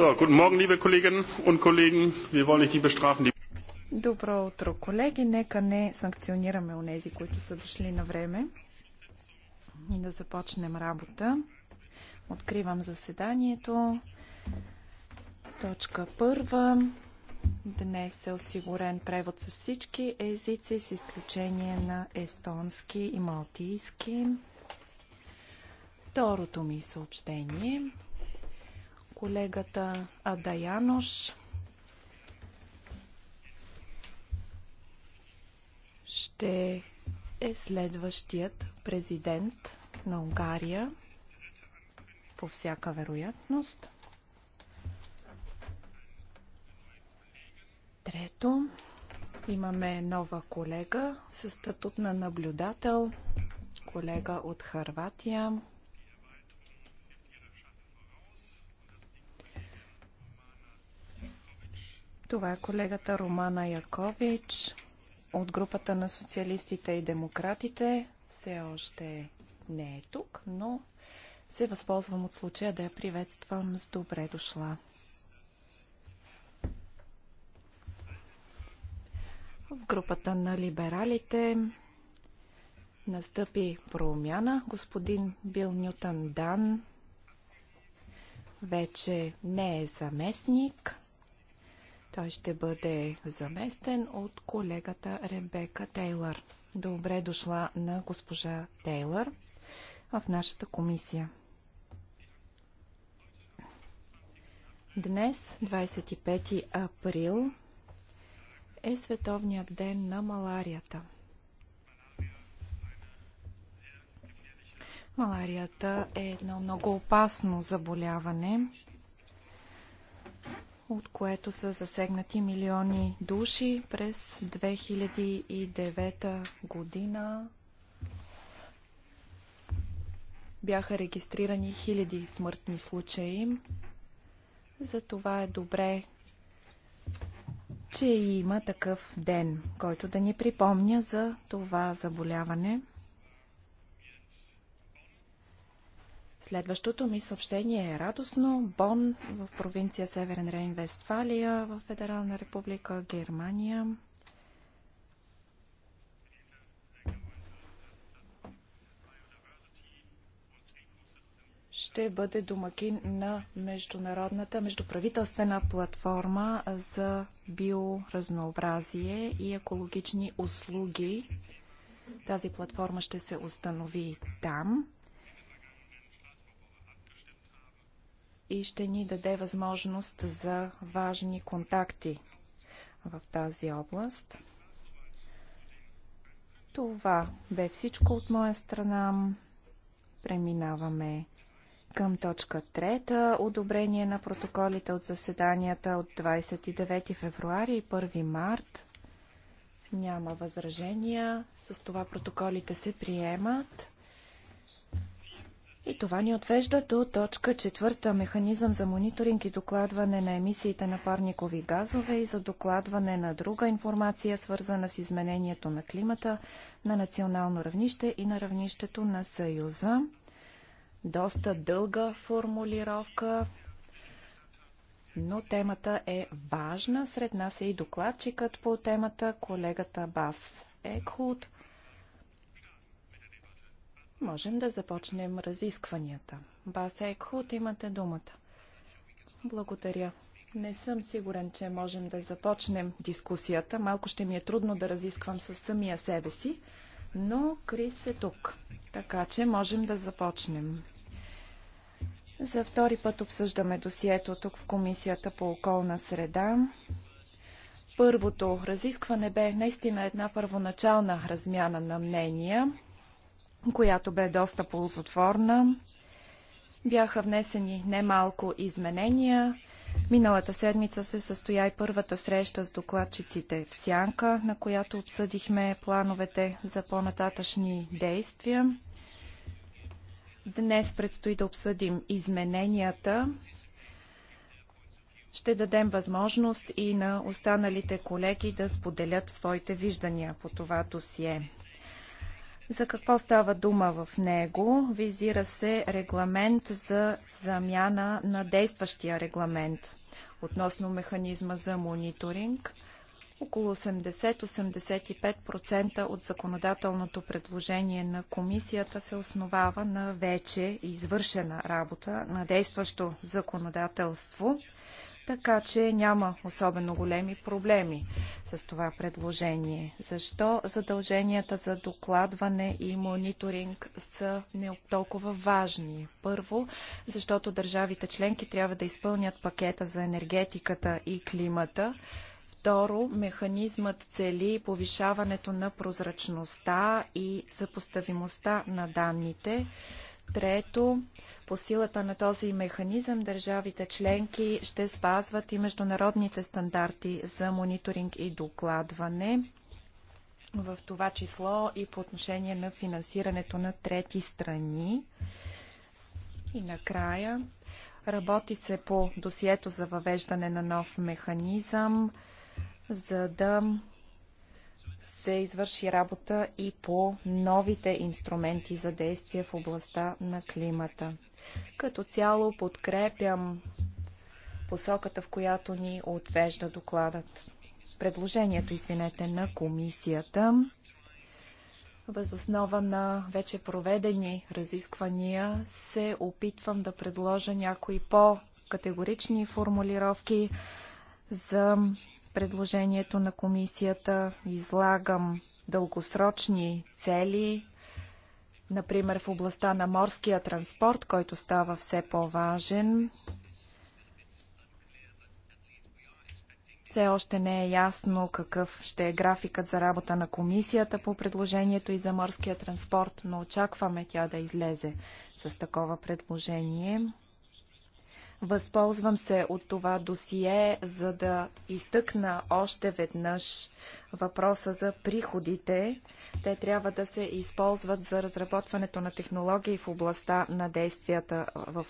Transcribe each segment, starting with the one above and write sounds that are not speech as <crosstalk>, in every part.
guten Morgen, liebe Kolleginnen und Kollegen. Wir wollen nicht die bestrafen, die Добро утро, колеги. Нека не санкционираме онези, които са дошли на време и да започнем работа. Откривам заседанието. Точка първа. Днес е осигурен превод с всички езици, с изключение на естонски и малтийски. Второто ми съобщение – колегата Адаянош. Ще е следващият президент на Унгария по всяка вероятност. Трето, имаме нова колега с статут на наблюдател, колега от Харватия, Това е колегата Романа Якович от групата на социалистите и демократите. Все още не е тук, но се възползвам от случая да я приветствам с добре дошла. В групата на либералите настъпи промяна. Господин Бил Нютън Дан вече не е заместник. Той ще бъде заместен от колегата Ребека Тейлър. Добре дошла на госпожа Тейлър в нашата комисия. Днес, 25 април, е Световният ден на маларията. Маларията е едно много опасно заболяване от което са засегнати милиони души през 2009 година. Бяха регистрирани хиляди смъртни случаи. Затова е добре, че има такъв ден, който да ни припомня за това заболяване. Следващото ми съобщение е радостно. Бон в провинция Северен Рейн-Вестфалия в Федерална република Германия. ще бъде домакин на международната междуправителствена платформа за биоразнообразие и екологични услуги. Тази платформа ще се установи там. и ще ни даде възможност за важни контакти в тази област. Това бе всичко от моя страна. Преминаваме към точка трета. Одобрение на протоколите от заседанията от 29 февруари и 1 март. Няма възражения. С това протоколите се приемат. И това ни отвежда до точка четвърта механизъм за мониторинг и докладване на емисиите на парникови газове и за докладване на друга информация, свързана с изменението на климата на национално равнище и на равнището на Съюза. Доста дълга формулировка, но темата е важна. Сред нас е и докладчикът по темата, колегата Бас Екхут можем да започнем разискванията. Баса Екхот, имате думата. Благодаря. Не съм сигурен, че можем да започнем дискусията. Малко ще ми е трудно да разисквам със самия себе си, но Крис е тук. Така че можем да започнем. За втори път обсъждаме досието тук в Комисията по околна среда. Първото разискване бе наистина една първоначална размяна на мнения която бе доста ползотворна. Бяха внесени немалко изменения. Миналата седмица се състоя и първата среща с докладчиците в Сянка, на която обсъдихме плановете за по-нататъчни действия. Днес предстои да обсъдим измененията. Ще дадем възможност и на останалите колеги да споделят своите виждания по това досие. За какво става дума в него? Визира се регламент за замяна на действащия регламент относно механизма за мониторинг. Около 80-85% от законодателното предложение на комисията се основава на вече извършена работа на действащо законодателство така че няма особено големи проблеми с това предложение. Защо задълженията за докладване и мониторинг са не толкова важни? Първо, защото държавите членки трябва да изпълнят пакета за енергетиката и климата. Второ, механизмът цели повишаването на прозрачността и съпоставимостта на данните. Трето, по силата на този механизъм държавите членки ще спазват и международните стандарти за мониторинг и докладване, в това число и по отношение на финансирането на трети страни. И накрая, работи се по досието за въвеждане на нов механизъм, за да се извърши работа и по новите инструменти за действие в областта на климата. Като цяло подкрепям посоката, в която ни отвежда докладът. Предложението, извинете, на комисията възоснова на вече проведени разисквания се опитвам да предложа някои по-категорични формулировки за предложението на комисията. Излагам дългосрочни цели, например в областта на морския транспорт, който става все по-важен. Все още не е ясно какъв ще е графикът за работа на комисията по предложението и за морския транспорт, но очакваме тя да излезе с такова предложение. Възползвам се от това досие, за да изтъкна още веднъж въпроса за приходите. Те трябва да се използват за разработването на технологии в областта на действията в,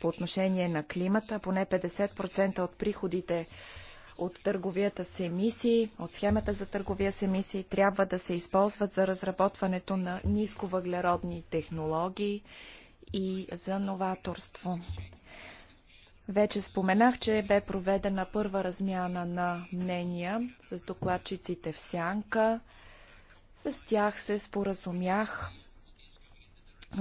по отношение на климата. Поне 50% от приходите от търговията с емисии, от схемата за търговия с емисии трябва да се използват за разработването на нисковъглеродни технологии и за новаторство. Вече споменах, че бе проведена първа размяна на мнения с докладчиците в Сянка. С тях се споразумях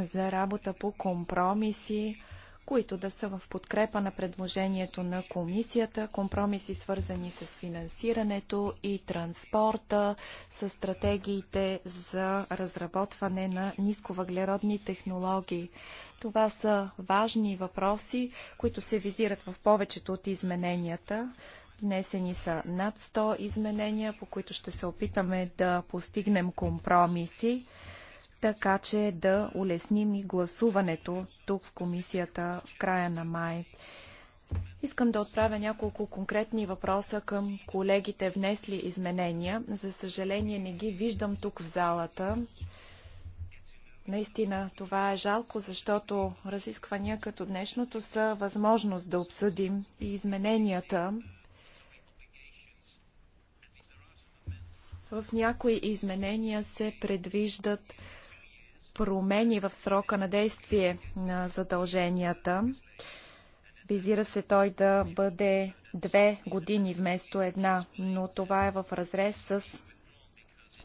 за работа по компромиси, които да са в подкрепа на предложението на комисията, компромиси свързани с финансирането и транспорта, с стратегиите за разработване на нисковъглеродни технологии. Това са важни въпроси, които се визират в повечето от измененията. Внесени са над 100 изменения, по които ще се опитаме да постигнем компромиси така че да улесним и гласуването тук в комисията в края на май. Искам да отправя няколко конкретни въпроса към колегите внесли изменения. За съжаление не ги виждам тук в залата. Наистина това е жалко, защото разисквания като днешното са възможност да обсъдим и измененията. В някои изменения се предвиждат промени в срока на действие на задълженията. Визира се той да бъде две години вместо една, но това е в разрез с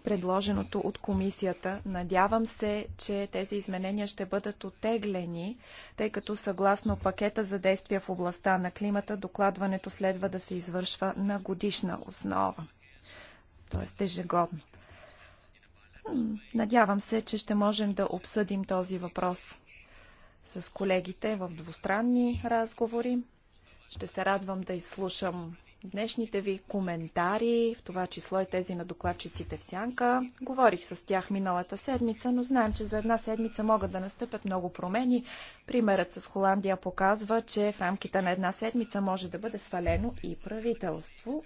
предложеното от комисията. Надявам се, че тези изменения ще бъдат отеглени, тъй като съгласно пакета за действия в областта на климата, докладването следва да се извършва на годишна основа, т.е. ежегодно. Надявам се, че ще можем да обсъдим този въпрос с колегите в двустранни разговори. Ще се радвам да изслушам днешните ви коментари, в това число и тези на докладчиците в Сянка. Говорих с тях миналата седмица, но знаем, че за една седмица могат да настъпят много промени. Примерът с Холандия показва, че в рамките на една седмица може да бъде свалено и правителство.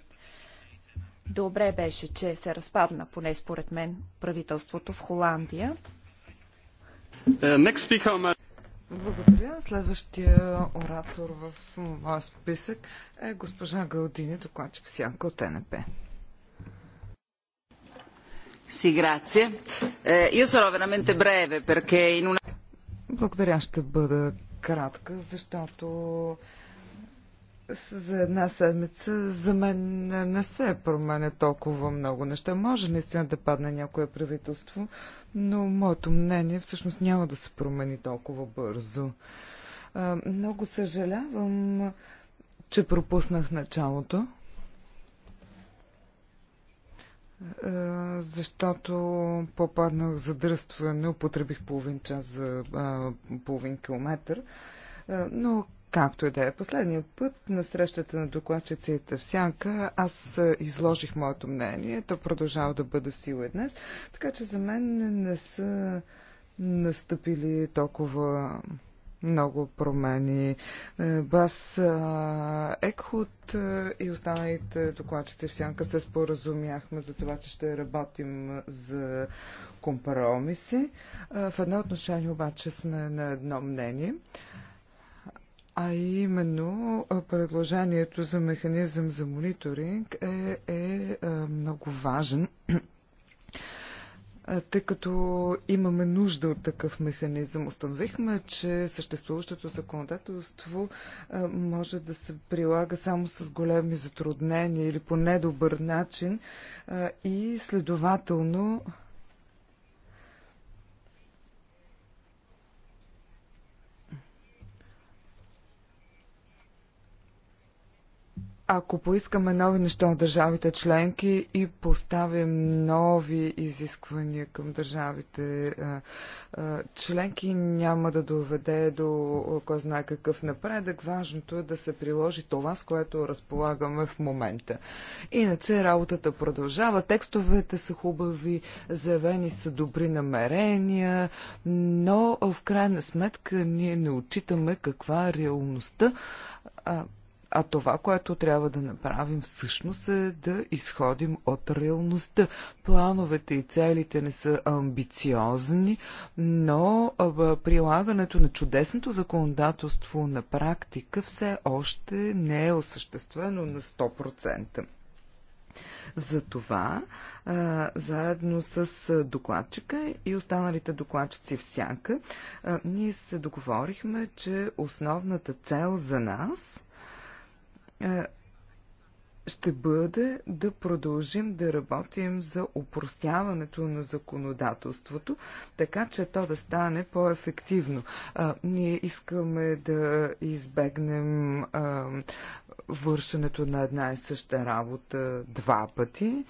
Добре беше, че се разпадна, поне според мен, правителството в Холандия. Е, Благодаря. Следващия оратор в моя списък е госпожа Галдини, докладчик Сянка от НП. Е, Благодаря, ще бъда кратка, защото за една седмица за мен не се променя толкова много неща. Може наистина да падне някое правителство, но моето мнение всъщност няма да се промени толкова бързо. Много съжалявам, че пропуснах началото, защото попаднах за дръстване, употребих половин час за половин километр. Но Както и да е, последния път на срещата на докладчиците в Сянка аз изложих моето мнение. То продължава да бъде в сила и днес. Така че за мен не са настъпили толкова много промени. Е, Бас Екхут и останалите докладчици в Сянка се споразумяхме за това, че ще работим за компромиси. В едно отношение обаче сме на едно мнение – а именно предложението за механизъм за мониторинг е, е много важен, тъй като имаме нужда от такъв механизъм. Установихме, че съществуващото законодателство може да се прилага само с големи затруднения или по недобър начин и следователно Ако поискаме нови неща от държавите членки и поставим нови изисквания към държавите е, е, членки, няма да доведе до е, кой знае какъв напредък. Важното е да се приложи това, с което разполагаме в момента. Иначе работата продължава. Текстовете са хубави, заявени са добри намерения, но в крайна сметка ние не отчитаме каква е реалността. А това, което трябва да направим всъщност е да изходим от реалността. Плановете и целите не са амбициозни, но прилагането на чудесното законодателство на практика все още не е осъществено на 100%. Затова, заедно с докладчика и останалите докладчици всяка, ние се договорихме, че основната цел за нас е, ще бъде да продължим да работим за упростяването на законодателството, така че то да стане по-ефективно. Е, ние искаме да избегнем а, е, вършенето на една и съща работа два пъти.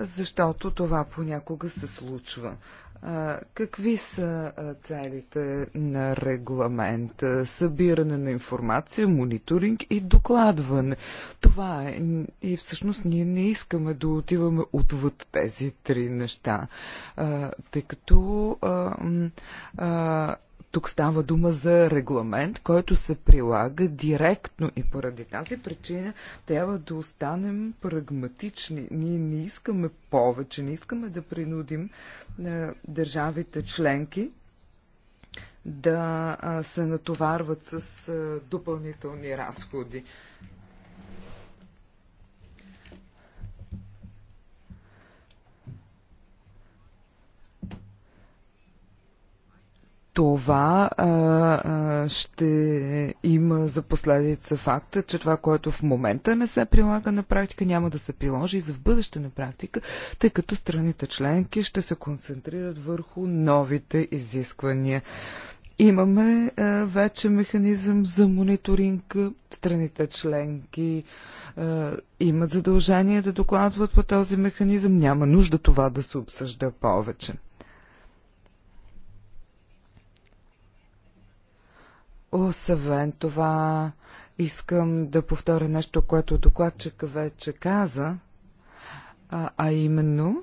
Защото това понякога се случва. Какви са целите на регламента? Събиране на информация, мониторинг и докладване. Това е. И всъщност ние не искаме да отиваме отвъд тези три неща, тъй като тук става дума за регламент, който се прилага директно и поради тази причина трябва да останем прагматични. Ние не искаме повече, не искаме да принудим а, държавите членки да се натоварват с допълнителни разходи. това а, а, ще има за последица факта, че това, което в момента не се прилага на практика, няма да се приложи и за в бъдеще на практика, тъй като страните членки ще се концентрират върху новите изисквания. Имаме а, вече механизъм за мониторинг. Страните членки а, имат задължение да докладват по този механизъм. Няма нужда това да се обсъжда повече. Освен това, искам да повторя нещо, което докладчик вече каза, а, а именно,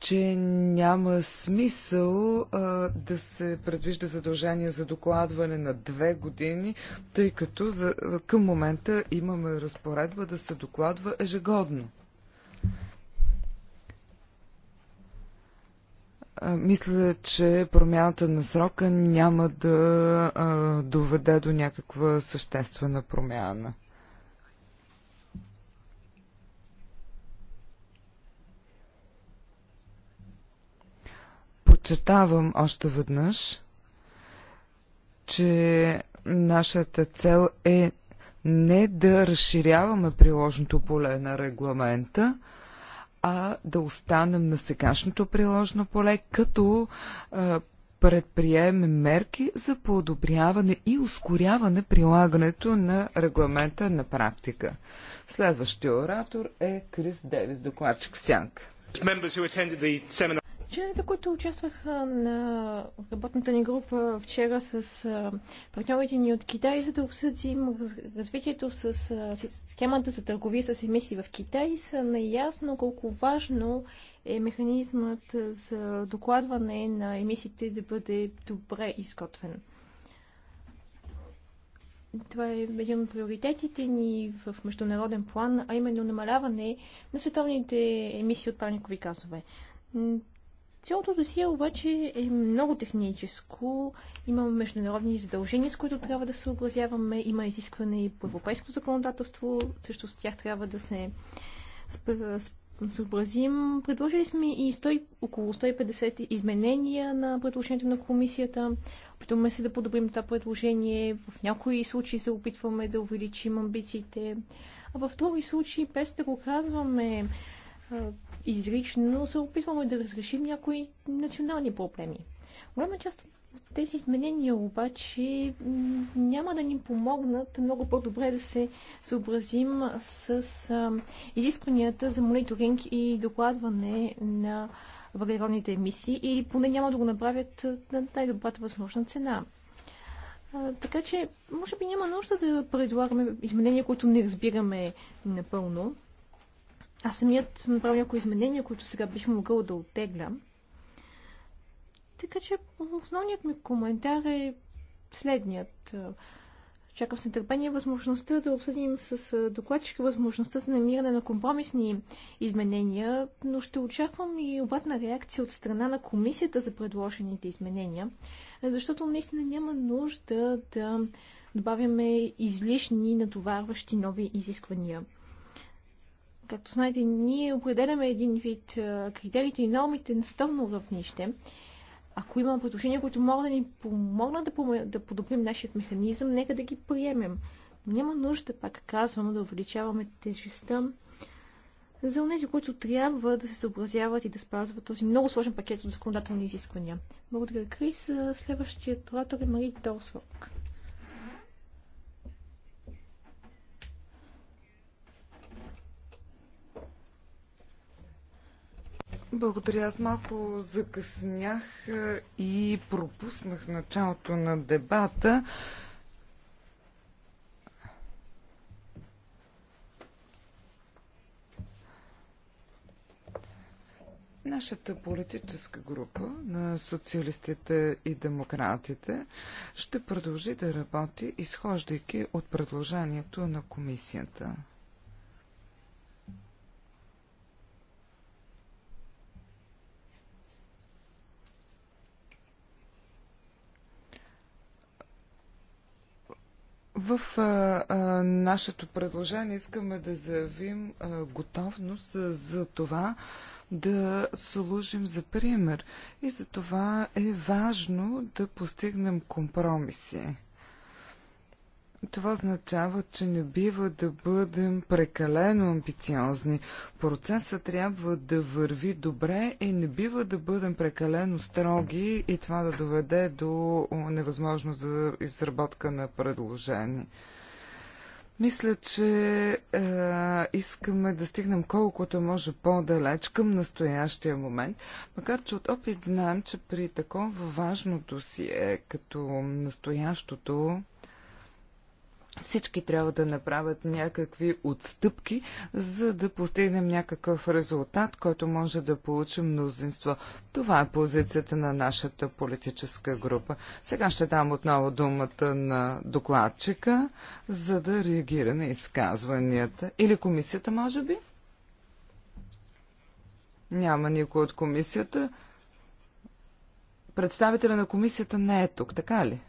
че няма смисъл а, да се предвижда задължение за докладване на две години, тъй като за, към момента имаме разпоредба да се докладва ежегодно. Мисля, че промяната на срока няма да доведе до някаква съществена промяна. Подчертавам още веднъж, че нашата цел е не да разширяваме приложното поле на регламента, а да останем на сегашното приложно поле, като а, предприемем мерки за подобряване и ускоряване прилагането на регламента на практика. Следващия оратор е Крис Девис, докладчик в Сянка. Членовете, които участваха на работната ни група вчера с партньорите ни от Китай, за да обсъдим развитието с схемата за търговия с емисии в Китай, са наясно колко важно е механизмът за докладване на емисиите да бъде добре изготвен. Това е един от приоритетите ни в международен план, а именно намаляване на световните емисии от парникови газове. Цялото досие обаче е много техническо. Имаме международни задължения, с които трябва да се образяваме. Има изискване и по европейско законодателство. Също с тях трябва да се съобразим. Предложили сме и 100, около 150 изменения на предложението на комисията. Опитваме се да подобрим това предложение. В някои случаи се опитваме да увеличим амбициите. А в други случаи, без да го казваме изрично се опитваме да разрешим някои национални проблеми. Голяма част от тези изменения обаче няма да ни помогнат много по-добре да се съобразим с изискванията за мониторинг и докладване на въглеродните емисии или поне няма да го направят на най-добрата възможна цена. А, така че, може би няма нужда да предлагаме изменения, които не разбираме напълно. Аз самият съм направил някои изменения, които сега бих могъл да оттегля. Така че основният ми коментар е следният. Чакам с нетърпение възможността да обсъдим с докладчика възможността за намиране на компромисни изменения, но ще очаквам и обратна реакция от страна на комисията за предложените изменения, защото наистина няма нужда да добавяме излишни натоварващи нови изисквания. Както знаете, ние определяме един вид критериите и нормите на световно равнище. Ако има предложения, които могат да ни помогнат да, да подобрим нашия механизъм, нека да ги приемем. Но няма нужда, пак казвам, да увеличаваме тежестта за тези, които трябва да се съобразяват и да спазват този много сложен пакет от законодателни изисквания. Благодаря, Крис. Следващият оратор е Мари Долсвок. Благодаря. Аз малко закъснях и пропуснах началото на дебата. Нашата политическа група на социалистите и демократите ще продължи да работи, изхождайки от предложението на комисията. В а, а, нашето предложение искаме да заявим а, готовност а, за това да служим за пример. И за това е важно да постигнем компромиси. Това означава, че не бива да бъдем прекалено амбициозни. Процесът трябва да върви добре и не бива да бъдем прекалено строги и това да доведе до невъзможност за изработка на предложение. Мисля, че е, искаме да стигнем колкото може по-далеч към настоящия момент, макар че от опит знаем, че при такова важно досие, като настоящото, всички трябва да направят някакви отстъпки, за да постигнем някакъв резултат, който може да получим мнозинство. Това е позицията на нашата политическа група. Сега ще дам отново думата на докладчика, за да реагира на изказванията. Или комисията, може би? Няма никой от комисията. Представителя на комисията не е тук, така ли?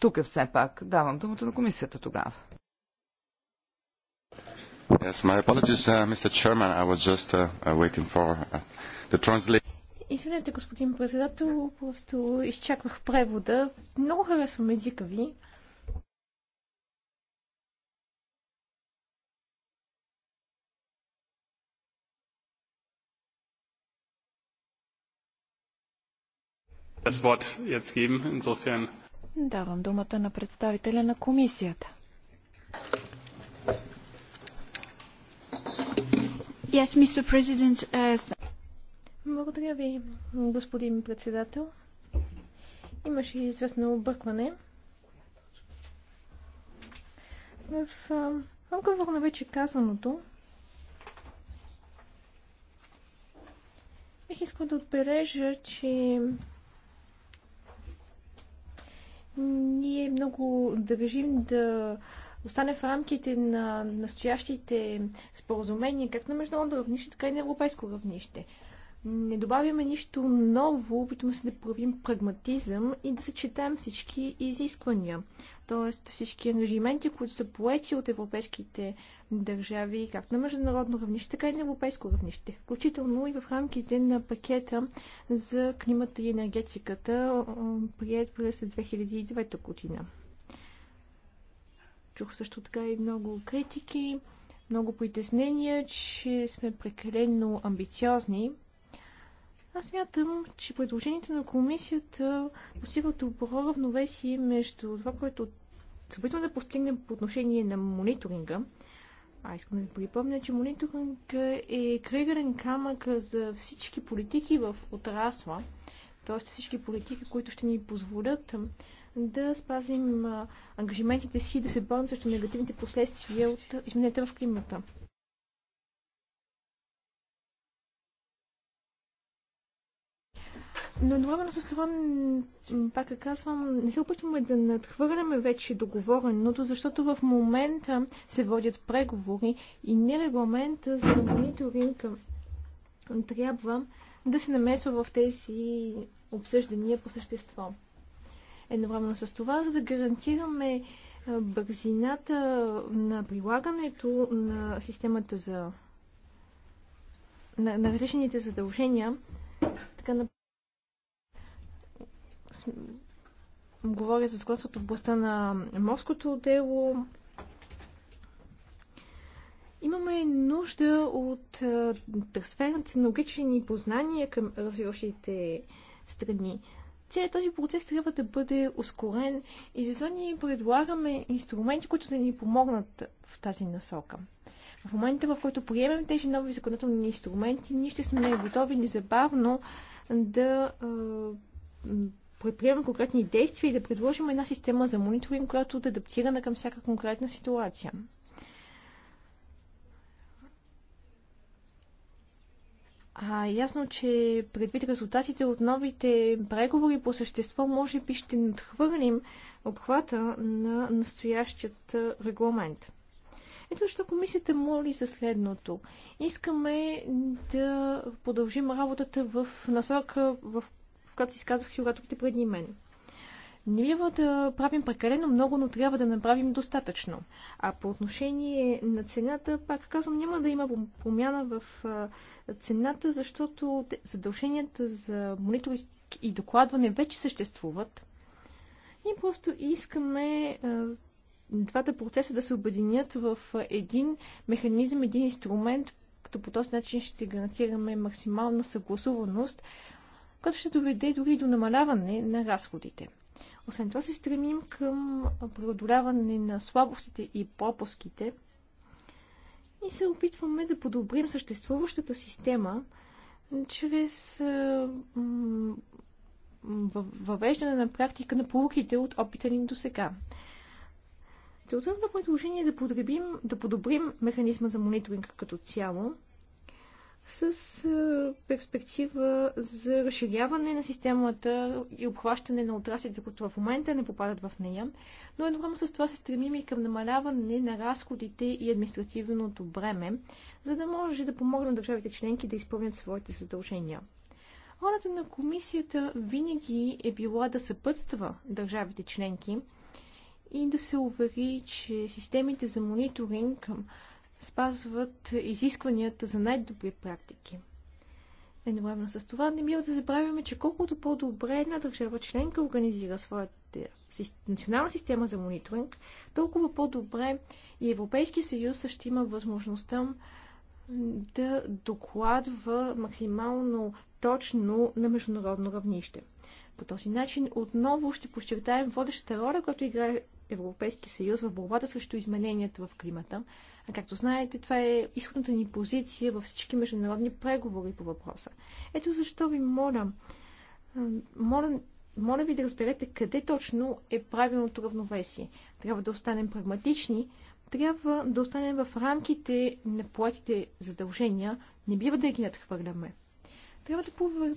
Тук е все пак. Давам думата на комисията тогава. Yes, my apologies, uh, Mr. Chairman. I was just uh, uh waiting for uh, the translation. Извинете, господин председател, просто изчаквах превода. Много харесвам езика ви. das Wort jetzt geben. Insofern Давам думата на представителя на комисията. Yes, Mr. President. Uh... Благодаря ви, господин председател. Имаше известно объркване. В uh, отговор на вече казаното, бих искал да отбележа, че ние много държим да остане в рамките на настоящите споразумения, както на международно равнище, така и на европейско равнище. Не добавяме нищо ново, опитваме се да проявим прагматизъм и да съчетаем всички изисквания. Тоест всички ангажименти, които са поети от европейските държави, както на международно равнище, така и на европейско равнище, включително и в рамките на пакета за климата и енергетиката, прият през 2009 година. Чух също така и много критики, много притеснения, че сме прекалено амбициозни. Аз мятам, че предложението на комисията постига добро равновесие между това, което се да постигнем по отношение на мониторинга, а искам да ви припомня, че мониторинг е кръгърен камък за всички политики в отрасла, т.е. всички политики, които ще ни позволят да спазим ангажиментите си и да се борим срещу негативните последствия от изменението в климата. Но едновременно с това, пак казвам, не се опитваме да надхвърляме вече договореното, защото в момента се водят преговори и не регламента за мониторинг трябва да се намесва в тези обсъждания по същество. Едновременно с това, за да гарантираме бързината на прилагането на системата за на, на различните задължения, така на Говоря за сходството в областта на морското дело. Имаме нужда от трансфер на технологични познания към развиващите страни. Целият този процес трябва да бъде ускорен и затова ни предлагаме инструменти, които да ни помогнат в тази насока. В момента, в който приемем тези нови законодателни инструменти, ние ще сме готови незабавно да предприемем конкретни действия и да предложим една система за мониторинг, която да адаптираме към всяка конкретна ситуация. А, ясно, че предвид резултатите от новите преговори по същество, може би ще надхвърлим обхвата на настоящият регламент. Ето защо комисията моли за следното. Искаме да продължим работата в насока, в когато си изказах и преди мен. Не бива да правим прекалено много, но трябва да направим достатъчно. А по отношение на цената, пак казвам, няма да има промяна в цената, защото задълженията за мониторинг и докладване вече съществуват. Ние просто искаме двата процеса да се обединят в един механизъм, един инструмент, като по този начин ще гарантираме максимална съгласуваност което ще доведе дори до намаляване на разходите. Освен това се стремим към преодоляване на слабостите и пропуските и се опитваме да подобрим съществуващата система чрез въвеждане на практика на полуките от опита ни до сега. Целта на предложение е да да подобрим механизма за мониторинг като цяло, с перспектива за разширяване на системата и обхващане на отраслите, които в момента не попадат в нея, но едновременно с това се стремим и към намаляване на разходите и административното бреме, за да може да помогнат държавите членки да изпълнят своите задължения. Ролята на комисията винаги е била да съпътства държавите членки и да се увери, че системите за мониторинг спазват изискванията за най-добри практики. Едновременно с това не бива да забравяме, че колкото по-добре една държава членка организира своята национална система за мониторинг, толкова по-добре и Европейския съюз ще има възможността да докладва максимално точно на международно равнище. По този начин отново ще подчертаем водещата роля, която играе Европейския съюз в борбата срещу измененията в климата, а както знаете, това е изходната ни позиция във всички международни преговори по въпроса. Ето защо ви моля, моля, моля ви да разберете къде точно е правилното равновесие. Трябва да останем прагматични, трябва да останем в рамките на поетите задължения, не бива да ги надхвърляме. Трябва да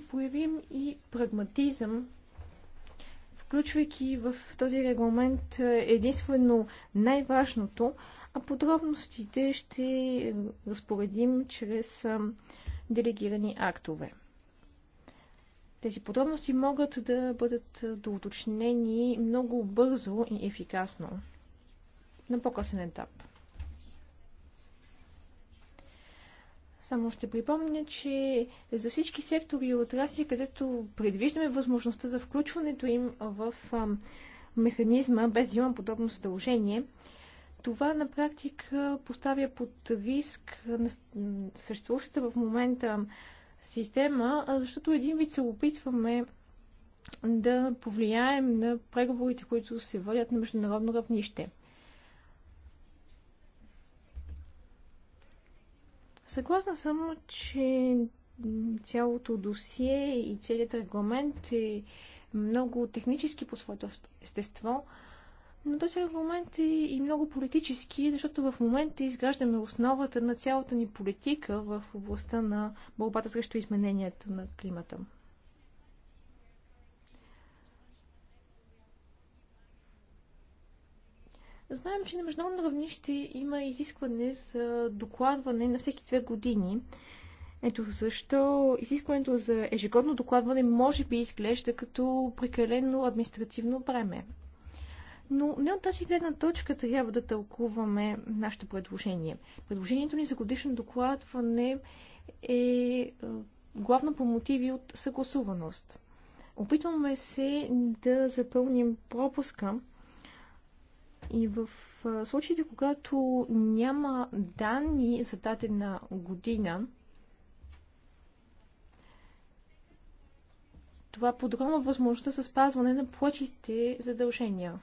проявим и прагматизъм, включвайки в този регламент единствено най-важното, а подробностите ще разпоредим чрез делегирани актове. Тези подробности могат да бъдат доуточнени много бързо и ефикасно на по-късен етап. Само ще припомня, че за всички сектори и отрасли, където предвиждаме възможността за включването им в механизма, без да има подобно задължение, това на практика поставя под риск съществуващата в момента система, защото един вид се опитваме да повлияем на преговорите, които се водят на международно равнище. Съгласна съм, че цялото досие и целият регламент е много технически по своето естество, но този аргумент е и много политически, защото в момента изграждаме основата на цялата ни политика в областта на борбата срещу изменението на климата. Знаем, че на международно равнище има изискване за докладване на всеки две години. Ето защо изискването за ежегодно докладване може би изглежда като прекалено административно бреме но не от тази гледна точка трябва да тълкуваме нашето предложение. Предложението ни за годишно докладване е, е главно по мотиви от съгласуваност. Опитваме се да запълним пропуска и в случаите, когато няма данни за дадена година, това подробно възможността за спазване на платите задължения.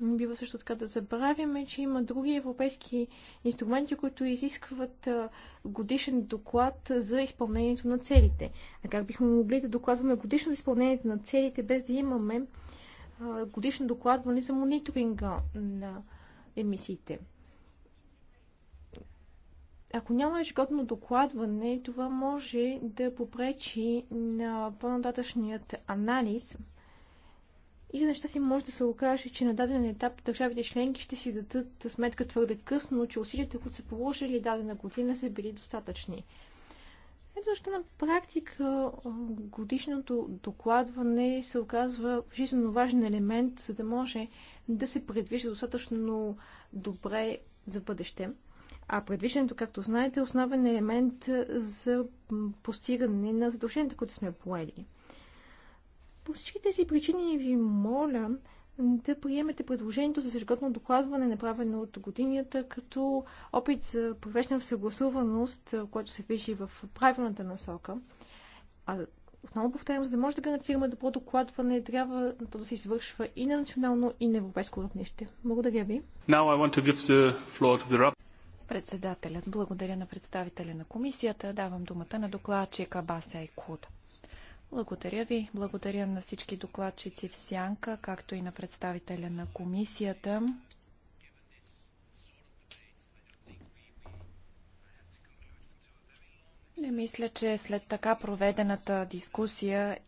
бива също така да забравяме, че има други европейски инструменти, които изискват годишен доклад за изпълнението на целите. А как бихме могли да докладваме годишно за изпълнението на целите, без да имаме годишно докладване за мониторинга на емисиите? Ако няма ежегодно докладване, това може да попречи на по-нататъчният анализ – и за неща си може да се окаже, че на даден етап държавите членки ще си дадат сметка твърде късно, че усилията, които са положили дадена година, са били достатъчни. Ето защо на практика годишното докладване се оказва жизненно важен елемент, за да може да се предвижда достатъчно добре за бъдеще. А предвиждането, както знаете, е основен елемент за постигане на задълженията, които сме поели. По всички тези причини ви моля да приемете предложението за ежегодно докладване, направено от годинията, като опит за провеждане в съгласуваност, което се движи в правилната насока. А отново повтарям, за да може да гарантираме добро докладване, трябва то да се извършва и на национално, и на европейско равнище. Благодаря ви. The... Председателят, благодаря на представителя на комисията. Давам думата на докладчика и Куд. Благодаря ви. Благодаря на всички докладчици в Сянка, както и на представителя на комисията. Не мисля, че след така проведената дискусия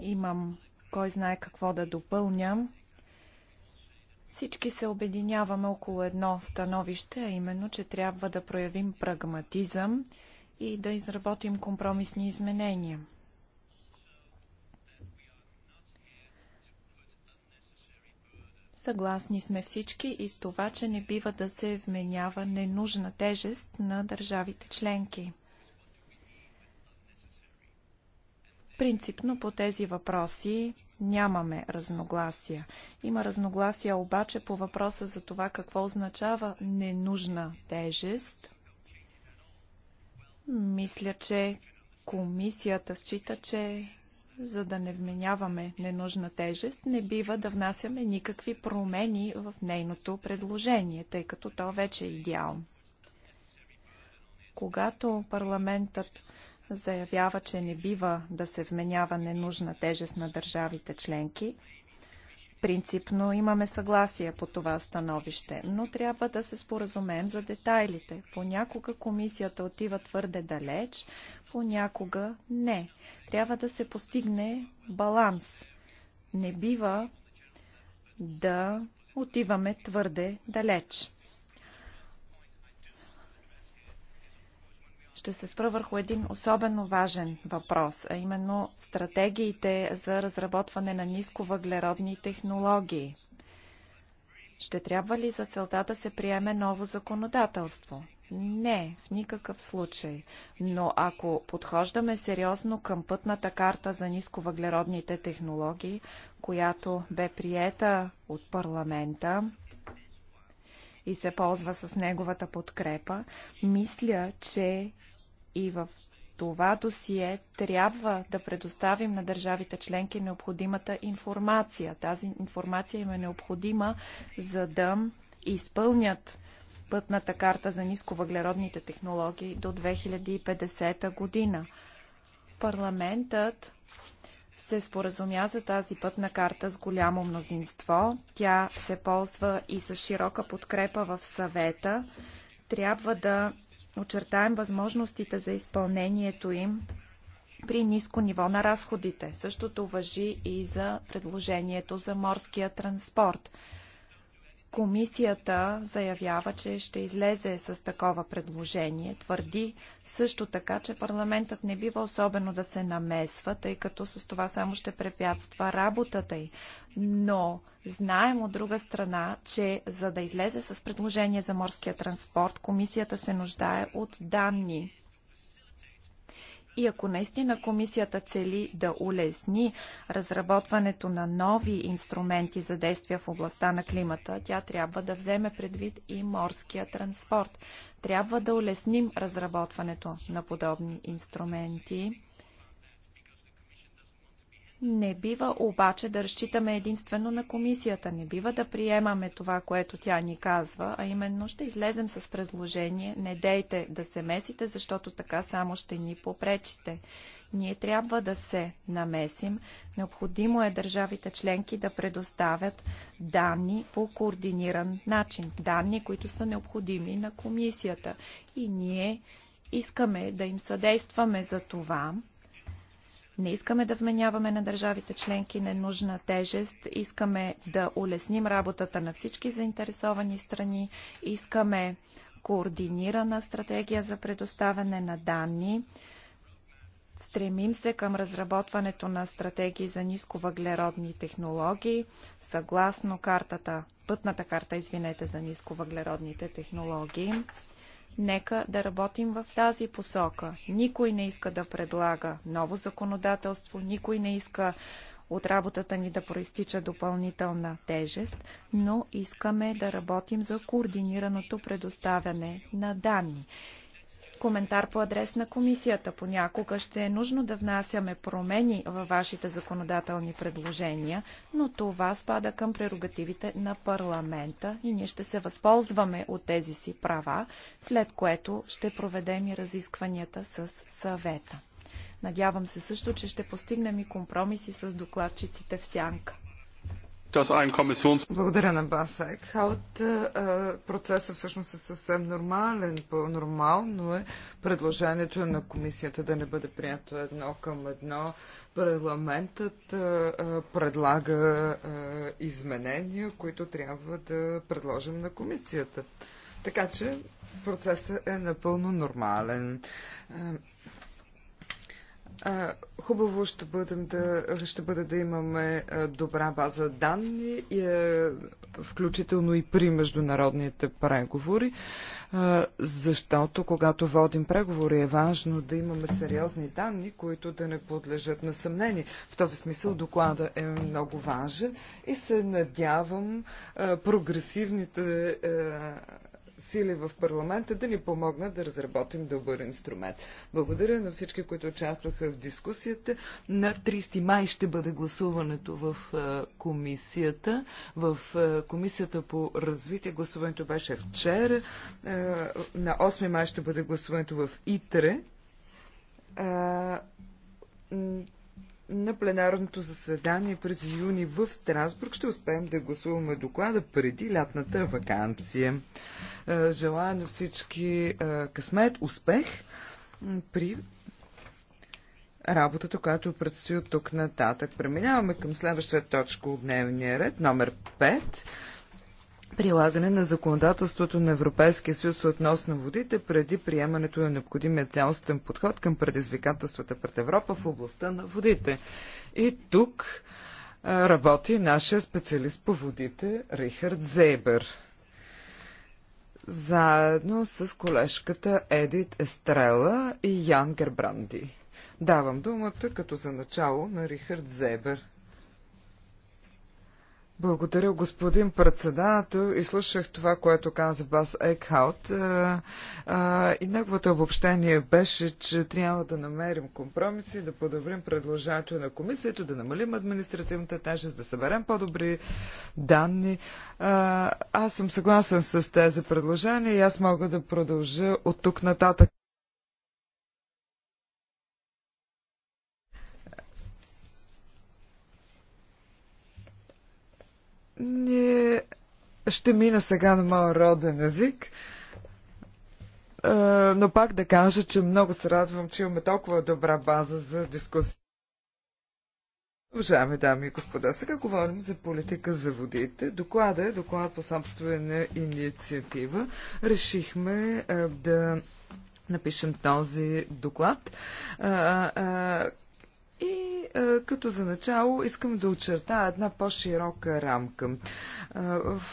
имам кой знае какво да допълням. Всички се обединяваме около едно становище, а именно, че трябва да проявим прагматизъм и да изработим компромисни изменения. Съгласни сме всички и с това, че не бива да се вменява ненужна тежест на държавите членки. Принципно по тези въпроси нямаме разногласия. Има разногласия обаче по въпроса за това какво означава ненужна тежест. Мисля, че комисията счита, че за да не вменяваме ненужна тежест, не бива да внасяме никакви промени в нейното предложение, тъй като то вече е идеално. Когато парламентът заявява, че не бива да се вменява ненужна тежест на държавите членки, Принципно имаме съгласие по това становище, но трябва да се споразумеем за детайлите. Понякога комисията отива твърде далеч, понякога не. Трябва да се постигне баланс. Не бива да отиваме твърде далеч. ще се спра върху един особено важен въпрос, а именно стратегиите за разработване на нисковъглеродни технологии. Ще трябва ли за целта да се приеме ново законодателство? Не, в никакъв случай. Но ако подхождаме сериозно към пътната карта за нисковъглеродните технологии, която бе приета от парламента и се ползва с неговата подкрепа, мисля, че и в това досие трябва да предоставим на държавите членки необходимата информация. Тази информация им е необходима, за да изпълнят пътната карта за нисковъглеродните технологии до 2050 година. Парламентът се споразумя за тази пътна карта с голямо мнозинство. Тя се ползва и с широка подкрепа в съвета. Трябва да очертаем възможностите за изпълнението им при ниско ниво на разходите. Същото въжи и за предложението за морския транспорт. Комисията заявява, че ще излезе с такова предложение. Твърди също така, че парламентът не бива особено да се намесва, тъй като с това само ще препятства работата й. Но знаем от друга страна, че за да излезе с предложение за морския транспорт, комисията се нуждае от данни. И ако наистина комисията цели да улесни разработването на нови инструменти за действия в областта на климата, тя трябва да вземе предвид и морския транспорт. Трябва да улесним разработването на подобни инструменти не бива обаче да разчитаме единствено на комисията. Не бива да приемаме това, което тя ни казва, а именно ще излезем с предложение. Не дейте да се месите, защото така само ще ни попречите. Ние трябва да се намесим. Необходимо е държавите членки да предоставят данни по координиран начин. Данни, които са необходими на комисията. И ние искаме да им съдействаме за това не искаме да вменяваме на държавите членки ненужна тежест, искаме да улесним работата на всички заинтересовани страни, искаме координирана стратегия за предоставяне на данни, Стремим се към разработването на стратегии за нисковъглеродни технологии, съгласно картата, пътната карта, извинете, за нисковъглеродните технологии. Нека да работим в тази посока. Никой не иска да предлага ново законодателство, никой не иска от работата ни да проистича допълнителна тежест, но искаме да работим за координираното предоставяне на данни коментар по адрес на комисията. Понякога ще е нужно да внасяме промени във вашите законодателни предложения, но това спада към прерогативите на парламента и ние ще се възползваме от тези си права, след което ще проведем и разискванията с съвета. Надявам се също, че ще постигнем и компромиси с докладчиците в сянка. Благодаря на Бас Екхалт е, Процесът всъщност е съвсем нормален, по-нормално е предложението на комисията да не бъде прието едно към едно. Парламентът е, е, предлага изменения, които трябва да предложим на комисията. Така че процесът е напълно нормален. Хубаво ще, бъдем да, ще бъде да имаме добра база данни, включително и при международните преговори, защото когато водим преговори е важно да имаме сериозни данни, които да не подлежат на съмнение. В този смисъл доклада е много важен и се надявам прогресивните сили в парламента да ни помогнат да разработим добър инструмент. Благодаря на всички, които участваха в дискусията. На 30 май ще бъде гласуването в е, комисията. В е, комисията по развитие гласуването беше вчера. Е, на 8 май ще бъде гласуването в ИТРЕ на пленарното заседание през юни в Страсбург ще успеем да гласуваме доклада преди лятната вакансия. Е, желая на всички е, късмет, успех при работата, която предстои от тук нататък. Преминаваме към следващата точка от дневния ред, номер 5 прилагане на законодателството на Европейския съюз относно водите преди приемането на необходимия цялостен подход към предизвикателствата пред Европа в областта на водите. И тук работи нашия специалист по водите Рихард Зейбер. Заедно с колежката Едит Естрела и Ян Гербранди. Давам думата като за начало на Рихард Зейбер. Благодаря, господин председател. И слушах това, което каза Бас Екхаут. И неговото обобщение беше, че трябва да намерим компромиси, да подобрим предложението на комисията, да намалим административната тежест, да съберем по-добри данни. аз съм съгласен с тези предложения и аз мога да продължа от тук нататък. Ние ще мина сега на моя роден език но пак да кажа, че много се радвам, че имаме толкова добра база за дискусия. Уважаеми дами и господа, сега говорим за политика за водите. Доклада е доклад по собствена инициатива. Решихме да напишем този доклад, и е, като за начало искам да очертая една по-широка рамка, е,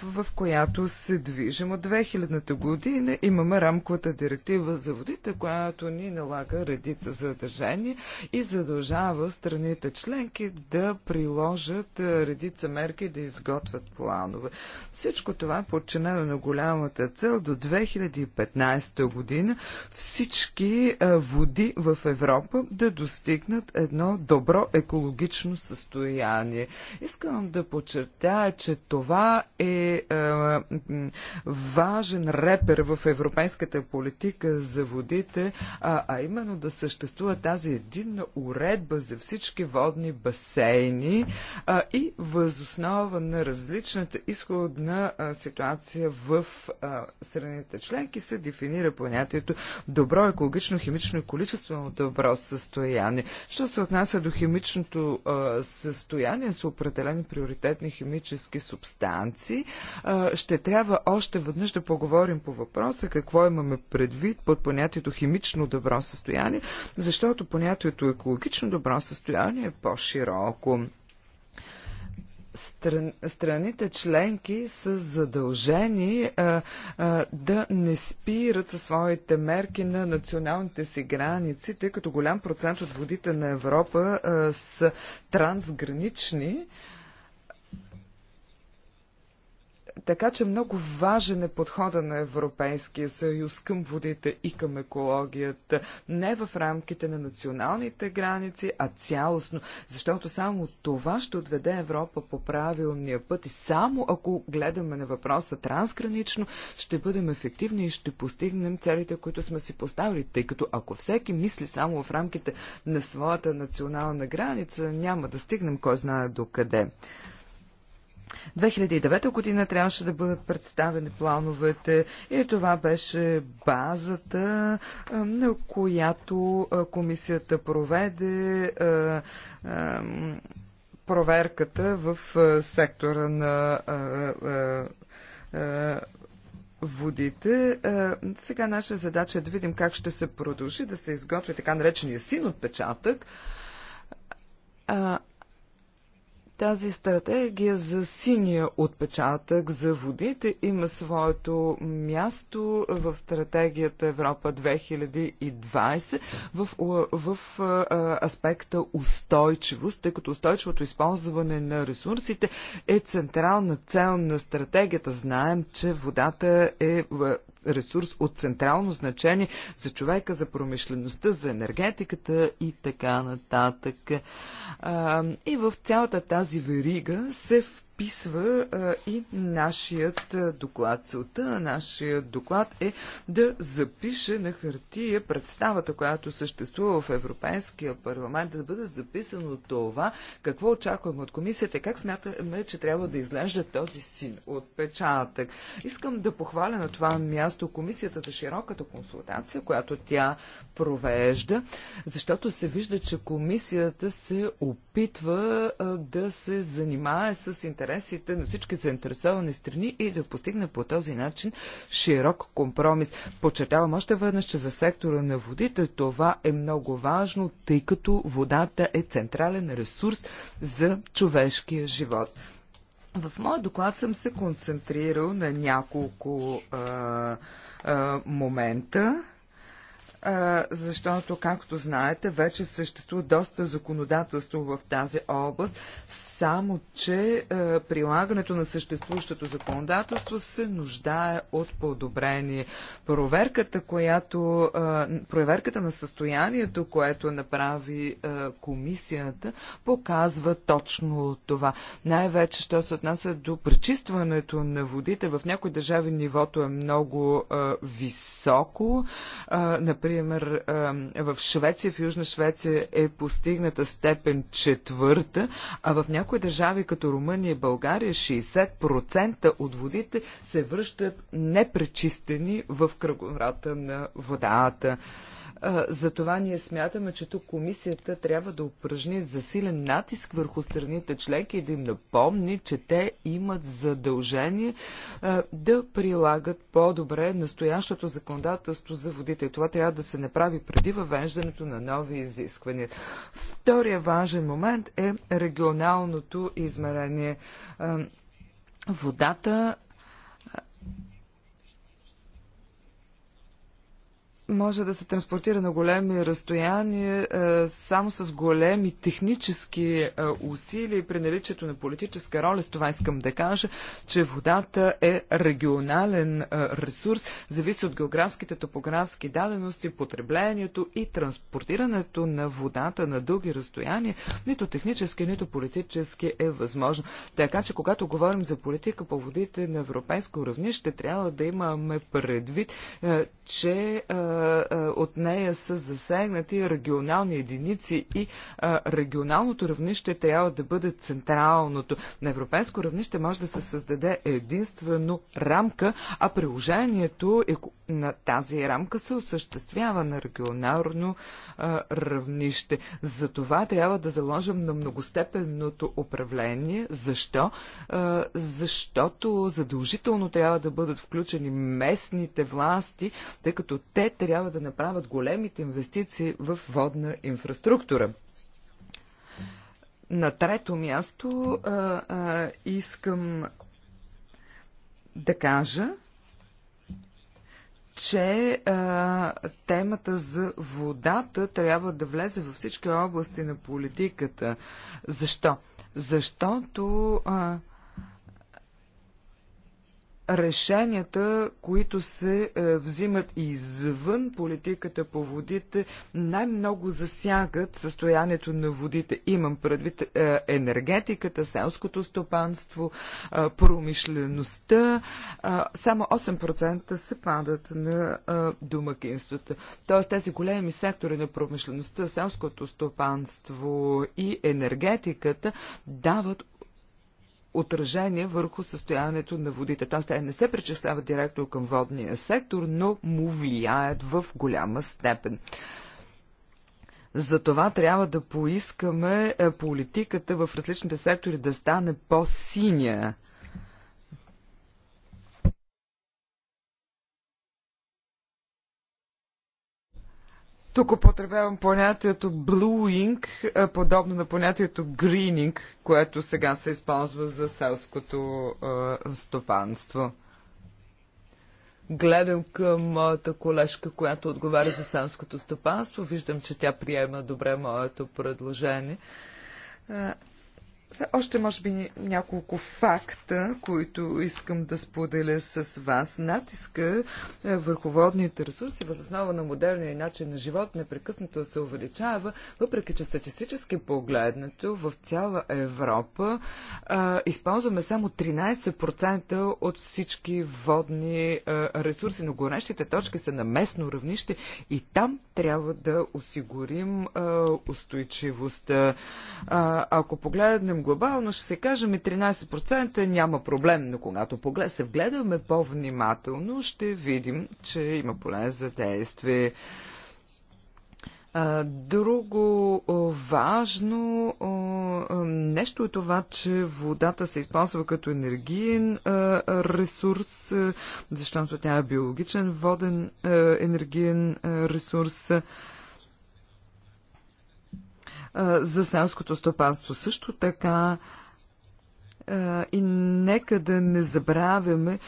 в която се движим. От 2000-та година имаме рамковата директива за водите, която ни налага редица задържания и задължава страните членки да приложат е, редица мерки да изготвят планове. Всичко това е подчинено на голямата цел до 2015 година всички води в Европа да достигнат едно добро екологично състояние. Искам да подчертая, че това е, е важен репер в европейската политика за водите, а, а именно да съществува тази единна уредба за всички водни басейни а, и възоснова на различната изходна а, ситуация в а, страните членки се дефинира понятието добро екологично, химично и количествено добро състояние. Що се отнася отнася до химичното състояние с определени приоритетни химически субстанции, ще трябва още веднъж да поговорим по въпроса какво имаме предвид под понятието химично добро състояние, защото понятието екологично добро състояние е по-широко стран, страните членки са задължени а, а, да не спират със своите мерки на националните си граници, тъй като голям процент от водите на Европа а, са трансгранични. А, Така че много важен е подхода на Европейския съюз към водите и към екологията. Не в рамките на националните граници, а цялостно. Защото само това ще отведе Европа по правилния път. И само ако гледаме на въпроса трансгранично, ще бъдем ефективни и ще постигнем целите, които сме си поставили. Тъй като ако всеки мисли само в рамките на своята национална граница, няма да стигнем кой знае до къде. 2009 година трябваше да бъдат представени плановете и това беше базата, на която комисията проведе проверката в сектора на водите. Сега наша задача е да видим как ще се продължи да се изготви така наречения син отпечатък, тази стратегия за синия отпечатък за водите има своето място в стратегията Европа 2020 в, в, аспекта устойчивост, тъй като устойчивото използване на ресурсите е централна цел на стратегията. Знаем, че водата е ресурс от централно значение за човека, за промишлеността, за енергетиката и така нататък. И в цялата тази верига се описва и нашият доклад. Целта на нашия доклад е да запише на хартия представата, която съществува в Европейския парламент, да бъде записано това, какво очакваме от комисията, и как смятаме, че трябва да изглежда този син печатък. Искам да похваля на това място комисията за широката консултация, която тя провежда, защото се вижда, че комисията се опитва да се занимае с интерес интересите на всички заинтересовани страни и да постигне по този начин широк компромис. Почетавам още веднъж, че за сектора на водите това е много важно, тъй като водата е централен ресурс за човешкия живот. В моя доклад съм се концентрирал на няколко а, а, момента защото, както знаете, вече съществува доста законодателство в тази област, само че прилагането на съществуващото законодателство се нуждае от подобрение. Проверката, която, проверката на състоянието, което направи комисията, показва точно това. Най-вече, що се отнася до пречистването на водите, в някои държави нивото е много високо. Например, Например, в Швеция, в Южна Швеция е постигната степен четвърта, а в някои държави, като Румъния и България, 60% от водите се връщат непречистени в кръговрата на водата. За това ние смятаме, че тук комисията трябва да упражни засилен натиск върху страните членки и да им напомни, че те имат задължение да прилагат по-добре настоящото законодателство за водите. И това трябва да се направи преди въвеждането на нови изисквания. Втория важен момент е регионалното измерение. Водата може да се транспортира на големи разстояния е, само с големи технически е, усилия и при наличието на политическа роля. С това искам да кажа, че водата е регионален е, ресурс, зависи от географските, топографски дадености, потреблението и транспортирането на водата на дълги разстояния, нито технически, нито политически е възможно. Така че, когато говорим за политика по водите на европейско равнище, трябва да имаме предвид, че от нея са засегнати регионални единици и регионалното равнище трябва да бъде централното. На европейско равнище може да се създаде единствено рамка, а приложението е на тази рамка се осъществява на регионално равнище. За това трябва да заложим на многостепенното управление. Защо? Защото задължително трябва да бъдат включени местните власти, тъй като те трябва трябва да направят големите инвестиции в водна инфраструктура. На трето място а, а, искам да кажа, че а, темата за водата трябва да влезе във всички области на политиката. Защо? Защото а, решенията, които се е, взимат извън политиката по водите, най-много засягат състоянието на водите. Имам предвид е, енергетиката, селското стопанство, е, промишлеността. Само 8% се падат на домакинствата. Тоест тези големи сектори на промишлеността, селското стопанство и енергетиката дават отражение върху състоянието на водите. Тоест, те не се причисляват директно към водния сектор, но му влияят в голяма степен. Затова трябва да поискаме е, политиката в различните сектори да стане по-синя. Тук употребявам понятието блуинг, подобно на понятието greening, което сега се използва за селското стопанство. Гледам към моята колежка, която отговаря за селското стопанство. Виждам, че тя приема добре моето предложение. Още може би няколко факта, които искам да споделя с вас. Натиска е, върху водните ресурси възоснова на модерния начин на живот непрекъснато се увеличава, въпреки че статистически погледнато в цяла Европа а, е, използваме само 13% от всички водни а, е, ресурси, но горещите точки са на местно равнище и там трябва да осигурим а, устойчивостта. А, ако погледнем погледнем глобално, ще се кажем 13% няма проблем, но когато поглед се вгледаме по-внимателно, ще видим, че има поле за действие. Друго важно нещо е това, че водата се използва като енергиен ресурс, защото тя е биологичен воден енергиен ресурс за селското стопанство. Също така и нека да не забравяме,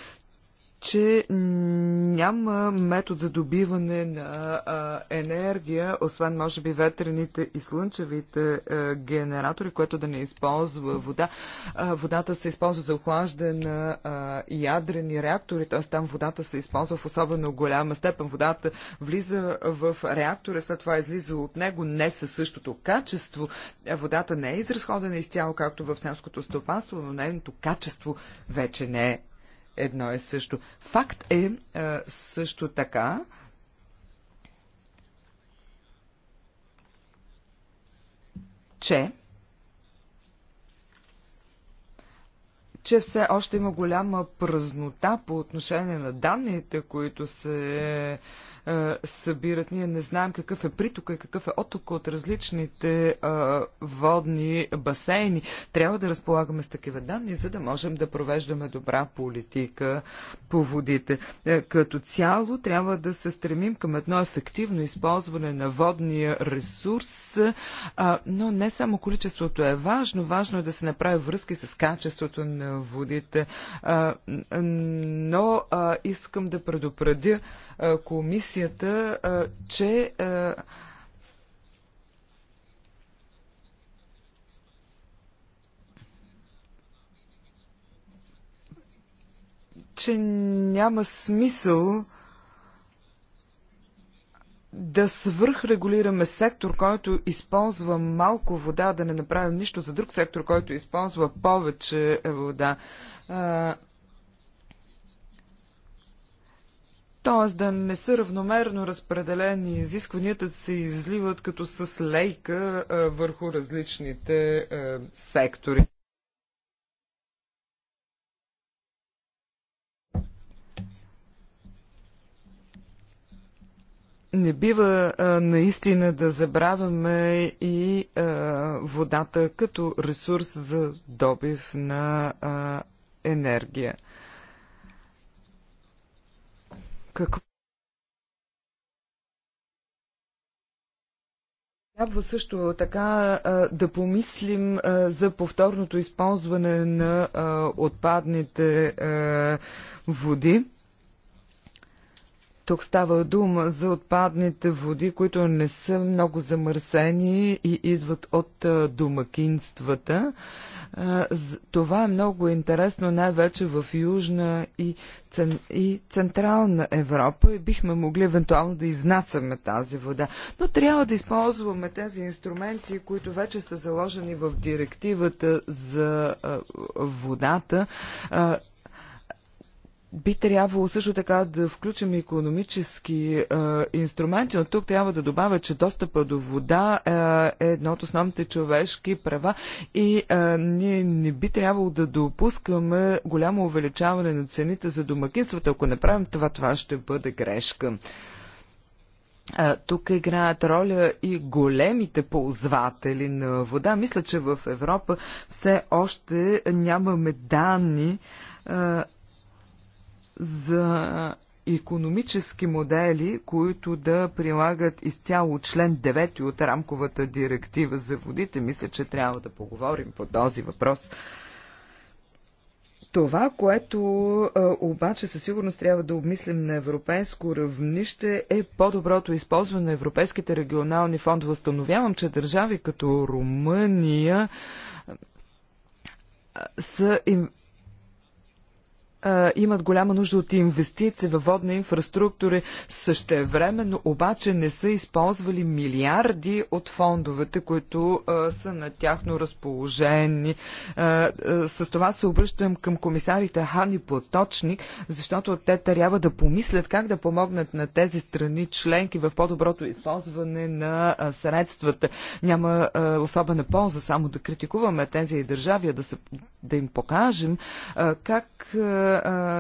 че няма метод за добиване на а, енергия, освен може би ветрените и слънчевите а, генератори, което да не използва вода. А, водата се използва за охлаждане на а, ядрени реактори, т.е. там водата се използва в особено голяма степен. Водата влиза в реактора, след това излиза от него не със същото качество. Водата не е изразходена изцяло, както в селското стопанство, но нейното качество вече не е едно и също. Факт е също така, че че все още има голяма празнота по отношение на данните, които се е, събират. Ние не знаем какъв е притока и какъв е отток от различните е, водни басейни. Трябва да разполагаме с такива данни, за да можем да провеждаме добра политика по водите. Е, като цяло трябва да се стремим към едно ефективно използване на водния ресурс, но не само количеството е важно, важно е да се направи връзки с качеството на водите. Но искам да предупредя, комисията, че че няма смисъл да свърхрегулираме сектор, който използва малко вода, да не направим нищо за друг сектор, който използва повече вода. Тоест да не са равномерно разпределени изискванията да се изливат като с лейка а, върху различните а, сектори. не бива а, наистина да забравяме и а, водата като ресурс за добив на а, енергия. Какво Трябва също така да помислим за повторното използване на отпадните води. Тук става дума за отпадните води, които не са много замърсени и идват от домакинствата. Това е много интересно, най-вече в Южна и, цен... и Централна Европа и бихме могли евентуално да изнасяме тази вода. Но трябва да използваме тези инструменти, които вече са заложени в директивата за водата би трябвало също така да включим економически е, инструменти, но тук трябва да добавя, че достъпа до вода е, е едно от основните човешки права и е, ние не би трябвало да допускаме голямо увеличаване на цените за домакинствата. Ако не правим това, това ще бъде грешка. Тук играят роля и големите ползватели на вода. Мисля, че в Европа все още нямаме данни за економически модели, които да прилагат изцяло член 9 от рамковата директива за водите. Мисля, че трябва да поговорим по този въпрос. Това, което обаче със сигурност трябва да обмислим на европейско равнище е по-доброто използване на европейските регионални фондове. Възстановявам, че държави като Румъния са им а, имат голяма нужда от инвестиции във водна инфраструктура. Същевременно обаче не са използвали милиарди от фондовете, които а, са на тяхно разположени. А, а, с това се обръщам към комисарите Хани Платочник, защото те трябва да помислят как да помогнат на тези страни членки в по-доброто използване на а, средствата. Няма а, особена полза само да критикуваме тези държави, а да, се, да им покажем а, как а,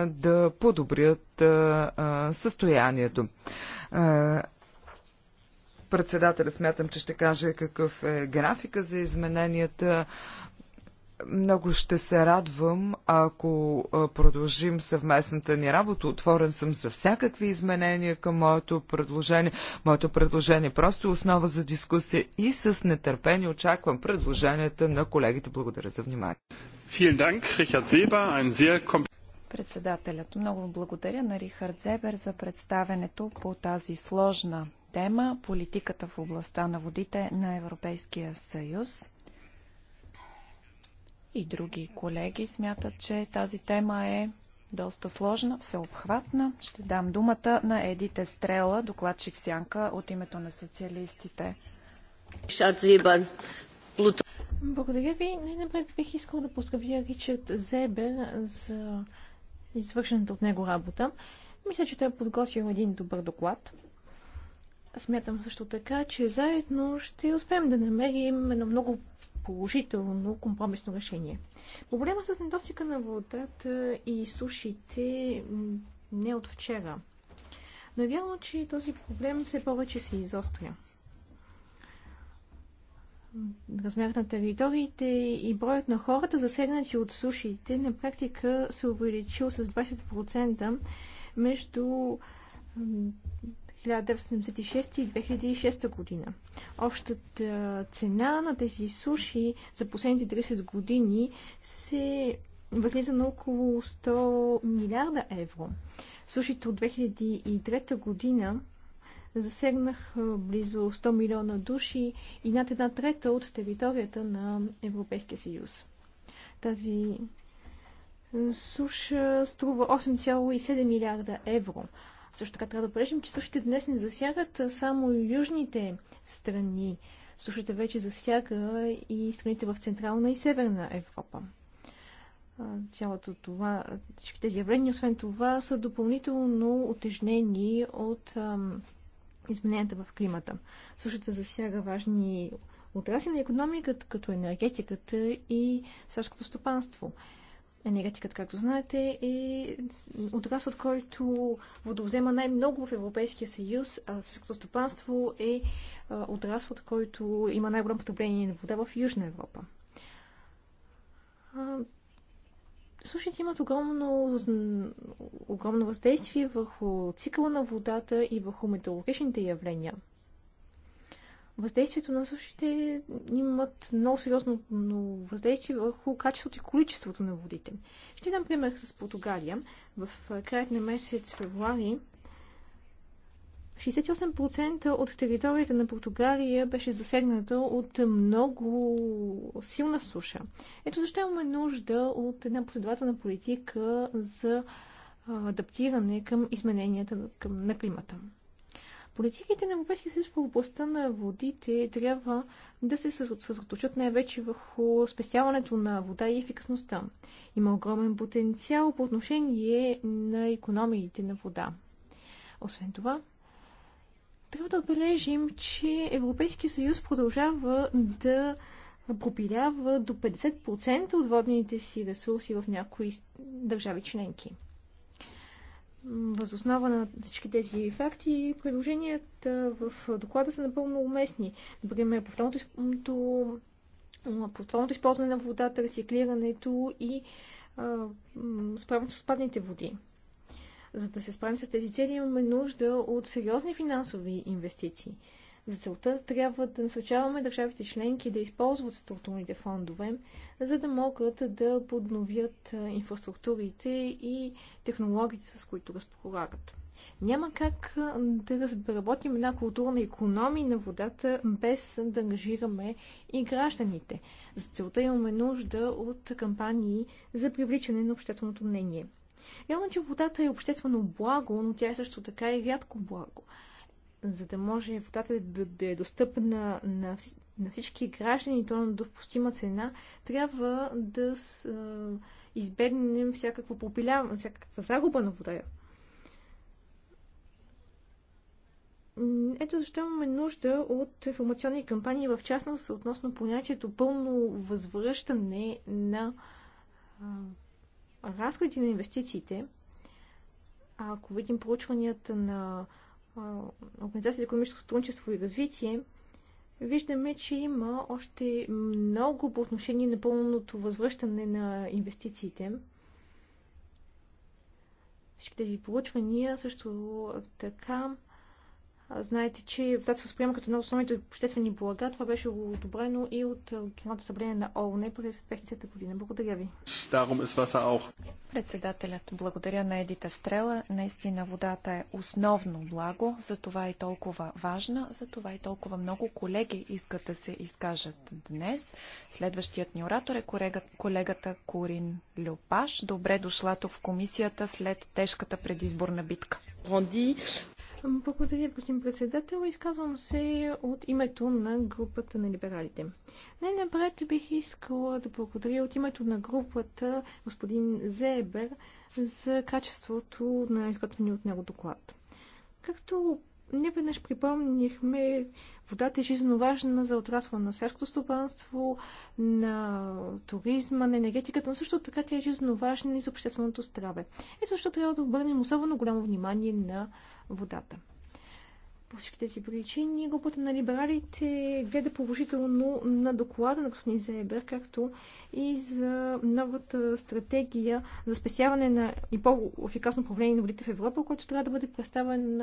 да подобрят състоянието председателя смятам, че ще каже какъв е графика за измененията. Много ще се радвам, ако продължим съвместната ни работа. Отворен съм за всякакви изменения към моето предложение. Моето предложение е просто е основа за дискусия и с нетърпение очаквам предложенията на колегите. Благодаря за внимание. Председателят, много благодаря на Рихард Зебер за представенето по тази сложна тема политиката в областта на водите на Европейския съюз. И други колеги смятат, че тази тема е доста сложна, всеобхватна. Ще дам думата на Едите Стрела, докладчик Сянка от името на социалистите. Благодаря ви. Най-напред бих искал да поздравя Ричард Зебер за извършената от него работа. Мисля, че той е подготвил един добър доклад. Смятам също така, че заедно ще успеем да намерим едно много положително компромисно решение. Проблема с недостига на водата и сушите не е от вчера. Навярно че този проблем все повече се изостря размер на териториите и броят на хората, засегнати от сушите, на практика се увеличил с 20% между 1976 и 2006 година. Общата цена на тези суши за последните 30 години се възлиза на около 100 милиарда евро. Сушите от 2003 година засегнах близо 100 милиона души и над една трета от територията на Европейския съюз. Тази суша струва 8,7 милиарда евро. Също така трябва да прежим, че същите днес не засягат само южните страни. Сушата вече засяга и страните в Централна и Северна Европа. Цялото това, всички тези явления, освен това, са допълнително отежнени от ам, измененията в климата. Сушата засяга важни отрасли на економиката, като енергетиката и сърското стопанство. Енергетиката, както знаете, е отрасъл, от който водовзема най-много в Европейския съюз, а сърското стопанство е отрасъл, от който има най-голямо потребление на вода в Южна Европа. Сушите имат огромно, огромно въздействие върху цикъла на водата и върху метеорологичните явления. Въздействието на сушите имат много сериозно въздействие върху качеството и количеството на водите. Ще дам пример с Португалия. В края на месец февруари 68% от територията на Португалия беше засегната от много силна суша. Ето защо имаме нужда от една последователна политика за адаптиране към измененията на климата. Политиките на Европейския съюз в областта на водите трябва да се съсредоточат най-вече върху спестяването на вода и ефикасността. Има огромен потенциал по отношение на економиите на вода. Освен това, трябва да отбележим, че Европейския съюз продължава да пропилява до 50% от водните си ресурси в някои държави членки. Възоснова на всички тези факти, предложенията в доклада са напълно уместни. Например, повторното, повторното използване на водата, рециклирането и справянето с отпадните води. За да се справим с тези цели, имаме нужда от сериозни финансови инвестиции. За целта трябва да насърчаваме държавите членки да използват структурните фондове, за да могат да подновят инфраструктурите и технологиите, с които разполагат. Няма как да разработим една културна економия на водата без да ангажираме и гражданите. За целта имаме нужда от кампании за привличане на общественото мнение – Явно, че водата е обществено благо, но тя е също така и рядко благо. За да може водата да, да е достъпна на, на всички граждани, то на допустима цена, трябва да с, а, избегнем всякакво попиляване, всякаква загуба на вода. Ето защо имаме нужда от информационни кампании, в частност относно понятието пълно възвръщане на а, разходите на инвестициите, ако видим проучванията на Организацията за економическо сътрудничество и развитие, виждаме, че има още много по отношение на пълното възвръщане на инвестициите. Всички тези проучвания също така Знаете, че водата се възприема като едно от основните обществени блага. Това беше одобрено и от Генералното събрание на ООН през 2010 година. Благодаря ви. Е Председателят, благодаря на Едита Стрела. Наистина водата е основно благо, за това и е толкова важна, за това и е толкова много колеги искат да се изкажат днес. Следващият ни оратор е колегата, колегата Корин Люпаш. Добре дошла тук в комисията след тежката предизборна битка. Гранди благодаря, господин председател. Изказвам се от името на групата на либералите. Най-напред бих искала да благодаря от името на групата господин Зебер за качеството на изготвения от него доклад. Както не веднъж припомнихме, водата е жизненно важна за отрасла на селското стопанство, на туризма, на енергетиката, но също така тя е жизненно важна и за общественото здраве. Ето защо трябва да обърнем особено голямо внимание на водата. По всички тези причини групата на либералите гледа положително на доклада на господин Зебер, както и за новата стратегия за спесяване на и по-ефикасно управление на водите в Европа, който трябва да бъде представен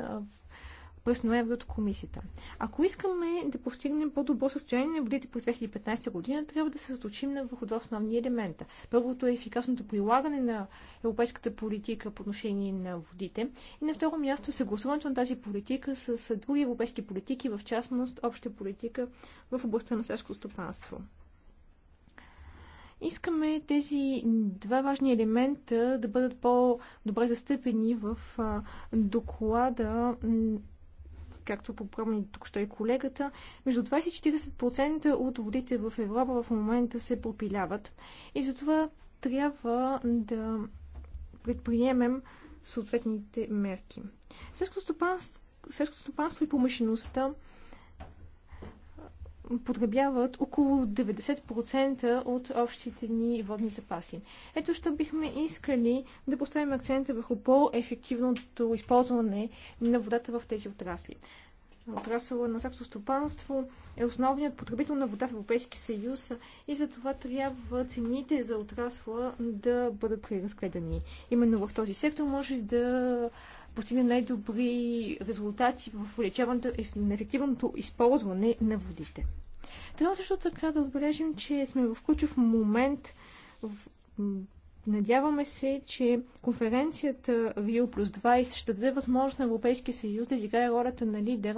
през ноември от комисията. Ако искаме да постигнем по-добро състояние на водите през 2015 година, трябва да се заточим на върху два основни елемента. Първото е ефикасното прилагане на европейската политика по отношение на водите и на второ място е съгласуването на тази политика с, с други европейски политики, в частност обща политика в областта на селското стопанство искаме тези два важни елемента да бъдат по-добре застъпени в доклада както попомни тук ще и е колегата, между 20 и 40% от водите в Европа в момента се пропиляват. И затова трябва да предприемем съответните мерки. Селското стопанство и помешеността потребяват около 90% от общите ни водни запаси. Ето, що бихме искали да поставим акцента върху по-ефективното използване на водата в тези отрасли. Отрасъла на селското стопанство е основният потребител на вода в Европейския съюз и за това трябва цените за отрасла да бъдат преразгледани. Именно в този сектор може да постигне най-добри резултати в увеличаването и на ефективното използване на водите. Трябва също така да отбележим, че сме в ключов момент. В... Надяваме се, че конференцията Rio Plus 20 ще даде възможност на Европейския съюз да изиграе ролята на лидер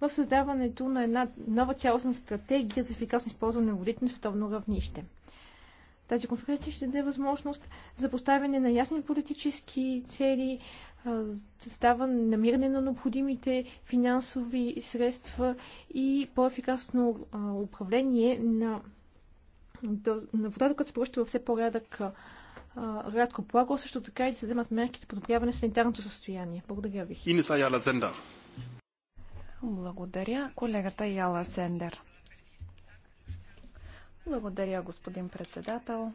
в създаването на една нова цялостна стратегия за ефикасно използване на водите на световно равнище. Тази конференция ще даде възможност за поставяне на ясни политически цели, става намиране на необходимите финансови средства и по-ефикасно управление на, на водата, която се превръща във все по-рядък рядко плаго, също така и да се вземат мерки за подобряване на санитарното състояние. Благодаря ви. Инеса Яла Сендер. Благодаря, колегата Яла Сендер. Благодаря, господин председател.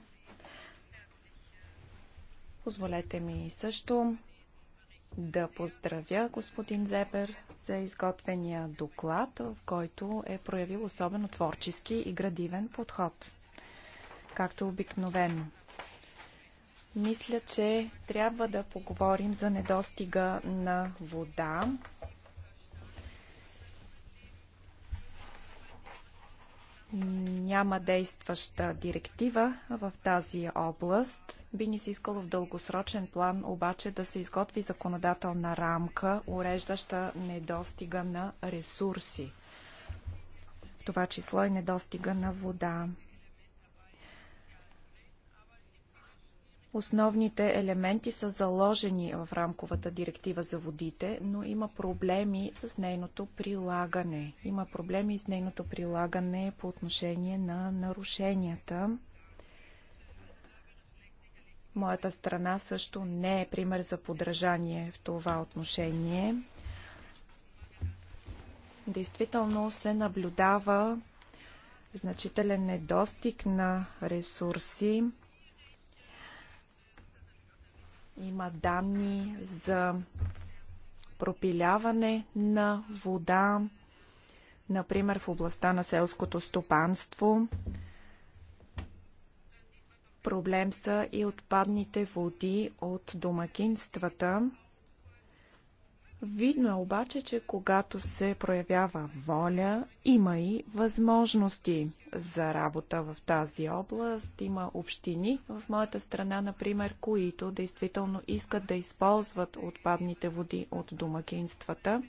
Позволете ми също да поздравя господин Зебер за изготвения доклад, в който е проявил особено творчески и градивен подход, както обикновено. Мисля, че трябва да поговорим за недостига на вода няма действаща директива в тази област. Би ни се искало в дългосрочен план обаче да се изготви законодателна рамка, уреждаща недостига на ресурси, в това число и недостига на вода. Основните елементи са заложени в рамковата директива за водите, но има проблеми с нейното прилагане. Има проблеми с нейното прилагане по отношение на нарушенията. Моята страна също не е пример за подражание в това отношение. Действително се наблюдава значителен недостиг на ресурси има данни за пропиляване на вода, например в областта на селското стопанство. Проблем са и отпадните води от домакинствата. Видно е обаче, че когато се проявява воля, има и възможности за работа в тази област. Има общини в моята страна, например, които действително искат да използват отпадните води от домакинствата.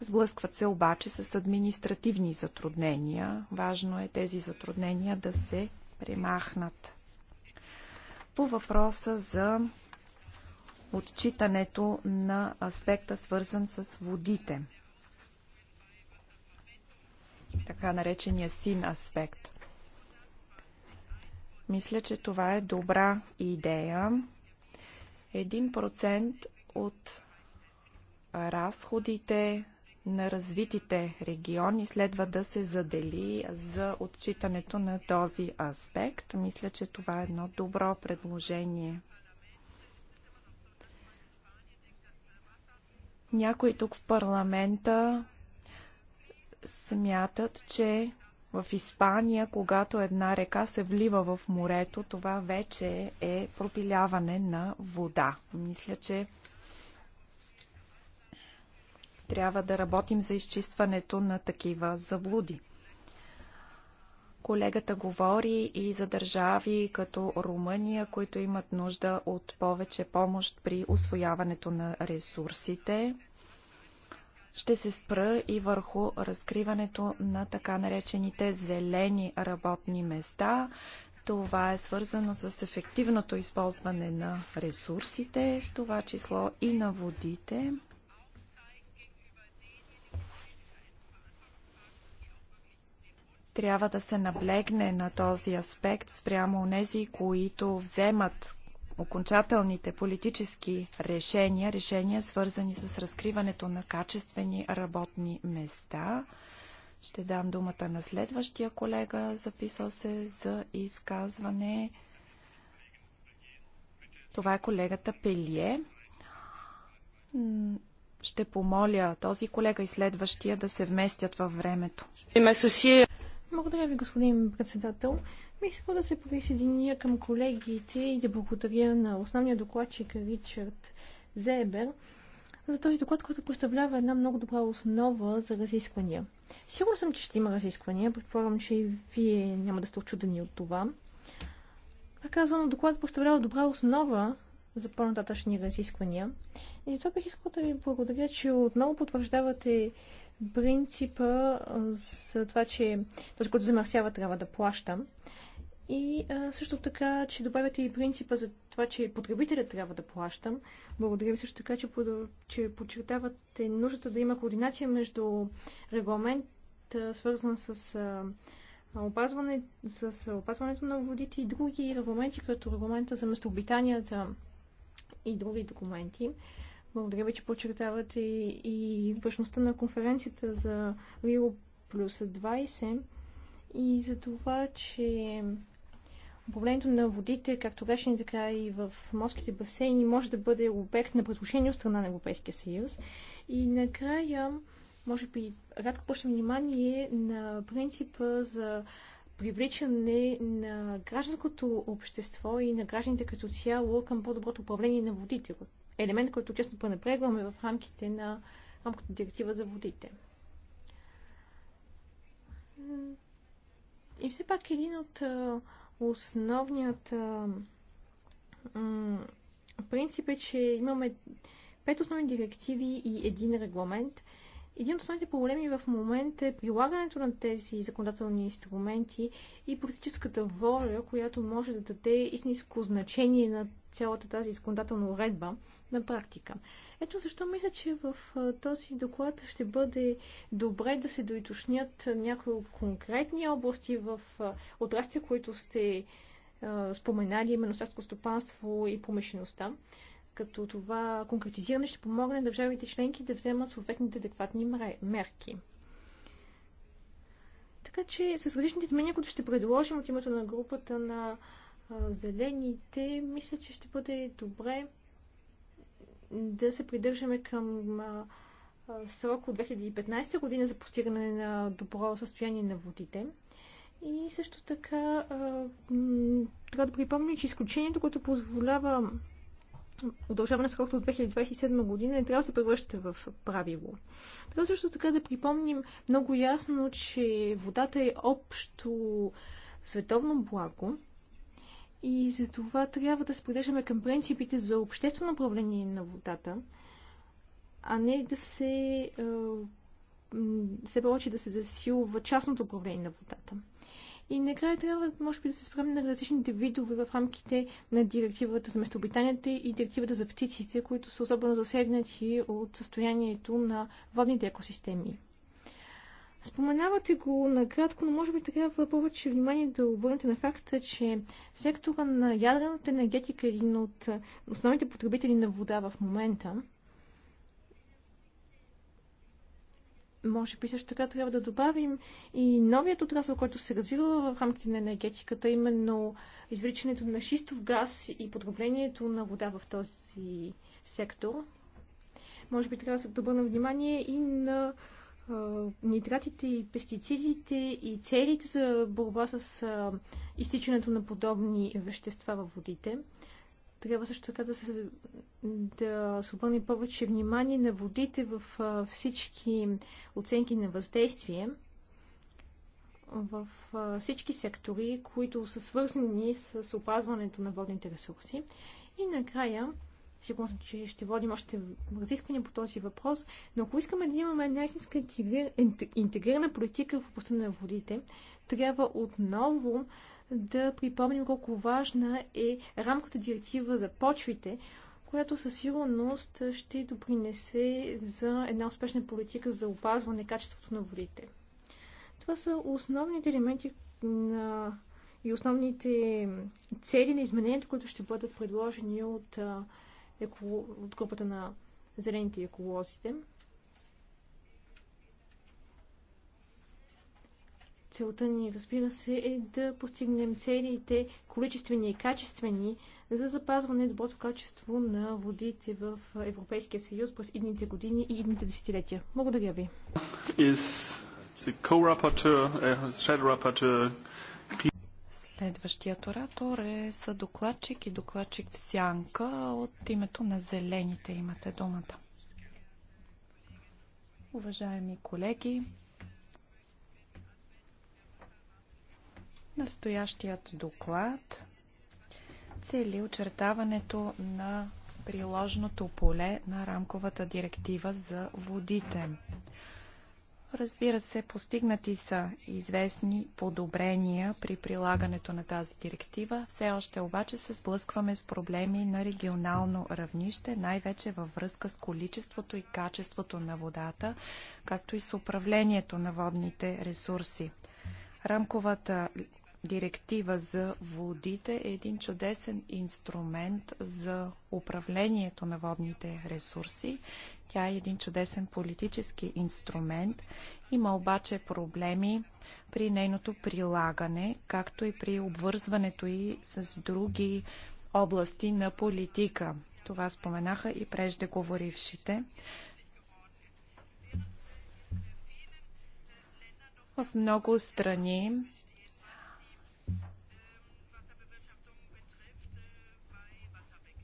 Сблъскват се обаче с административни затруднения. Важно е тези затруднения да се премахнат. По въпроса за отчитането на аспекта, свързан с водите. Така наречения син аспект. Мисля, че това е добра идея. 1% от разходите на развитите региони следва да се задели за отчитането на този аспект. Мисля, че това е едно добро предложение. Някои тук в парламента смятат, че в Испания, когато една река се влива в морето, това вече е пропиляване на вода. Мисля, че трябва да работим за изчистването на такива заблуди. Колегата говори и за държави като Румъния, които имат нужда от повече помощ при освояването на ресурсите. Ще се спра и върху разкриването на така наречените зелени работни места. Това е свързано с ефективното използване на ресурсите, в това число и на водите. Трябва да се наблегне на този аспект спрямо онези, които вземат окончателните политически решения, решения свързани с разкриването на качествени работни места. Ще дам думата на следващия колега, записал се за изказване. Това е колегата Пелие. Ще помоля този колега и следващия да се вместят във времето. Благодаря ви, господин председател. Мисля да се присъединя към колегите и да благодаря на основния докладчик Ричард Зебер за този доклад, който представлява една много добра основа за разисквания. Сигурно съм, че ще има разисквания. Предполагам, че и вие няма да сте очудени от това. Пак казвам, докладът представлява добра основа за по-нататъчни разисквания. И затова бих искал да ви благодаря, че отново потвърждавате принципа за това, че този, който замърсява, трябва да плаща. И а, също така, че добавяте и принципа за това, че потребителят трябва да плащам. Благодаря ви също така, че, под, че подчертавате нуждата да има координация между регламент, а, свързан с а, опазване, с опазването на водите и други регламенти, като регламента за местообитанията и други документи. А, благодаря ви, че подчертавате и, и важността на конференцията за Рио плюс 20 и за това, че управлението на водите, както речени, така и в морските басейни, може да бъде обект на предложение от страна на Европейския съюз. И накрая, може би, рядко почне внимание на принципа за привличане на гражданското общество и на гражданите като цяло към по-доброто управление на водите, елемент, който честно пренебрегваме в рамките на рамката директива за водите. И все пак един от основният принцип е, че имаме пет основни директиви и един регламент. Един от основните проблеми в момента е прилагането на тези законодателни инструменти и политическата воля, която може да даде истинско значение на цялата тази законодателна уредба – на практика. Ето защо мисля, че в този доклад ще бъде добре да се доиточнят някои конкретни области в отрасти, които сте споменали, именно сърско стопанство и промишлеността като това конкретизиране ще помогне държавите членки да вземат съответните адекватни мерки. Така че с различните изменения, които ще предложим от името на групата на зелените, мисля, че ще бъде добре да се придържаме към срок от 2015 година за постигане на добро състояние на водите. И също така трябва да припомня, че изключението, което позволява удължаване на срока от 2027 година не трябва да се превръща в правило. Трябва също така да припомним много ясно, че водата е общо световно благо и за това трябва да се придържаме към принципите за обществено управление на водата, а не да се, е, се получи да се засилва частното управление на водата. И накрая трябва, може би, да се спрем на различните видове в рамките на директивата за местообитанията и директивата за птиците, които са особено засегнати от състоянието на водните екосистеми. Споменавате го накратко, но може би трябва повече внимание да обърнете на факта, че сектора на ядрената енергетика е един от основните потребители на вода в момента. Може би също така трябва да добавим и новият отрасъл, който се развива в рамките на енергетиката, именно извличането на шистов газ и подроблението на вода в този сектор. Може би трябва да се внимание и на нитратите и пестицидите и целите за борба с изтичането на подобни вещества във водите. Трябва също така да се, да се обърне повече внимание на водите в всички оценки на въздействие в всички сектори, които са свързани с опазването на водните ресурси. И накрая Сигурно съм, че ще водим още разисквания по този въпрос, но ако искаме да имаме една истинска интегрирана политика в областта на водите, трябва отново да припомним колко важна е рамката директива за почвите, която със сигурност ще допринесе за една успешна политика за опазване качеството на водите. Това са основните елементи на и основните цели на изменението, които ще бъдат предложени от еколо... от групата на зелените еколозите. Целта ни, разбира се, е да постигнем целите количествени и качествени за запазване на доброто качество на водите в Европейския съюз през идните години и идните десетилетия. Благодаря ви. Is the co-rapporteur, uh, shadow rapporteur Следващият оратор е съдокладчик и докладчик в сянка от името на Зелените. Имате думата. Уважаеми колеги, настоящият доклад цели очертаването на приложното поле на рамковата директива за водите. Разбира се, постигнати са известни подобрения при прилагането на тази директива. Все още обаче се сблъскваме с проблеми на регионално равнище, най-вече във връзка с количеството и качеството на водата, както и с управлението на водните ресурси. Рамковата директива за водите е един чудесен инструмент за управлението на водните ресурси тя е един чудесен политически инструмент. Има обаче проблеми при нейното прилагане, както и при обвързването и с други области на политика. Това споменаха и преждеговорившите. В много страни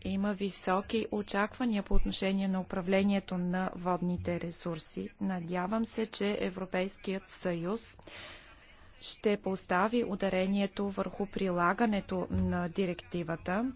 има високи очаквания по отношение на управлението на водните ресурси. Надявам се, че Европейският съюз ще постави ударението върху прилагането на директивата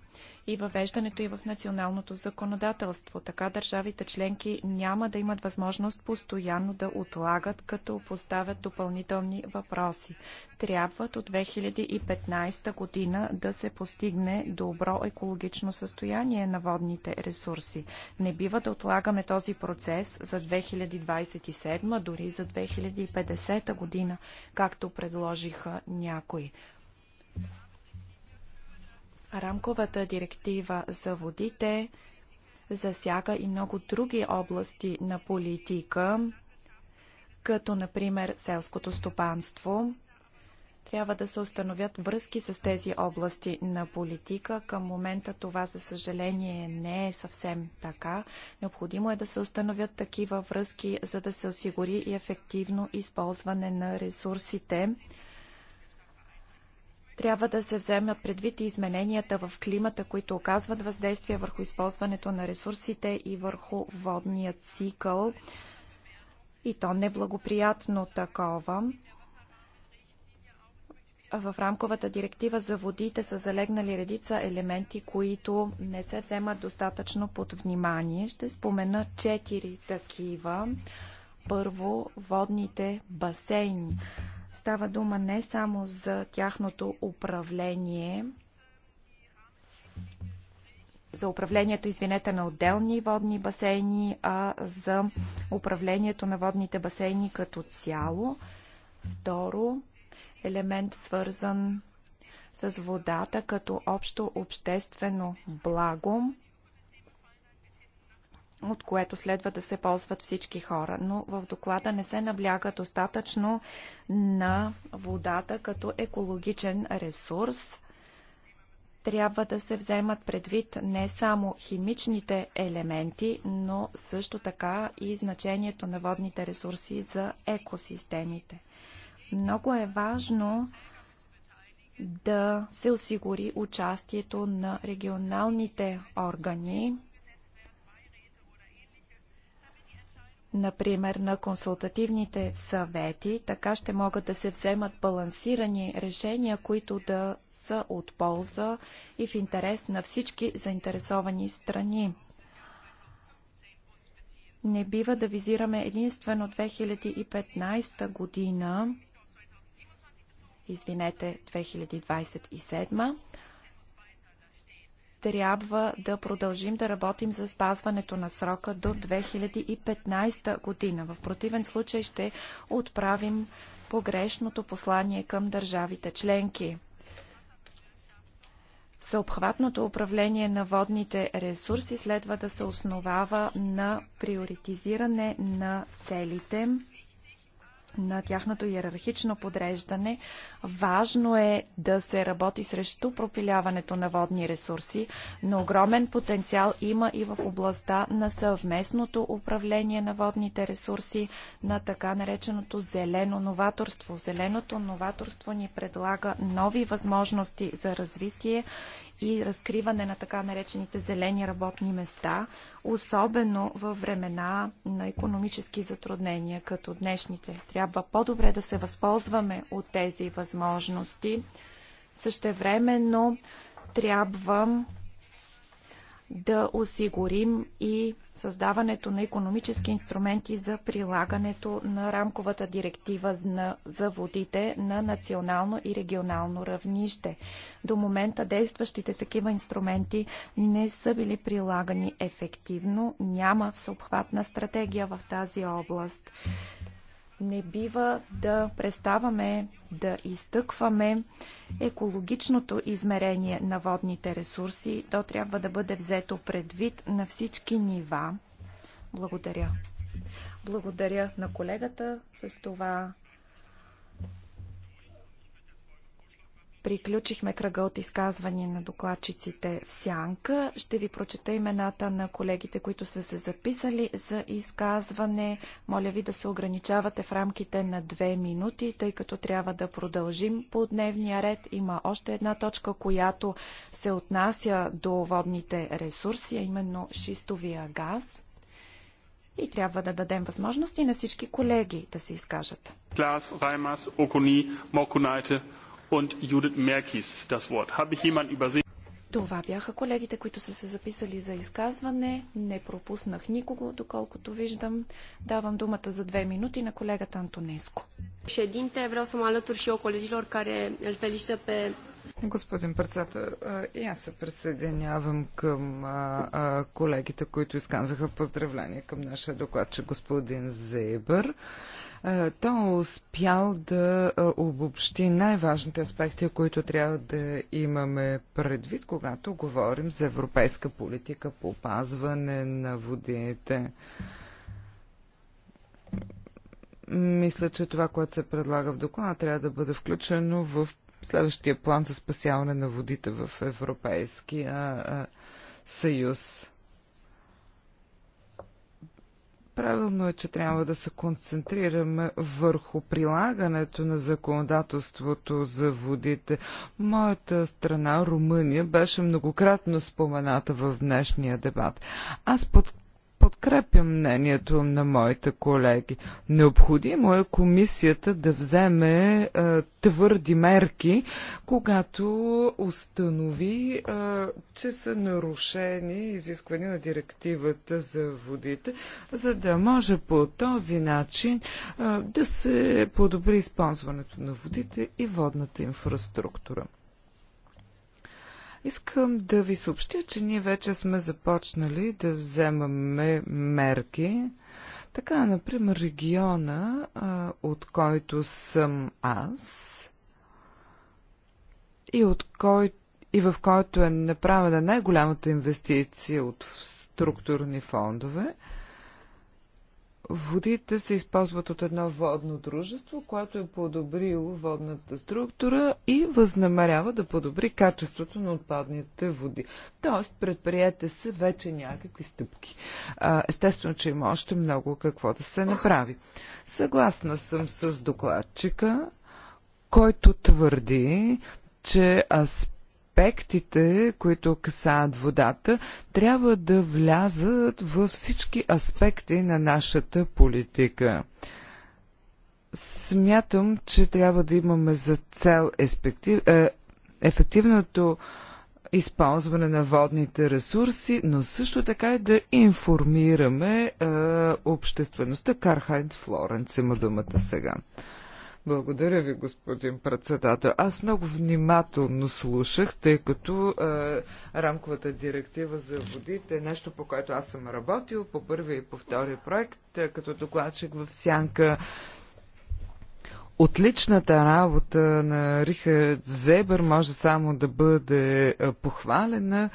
и въвеждането и в националното законодателство. Така държавите членки няма да имат възможност постоянно да отлагат, като поставят допълнителни въпроси. Трябва от 2015 година да се постигне добро екологично състояние на водните ресурси. Не бива да отлагаме този процес за 2027, дори за 2050 година, както предложиха някои. Рамковата директива за водите засяга и много други области на политика, като например селското стопанство. Трябва да се установят връзки с тези области на политика. Към момента това, за съжаление, не е съвсем така. Необходимо е да се установят такива връзки, за да се осигури и ефективно използване на ресурсите. Трябва да се вземат предвид и измененията в климата, които оказват въздействие върху използването на ресурсите и върху водния цикъл. И то неблагоприятно такова. В рамковата директива за водите са залегнали редица елементи, които не се вземат достатъчно под внимание. Ще спомена четири такива. Първо, водните басейни. Става дума не само за тяхното управление, за управлението, извинете, на отделни водни басейни, а за управлението на водните басейни като цяло. Второ, елемент свързан с водата като общо обществено благо, от което следва да се ползват всички хора. Но в доклада не се набляга достатъчно на водата като екологичен ресурс. Трябва да се вземат предвид не само химичните елементи, но също така и значението на водните ресурси за екосистемите. Много е важно да се осигури участието на регионалните органи например, на консултативните съвети. Така ще могат да се вземат балансирани решения, които да са от полза и в интерес на всички заинтересовани страни. Не бива да визираме единствено 2015 година, извинете, 2027, трябва да продължим да работим за спазването на срока до 2015 година. В противен случай ще отправим погрешното послание към държавите членки. Съобхватното управление на водните ресурси следва да се основава на приоритизиране на целите на тяхното иерархично подреждане, важно е да се работи срещу пропиляването на водни ресурси, но огромен потенциал има и в областта на съвместното управление на водните ресурси, на така нареченото зелено новаторство. Зеленото новаторство ни предлага нови възможности за развитие и разкриване на така наречените зелени работни места, особено във времена на економически затруднения, като днешните. Трябва по-добре да се възползваме от тези възможности. Същевременно трябва да осигурим и създаването на економически инструменти за прилагането на рамковата директива за водите на национално и регионално равнище. До момента действащите такива инструменти не са били прилагани ефективно, няма всеобхватна стратегия в тази област. Не бива да преставаме да изтъкваме екологичното измерение на водните ресурси. То трябва да бъде взето предвид на всички нива. Благодаря. Благодаря на колегата. С това Приключихме кръга от изказвания на докладчиците в сянка. Ще ви прочета имената на колегите, които са се записали за изказване. Моля ви да се ограничавате в рамките на две минути, тъй като трябва да продължим по дневния ред. Има още една точка, която се отнася до водните ресурси, а именно шистовия газ. И трябва да дадем възможности на всички колеги да се изкажат. Клас, Раймас, Окуни, Мокунайте, und Judith Merkis das Wort. Habe ich jemanden übersehen? Това бяха колегите, които са се записали за изказване. Не пропуснах никого, доколкото виждам. Давам думата за две минути на колегата Антонеско. Господин председател, и аз се присъединявам към колегите, които изказаха поздравления към нашия доклад, че господин Зейбър. Е, той е успял да е, обобщи най-важните аспекти, които трябва да имаме предвид, когато говорим за европейска политика по опазване на водите. Мисля, че това, което се предлага в доклада, трябва да бъде включено в следващия план за спасяване на водите в Европейския е, съюз. Правилно е, че трябва да се концентрираме върху прилагането на законодателството за водите. Моята страна, Румъния, беше многократно спомената в днешния дебат. Аз под подкрепям мнението на моите колеги. Необходимо е комисията да вземе а, е, твърди мерки, когато установи, а, е, че са нарушени изисквания на директивата за водите, за да може по този начин а, е, да се подобри използването на водите и водната инфраструктура. Искам да ви съобщя, че ние вече сме започнали да вземаме мерки. Така, например, региона, а, от който съм аз и, от кой, и в който е направена най-голямата инвестиция от структурни фондове, Водите се използват от едно водно дружество, което е подобрило водната структура и възнамерява да подобри качеството на отпадните води. Тоест, предприете се вече някакви стъпки. Естествено, че има още много какво да се направи. Съгласна съм с докладчика, който твърди, че аспект аспектите, които касаят водата, трябва да влязат във всички аспекти на нашата политика. Смятам, че трябва да имаме за цел еспектив, е, ефективното използване на водните ресурси, но също така и да информираме е, обществеността. Кархайнц Флоренц има думата сега. Благодаря ви, господин председател. Аз много внимателно слушах, тъй като е, рамковата директива за водите е нещо, по което аз съм работил по първи и по втори проект, е, като докладчик в Сянка. Отличната работа на Рихард Зебър може само да бъде е, похвалена.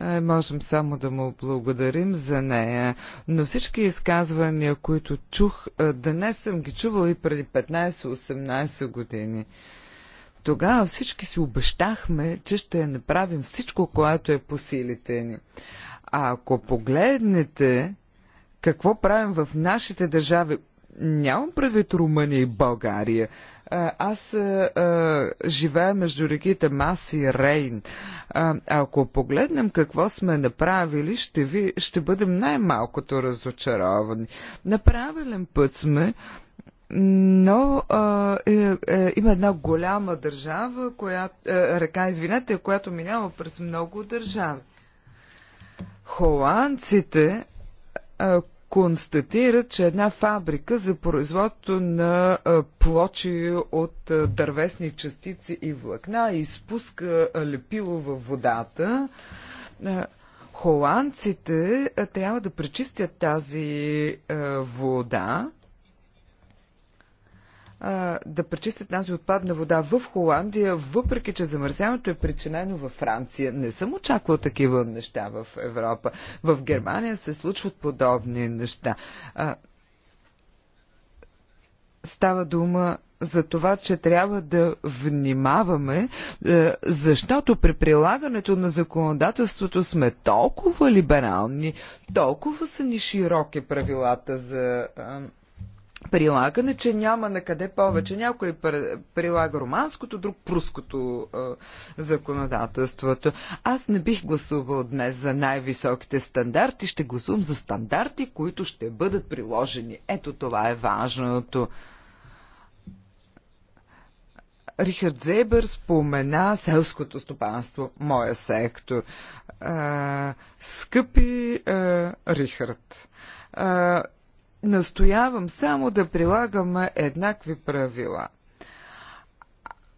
Е, можем само да му благодарим за нея. Но всички изказвания, които чух, е, днес съм ги чувала и преди 15-18 години. Тогава всички си обещахме, че ще направим всичко, което е по силите ни. А ако погледнете какво правим в нашите държави Нямам предвид Румъния и България. Аз а, живея между реките Мас и Рейн. А, ако погледнем какво сме направили, ще, ви, ще бъдем най-малкото разочаровани. Направилен път сме, но а, е, е, има една голяма държава, която, е, река, извинете, която минава през много държави. Холандците, а, констатира, че една фабрика за производство на плочи от дървесни частици и влакна изпуска лепило във водата. Холандците трябва да пречистят тази вода да пречистят тази отпадна вода в Холандия, въпреки че замърсяването е причинено във Франция. Не съм очаквал такива неща в Европа. В Германия се случват подобни неща. Става дума за това, че трябва да внимаваме, е, защото при прилагането на законодателството сме толкова либерални, толкова са ни широки правилата за е, прилагане, че няма на къде повече. Някой прилага романското, друг пруското е, законодателството. Аз не бих гласувал днес за най-високите стандарти, ще гласувам за стандарти, които ще бъдат приложени. Ето това е важното. Рихард Зебър спомена селското стопанство, моя сектор. скъпи Рихард, Настоявам само да прилагаме еднакви правила.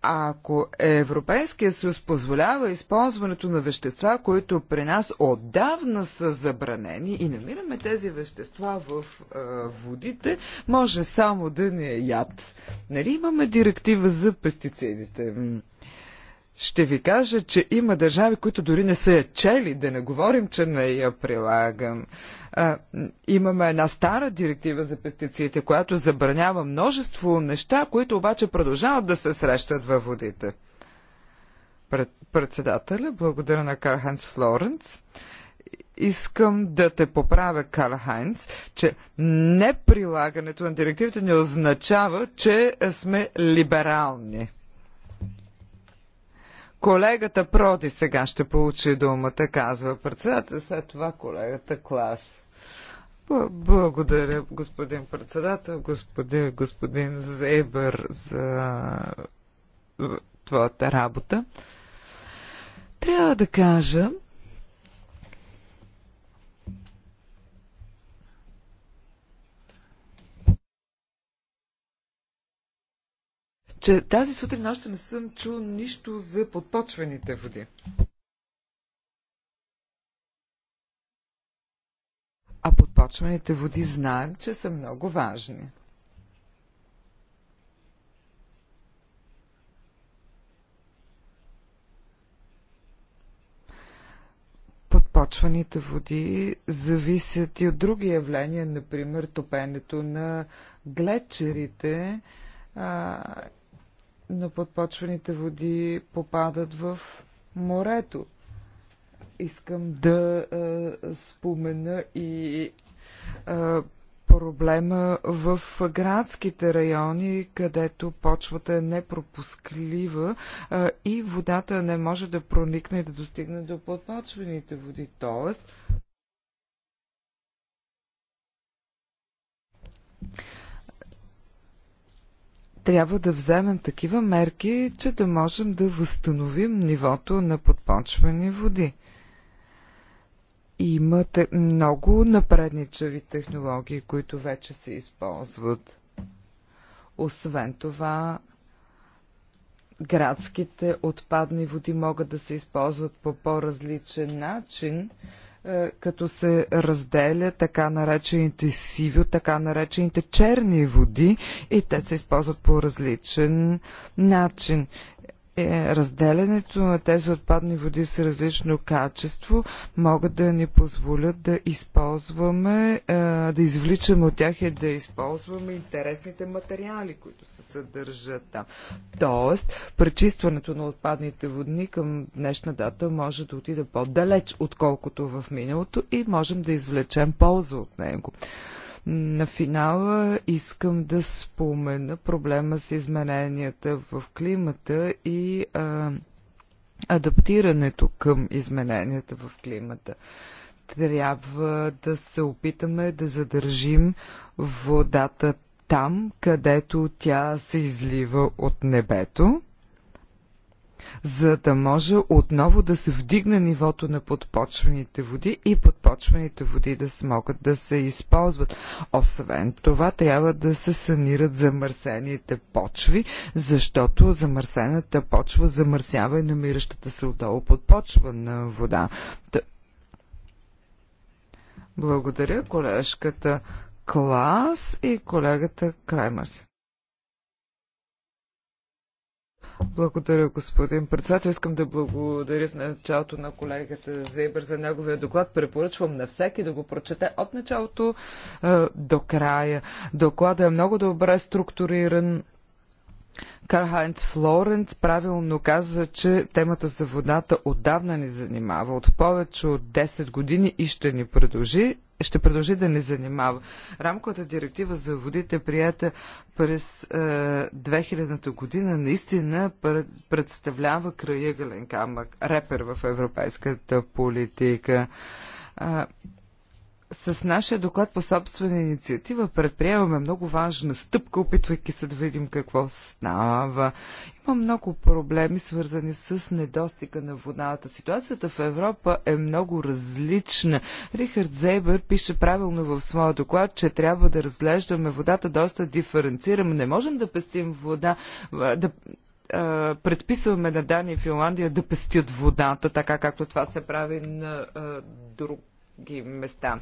Ако Европейския съюз позволява използването на вещества, които при нас отдавна са забранени и намираме тези вещества в е, водите, може само да ни е яд. Нали имаме директива за пестицидите? ще ви кажа, че има държави, които дори не са я чели, да не говорим, че не я прилагам. А, имаме една стара директива за пестициите, която забранява множество неща, които обаче продължават да се срещат във водите. Пред, председателя, благодаря на Карханс Флоренц искам да те поправя, Карл Хайнц, че неприлагането на директивите не означава, че сме либерални. Колегата Проди сега ще получи думата, казва председател, след това колегата Клас. Благодаря, господин председател, господин, господин Зебър, за твоята работа. Трябва да кажа, че тази сутрин още не съм чул нищо за подпочвените води. А подпочваните води знаем, че са много важни. подпочваните води зависят и от други явления, например топенето на глечерите на подпочвените води попадат в морето. Искам да а, спомена и а, проблема в градските райони, където почвата е непропусклива а, и водата не може да проникне и да достигне до подпочвените води. Тоест, трябва да вземем такива мерки, че да можем да възстановим нивото на подпочвени води. Имате много напредничави технологии, които вече се използват. Освен това, градските отпадни води могат да се използват по по-различен начин, е, като се разделя така наречените сиви от така наречените черни води и те се използват по различен начин е, разделянето на тези отпадни води с различно качество могат да ни позволят да използваме, е, да извличаме от тях и да използваме интересните материали, които се съдържат там. Тоест, пречистването на отпадните водни към днешна дата може да отиде по-далеч, отколкото в миналото и можем да извлечем полза от него. На финала искам да спомена проблема с измененията в климата и а, адаптирането към измененията в климата. Трябва да се опитаме да задържим водата там, където тя се излива от небето за да може отново да се вдигне нивото на подпочвените води и подпочвените води да се могат да се използват. Освен това, трябва да се санират замърсените почви, защото замърсената почва замърсява и намиращата се отдолу подпочвана вода. Благодаря колежката Клас и колегата Краймърс. Благодаря, господин председател. Искам да благодаря в началото на колегата Зейбър за неговия доклад. Препоръчвам на всеки да го прочете от началото до края. Докладът е много добре структуриран. Карханц Флоренц правилно каза, че темата за водата отдавна ни занимава, от повече от 10 години и ще ни продължи ще продължи да ни занимава. Рамковата директива за водите, прията през е, 2000-та година, наистина представлява краягален камък, репер в европейската политика. Е, с нашия доклад по собствена инициатива предприемаме много важна стъпка, опитвайки се да видим какво става. Има много проблеми, свързани с недостига на водата. Ситуацията в Европа е много различна. Рихард Зейбър пише правилно в своя доклад, че трябва да разглеждаме водата доста диференцирано. Не можем да пестим вода, да, предписваме на Дания и Финландия да пестят водата, така както това се прави на друг други места.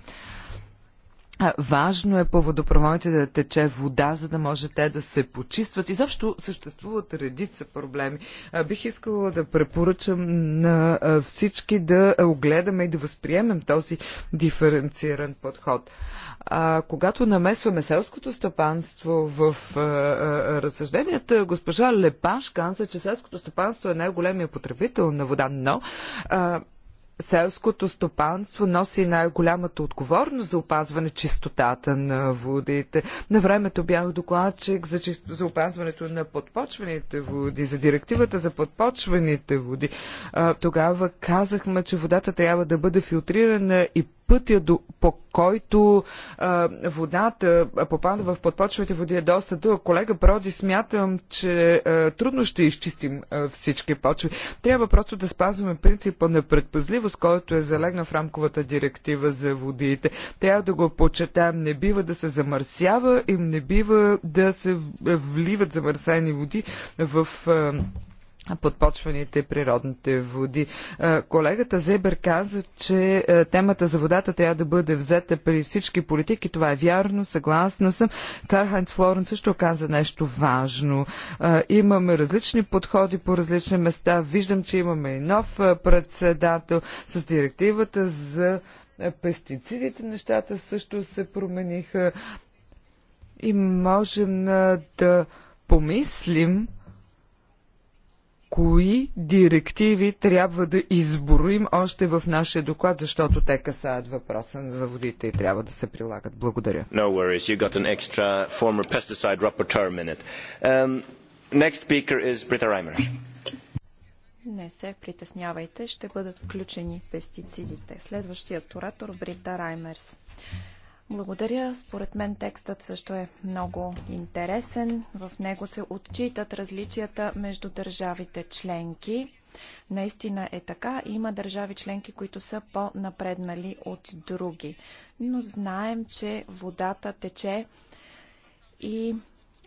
Важно е по водопроводите да тече вода, за да може те да се почистват. Изобщо съществуват редица проблеми. Бих искала да препоръчам на всички да огледаме и да възприемем този диференциран подход. А, когато намесваме селското стопанство в а, а, разсъжденията, госпожа Лепаш каза, че селското стопанство е най-големия потребител на вода, но а, селското стопанство носи най-голямата отговорност за опазване чистотата на водите. На времето бях докладчик за, чист... за опазването на подпочвените води, за директивата за подпочвените води. А, тогава казахме, че водата трябва да бъде филтрирана и пътя, до, по който а, водата попада в подпочвените води е доста дълъг. Колега Проди, смятам, че а, трудно ще изчистим а, всички почви. Трябва просто да спазваме принципа на предпазливост, който е залегнал в рамковата директива за водите. Трябва да го почетаем. Не бива да се замърсява и не бива да се вливат замърсени води в. А, подпочваните природните води. Колегата Зебер каза, че темата за водата трябва да бъде взета при всички политики. Това е вярно, съгласна съм. Кархайнц Флорен също каза нещо важно. Имаме различни подходи по различни места. Виждам, че имаме и нов председател с директивата за пестицидите. Нещата също се промениха и можем да помислим кои директиви трябва да изброим още в нашия доклад, защото те касаят въпроса за водите и трябва да се прилагат. Благодаря. No worries. You got an extra former pesticide rapporteur minute. Um, next speaker is Britta Reimer. Не се притеснявайте, ще бъдат включени пестицидите. Следващият оратор Брита Раймерс. Благодаря. Според мен текстът също е много интересен. В него се отчитат различията между държавите членки. Наистина е така. Има държави членки, които са по-напреднали от други. Но знаем, че водата тече и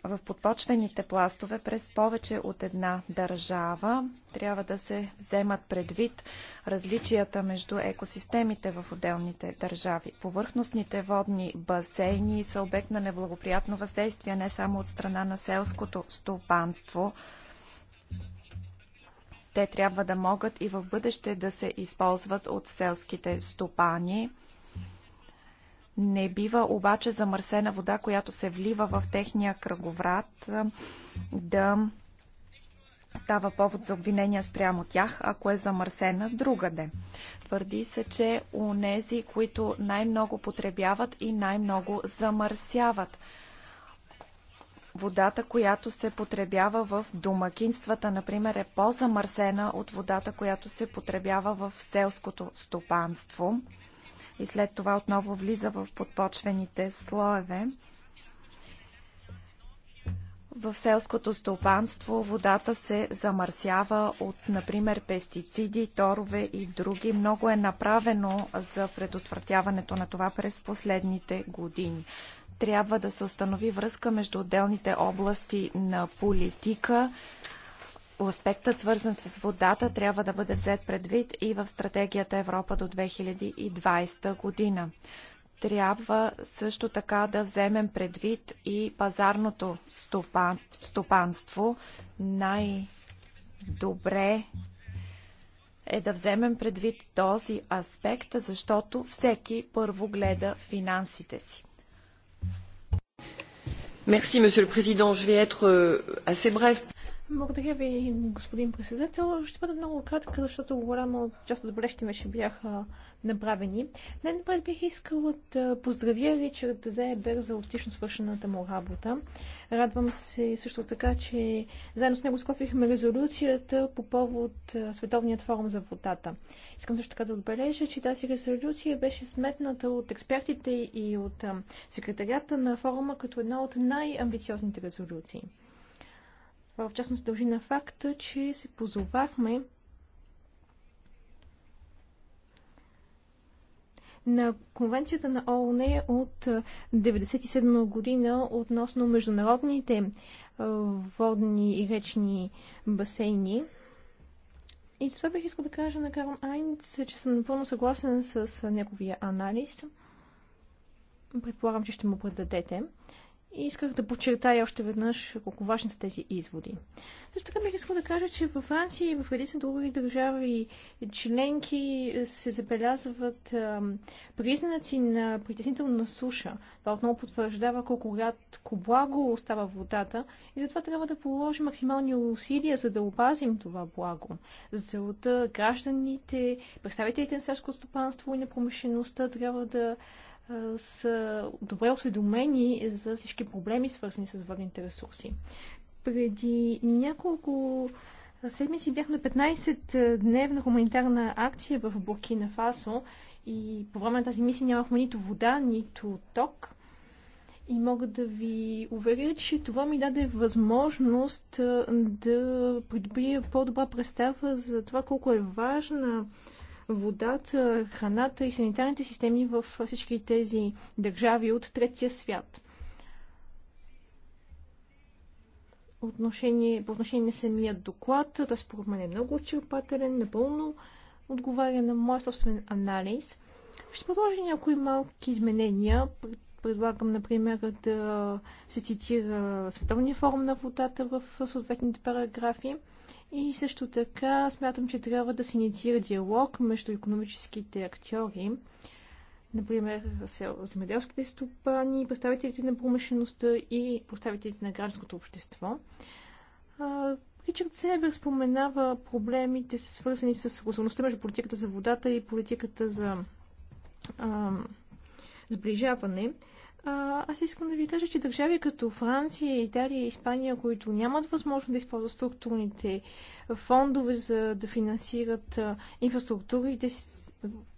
в подпочвените пластове през повече от една държава. Трябва да се вземат предвид различията между екосистемите в отделните държави. Повърхностните водни басейни са обект на неблагоприятно въздействие не само от страна на селското стопанство, те трябва да могат и в бъдеще да се използват от селските стопани. Не бива обаче замърсена вода, която се влива в техния кръговрат, да става повод за обвинения спрямо тях, ако е замърсена другаде. Твърди се, че у нези, които най-много потребяват и най-много замърсяват водата, която се потребява в домакинствата, например, е по-замърсена от водата, която се потребява в селското стопанство и след това отново влиза в подпочвените слоеве. В селското стопанство водата се замърсява от, например, пестициди, торове и други. Много е направено за предотвратяването на това през последните години. Трябва да се установи връзка между отделните области на политика, аспектът, свързан с водата, трябва да бъде взет предвид и в стратегията Европа до 2020 година. Трябва също така да вземем предвид и пазарното стопан, стопанство. Най-добре е да вземем предвид този аспект, защото всеки първо гледа финансите си. Merci, Monsieur le Président. Je vais être euh, assez bref. Благодаря ви, господин председател. Ще бъда много кратка, защото голяма част от забележките вече бяха направени. Най-напред бих искала да поздравя Ричард Зейбер за отлично свършената му работа. Радвам се също така, че заедно с него скофихме резолюцията по повод Световният форум за водата. Искам също така да отбележа, че тази резолюция беше сметната от експертите и от секретарията на форума като една от най-амбициозните резолюции. Това в частност дължи на факта, че се позовахме на Конвенцията на ООН от 1997 година относно международните водни и речни басейни. И това бих искал да кажа на Карл Айнц, че съм напълно съгласен с неговия анализ. Предполагам, че ще му предадете. И исках да подчертая още веднъж колко важни са тези изводи. Също така бих искал да кажа, че във Франция и в редица други държави членки се забелязват признаци на притеснителна суша. Това отново потвърждава колко рядко благо остава водата и затова трябва да положим максимални усилия, за да опазим това благо. За целта гражданите, представителите на селското стопанство и на промишлеността трябва да са добре осведомени за всички проблеми, свързани с водните ресурси. Преди няколко седмици бях на 15-дневна хуманитарна акция в Буркина Фасо и по време на тази мисия нямахме нито вода, нито ток. И мога да ви уверя, че това ми даде възможност да придобия по-добра представа за това колко е важна водата, храната и санитарните системи в всички тези държави от третия свят. Отношение, по отношение на самия доклад, да според мен е много очерпателен, напълно отговаря на моя собствен анализ. Ще продължи някои малки изменения. Предлагам, например, да се цитира Световния форум на водата в съответните параграфи. И също така смятам, че трябва да се инициира диалог между економическите актьори, например земеделските стопани, представителите на промишлеността и представителите на гражданското общество. Ричард Себер споменава проблемите, свързани с съгласността между политиката за водата и политиката за а, сближаване. А, аз искам да ви кажа, че държави като Франция, Италия и Испания, които нямат възможност да използват структурните фондове за да финансират инфраструктурите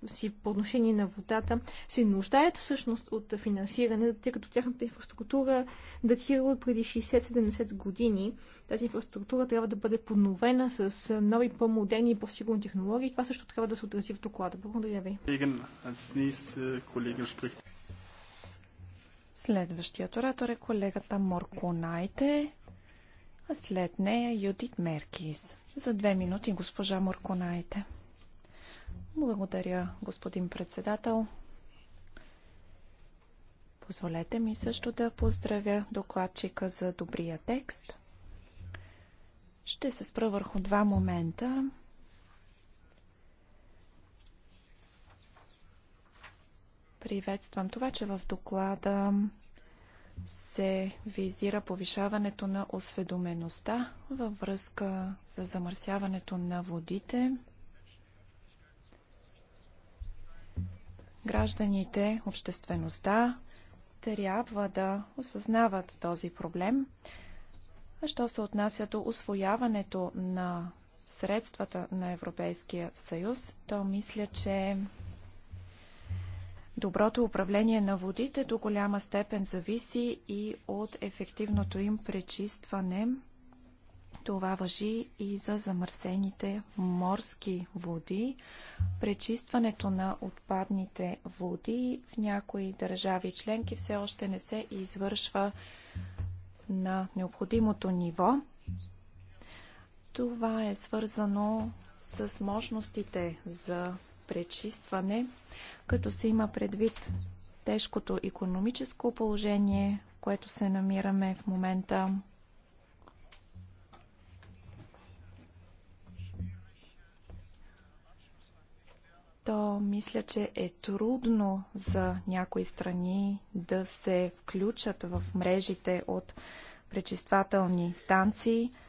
си по отношение на водата, се нуждаят всъщност от финансиране, тъй като тяхната инфраструктура датира от преди 60-70 години. Тази инфраструктура трябва да бъде подновена с нови, по-модерни и по-сигурни технологии. Това също трябва да се отрази в доклада. Благодаря ви. Следващият оратор е колегата Морконайте, а след нея Юдит Меркис. За две минути госпожа Морконайте. Благодаря, господин председател. Позволете ми също да поздравя докладчика за добрия текст. Ще се спра върху два момента. Приветствам това, че в доклада се визира повишаването на осведомеността във връзка с замърсяването на водите. Гражданите, обществеността трябва да осъзнават този проблем. А що се отнася до освояването на средствата на Европейския съюз, то мисля, че Доброто управление на водите до голяма степен зависи и от ефективното им пречистване. Това въжи и за замърсените морски води. Пречистването на отпадните води в някои държави членки все още не се извършва на необходимото ниво. Това е свързано с мощностите за пречистване, като се има предвид тежкото економическо положение, в което се намираме в момента. то мисля, че е трудно за някои страни да се включат в мрежите от пречиствателни станции –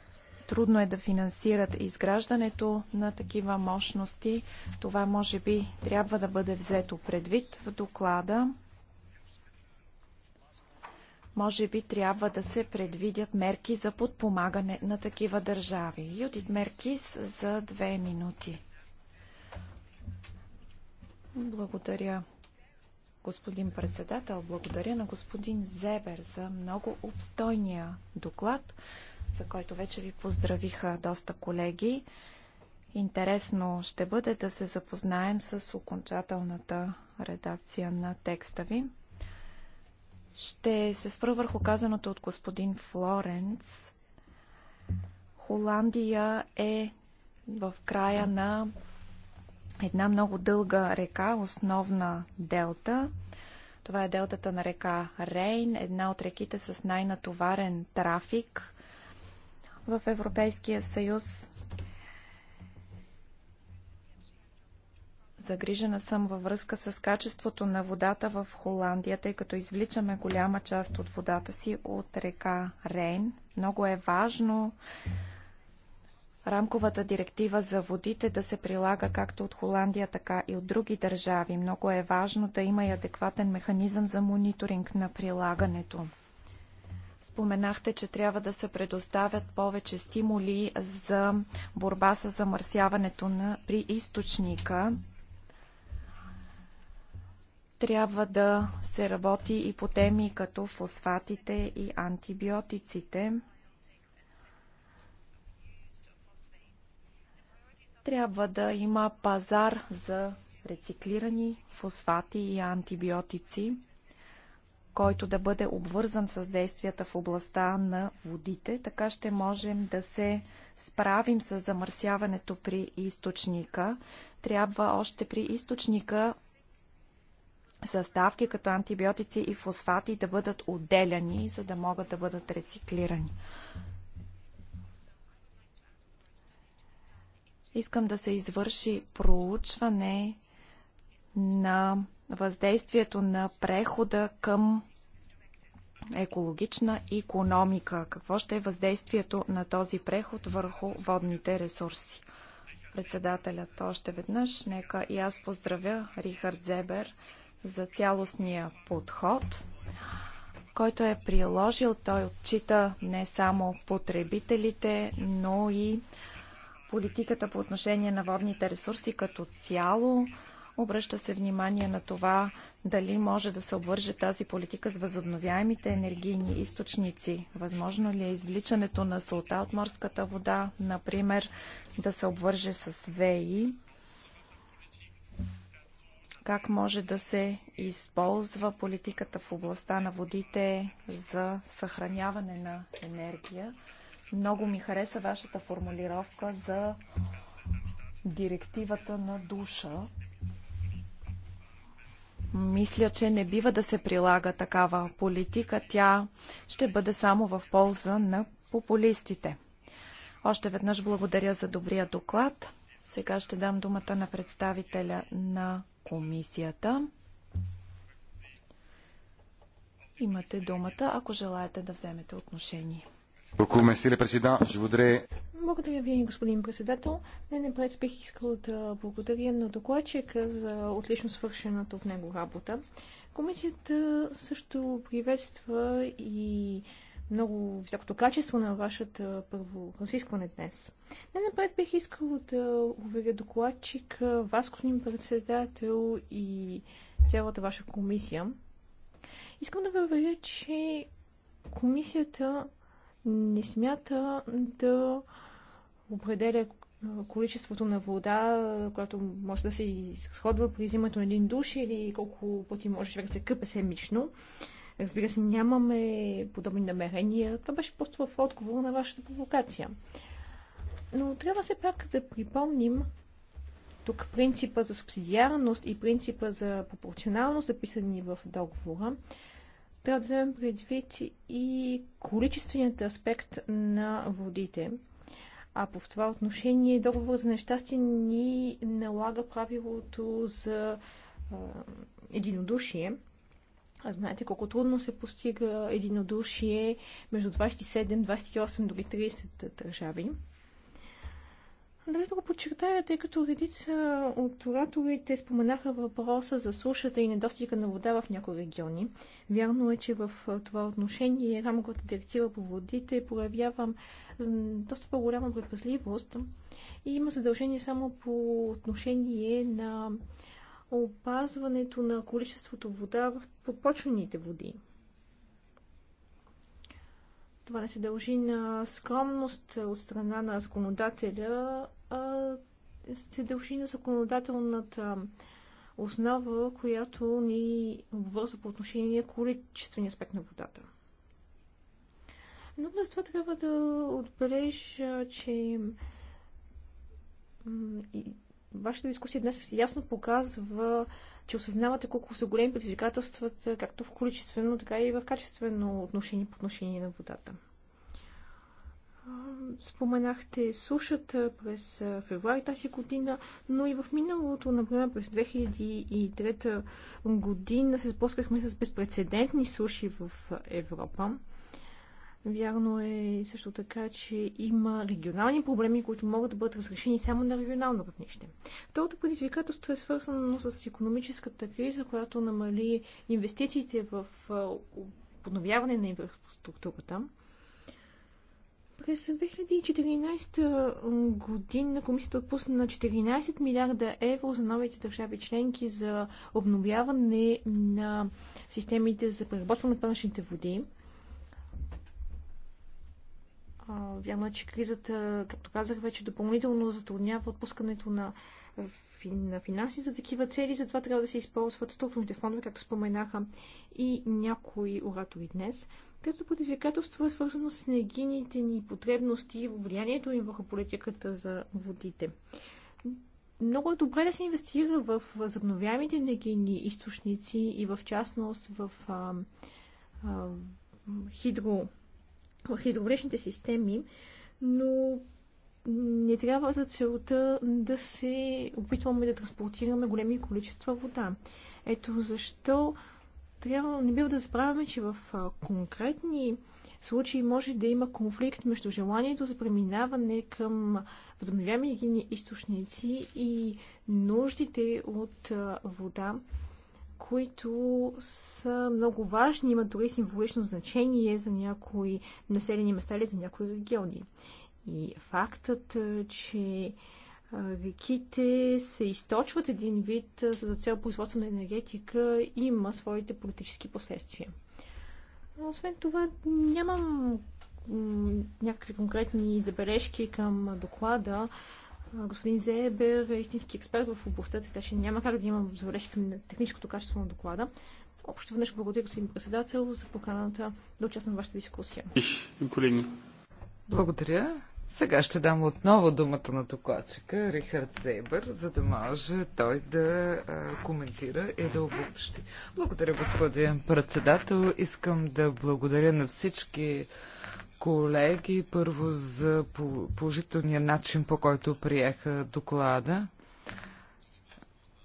Трудно е да финансират изграждането на такива мощности. Това може би трябва да бъде взето предвид в доклада. Може би трябва да се предвидят мерки за подпомагане на такива държави. Юдит Меркис за две минути. Благодаря, господин председател. Благодаря на господин Зебер за много обстойния доклад за който вече ви поздравиха доста колеги. Интересно ще бъде да се запознаем с окончателната редакция на текста ви. Ще се спра върху казаното от господин Флоренц. Холандия е в края на една много дълга река, основна делта. Това е делтата на река Рейн, една от реките с най-натоварен трафик в Европейския съюз. Загрижена съм във връзка с качеството на водата в Холандия, тъй като извличаме голяма част от водата си от река Рейн. Много е важно рамковата директива за водите да се прилага както от Холандия, така и от други държави. Много е важно да има и адекватен механизъм за мониторинг на прилагането. Споменахте, че трябва да се предоставят повече стимули за борба с замърсяването на, при източника. Трябва да се работи и по теми като фосфатите и антибиотиците. Трябва да има пазар за рециклирани фосфати и антибиотици който да бъде обвързан с действията в областта на водите. Така ще можем да се справим с замърсяването при източника. Трябва още при източника съставки като антибиотици и фосфати да бъдат отделяни, за да могат да бъдат рециклирани. Искам да се извърши проучване на въздействието на прехода към екологична економика. Какво ще е въздействието на този преход върху водните ресурси? Председателят още веднъж, нека и аз поздравя Рихард Зебер за цялостния подход, който е приложил. Той отчита не само потребителите, но и политиката по отношение на водните ресурси като цяло, Обръща се внимание на това дали може да се обвърже тази политика с възобновяемите енергийни източници. Възможно ли е извличането на солта от морската вода, например, да се обвърже с ВЕИ? Как може да се използва политиката в областта на водите за съхраняване на енергия? Много ми хареса вашата формулировка за директивата на душа. Мисля, че не бива да се прилага такава политика. Тя ще бъде само в полза на популистите. Още веднъж благодаря за добрия доклад. Сега ще дам думата на представителя на комисията. Имате думата, ако желаете да вземете отношение. Благодаря ви, господин председател. Не, напред бих искал да благодаря на докладчика за отлично свършената от него работа. Комисията също приветства и много високото качество на вашата първо разискване днес. Не напред бих искал да уверя докладчик, вас, господин председател и цялата ваша комисия. Искам да ви уверя, че комисията не смята да определя количеството на вода, която може да се изходва при взимането на един душ или колко пъти може човек да се къпе семично. Разбира се, нямаме подобни намерения. Това беше просто в отговор на вашата провокация. Но трябва се пак да припомним тук принципа за субсидиарност и принципа за пропорционалност, записани в договора, трябва да вземем предвид и количественият аспект на водите. А по това отношение договор за нещастие ни налага правилото за единодушие. А знаете колко трудно се постига единодушие между 27, 28, дори 30 държави. Държа да го подчертая, тъй като редица от ораторите споменаха въпроса за сушата и недостига на вода в някои региони. Вярно е, че в това отношение рамковата директива по водите проявява доста по-голяма предпазливост и има задължение само по отношение на опазването на количеството вода в подпочвените води. Това не се дължи на скромност от страна на законодателя а се дължи на законодателната основа, която ни обвърза по отношение на количествения аспект на водата. Но без това трябва да отбележа, че и вашата дискусия днес ясно показва, че осъзнавате колко са големи предизвикателствата, както в количествено, така и в качествено отношение по отношение на водата. Споменахте сушата през февруари тази година, но и в миналото, например през 2003 година, се сблъскахме с безпредседентни суши в Европа. Вярно е също така, че има регионални проблеми, които могат да бъдат разрешени само на регионално равнище. Второто предизвикателство е свързано с економическата криза, която намали инвестициите в подновяване на инфраструктурата. През 2014 година комисията отпусна на 14 милиарда евро за новите държави членки за обновяване на системите за преработване на пършните води. Вярно е, че кризата, както казах вече, допълнително затруднява отпускането на, на финанси за такива цели, затова трябва да се използват структурните фондове, както споменаха и някои оратори днес. Трето предизвикателство е свързано с енергийните ни потребности и влиянието им върху политиката за водите. Много е добре да се инвестира в възобновяемите енергийни източници и в частност в а, а, хидро, хидровлечните системи, но не трябва за целта да се опитваме да транспортираме големи количества вода. Ето защо трябва, не бива да забравяме, че в конкретни случаи може да има конфликт между желанието за преминаване към възобновяеми енергийни източници и нуждите от вода, които са много важни, имат дори символично значение за някои населени места или за някои региони. И фактът, че реките се източват един вид за цел производство на енергетика и има своите политически последствия. Освен това, нямам някакви конкретни забележки към доклада. Господин Зебер е истински експерт в областта, така че няма как да имам забележки към техническото качество на доклада. Общо веднъж благодаря, господин председател, за поканата да участвам в вашата дискусия. Благодаря. Сега ще дам отново думата на докладчика Рихард Зейбър, за да може той да коментира и да обобщи. Благодаря, господин председател. Искам да благодаря на всички колеги първо за положителния начин, по който приеха доклада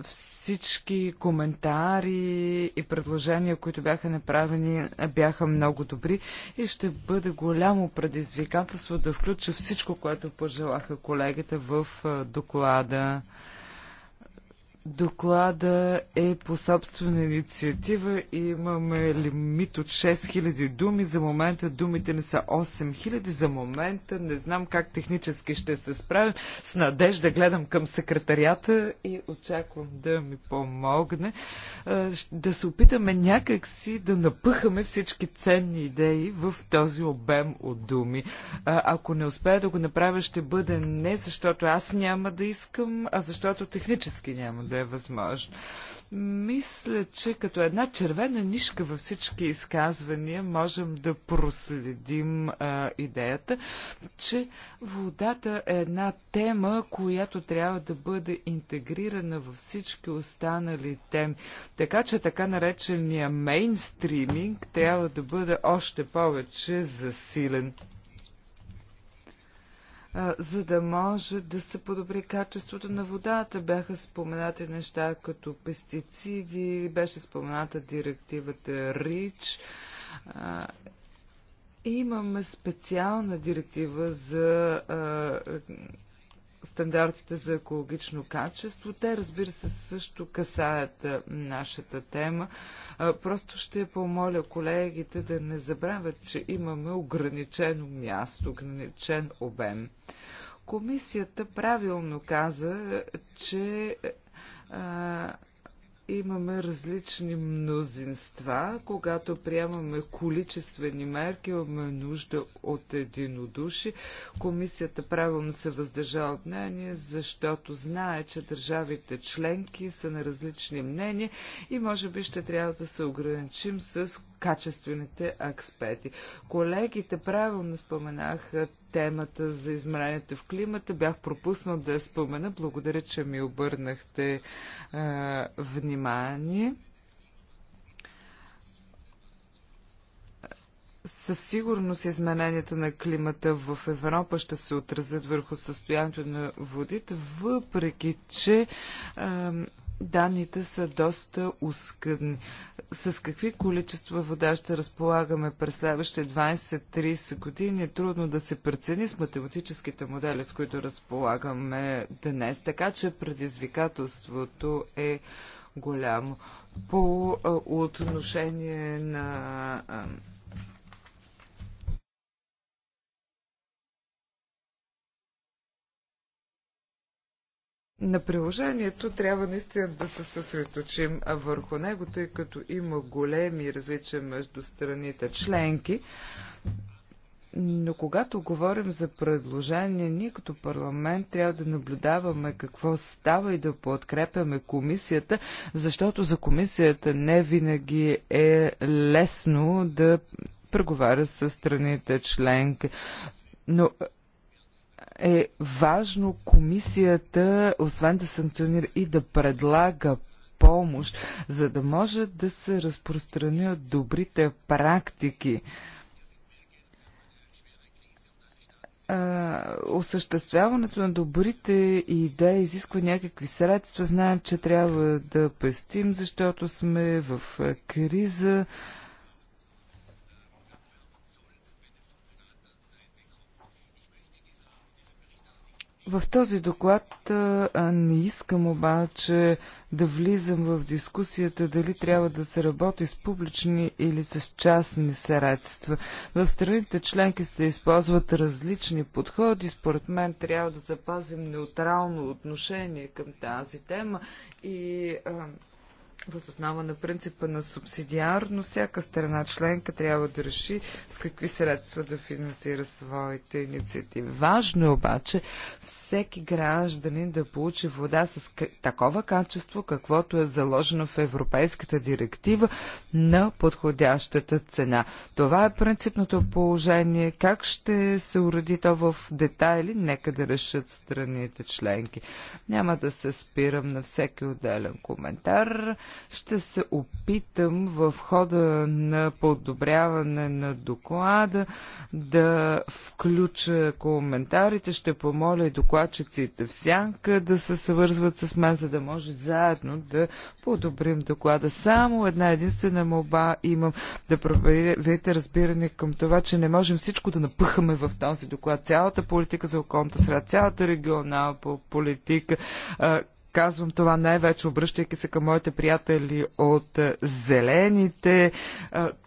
всички коментари и предложения, които бяха направени, бяха много добри и ще бъде голямо предизвикателство да включа всичко, което пожелаха колегите в доклада. Доклада е по собствена инициатива и имаме лимит от 6000 думи. За момента думите не са 8000. За момента не знам как технически ще се справим. С надежда гледам към секретарията и очаквам да ми помогне. Да се опитаме някакси да напъхаме всички ценни идеи в този обем от думи. Ако не успея да го направя, ще бъде не защото аз няма да искам, а защото технически няма да да е възможно. Мисля, че като една червена нишка във всички изказвания можем да проследим а, идеята, че водата е една тема, която трябва да бъде интегрирана във всички останали теми. Така че така наречения мейнстриминг трябва да бъде още повече засилен за да може да се подобри качеството на водата. Бяха споменати неща като пестициди, беше спомената директивата РИЧ. Имаме специална директива за стандартите за екологично качество. Те, разбира се, също касаят нашата тема. Просто ще помоля колегите да не забравят, че имаме ограничено място, ограничен обем. Комисията правилно каза, че а, имаме различни мнозинства. Когато приемаме количествени мерки, имаме нужда от единодуши. Комисията правилно се въздържа от мнение, защото знае, че държавите членки са на различни мнения и може би ще трябва да се ограничим с качествените експерти. Колегите правилно споменаха темата за измерението в климата. Бях пропуснал да я спомена. Благодаря, че ми обърнахте е, внимание. Със сигурност измененията на климата в Европа ще се отразят върху състоянието на водите, въпреки че данните са доста ускъдни. С какви количества вода ще разполагаме през следващите 20-30 години е трудно да се прецени с математическите модели, с които разполагаме днес. Така че предизвикателството е голямо. По отношение на на приложението трябва наистина да се съсредоточим върху него, тъй като има големи различия между страните членки. Но когато говорим за предложение, ние като парламент трябва да наблюдаваме какво става и да подкрепяме комисията, защото за комисията не винаги е лесно да преговаря с страните членки. Но е важно комисията, освен да санкционира и да предлага помощ, за да може да се разпространят добрите практики. осъществяването на добрите идеи изисква някакви средства. Знаем, че трябва да пестим, защото сме в криза. А, В този доклад не искам обаче да влизам в дискусията дали трябва да се работи с публични или с частни средства. В страните членки се използват различни подходи. Според мен трябва да запазим неутрално отношение към тази тема и Въз основа на принципа на субсидиарно, всяка страна членка трябва да реши с какви средства да финансира своите инициативи. Важно е обаче всеки гражданин да получи вода с такова качество, каквото е заложено в Европейската директива на подходящата цена. Това е принципното положение. Как ще се уреди то в детайли, нека да решат страните членки. Няма да се спирам на всеки отделен коментар ще се опитам в хода на подобряване на доклада да включа коментарите. Ще помоля и докладчиците всяка сянка да се свързват с мен, за да може заедно да подобрим доклада. Само една единствена молба имам да проверите разбиране към това, че не можем всичко да напъхаме в този доклад. Цялата политика за околната среда, цялата регионална политика, Казвам това най-вече обръщайки се към моите приятели от Зелените.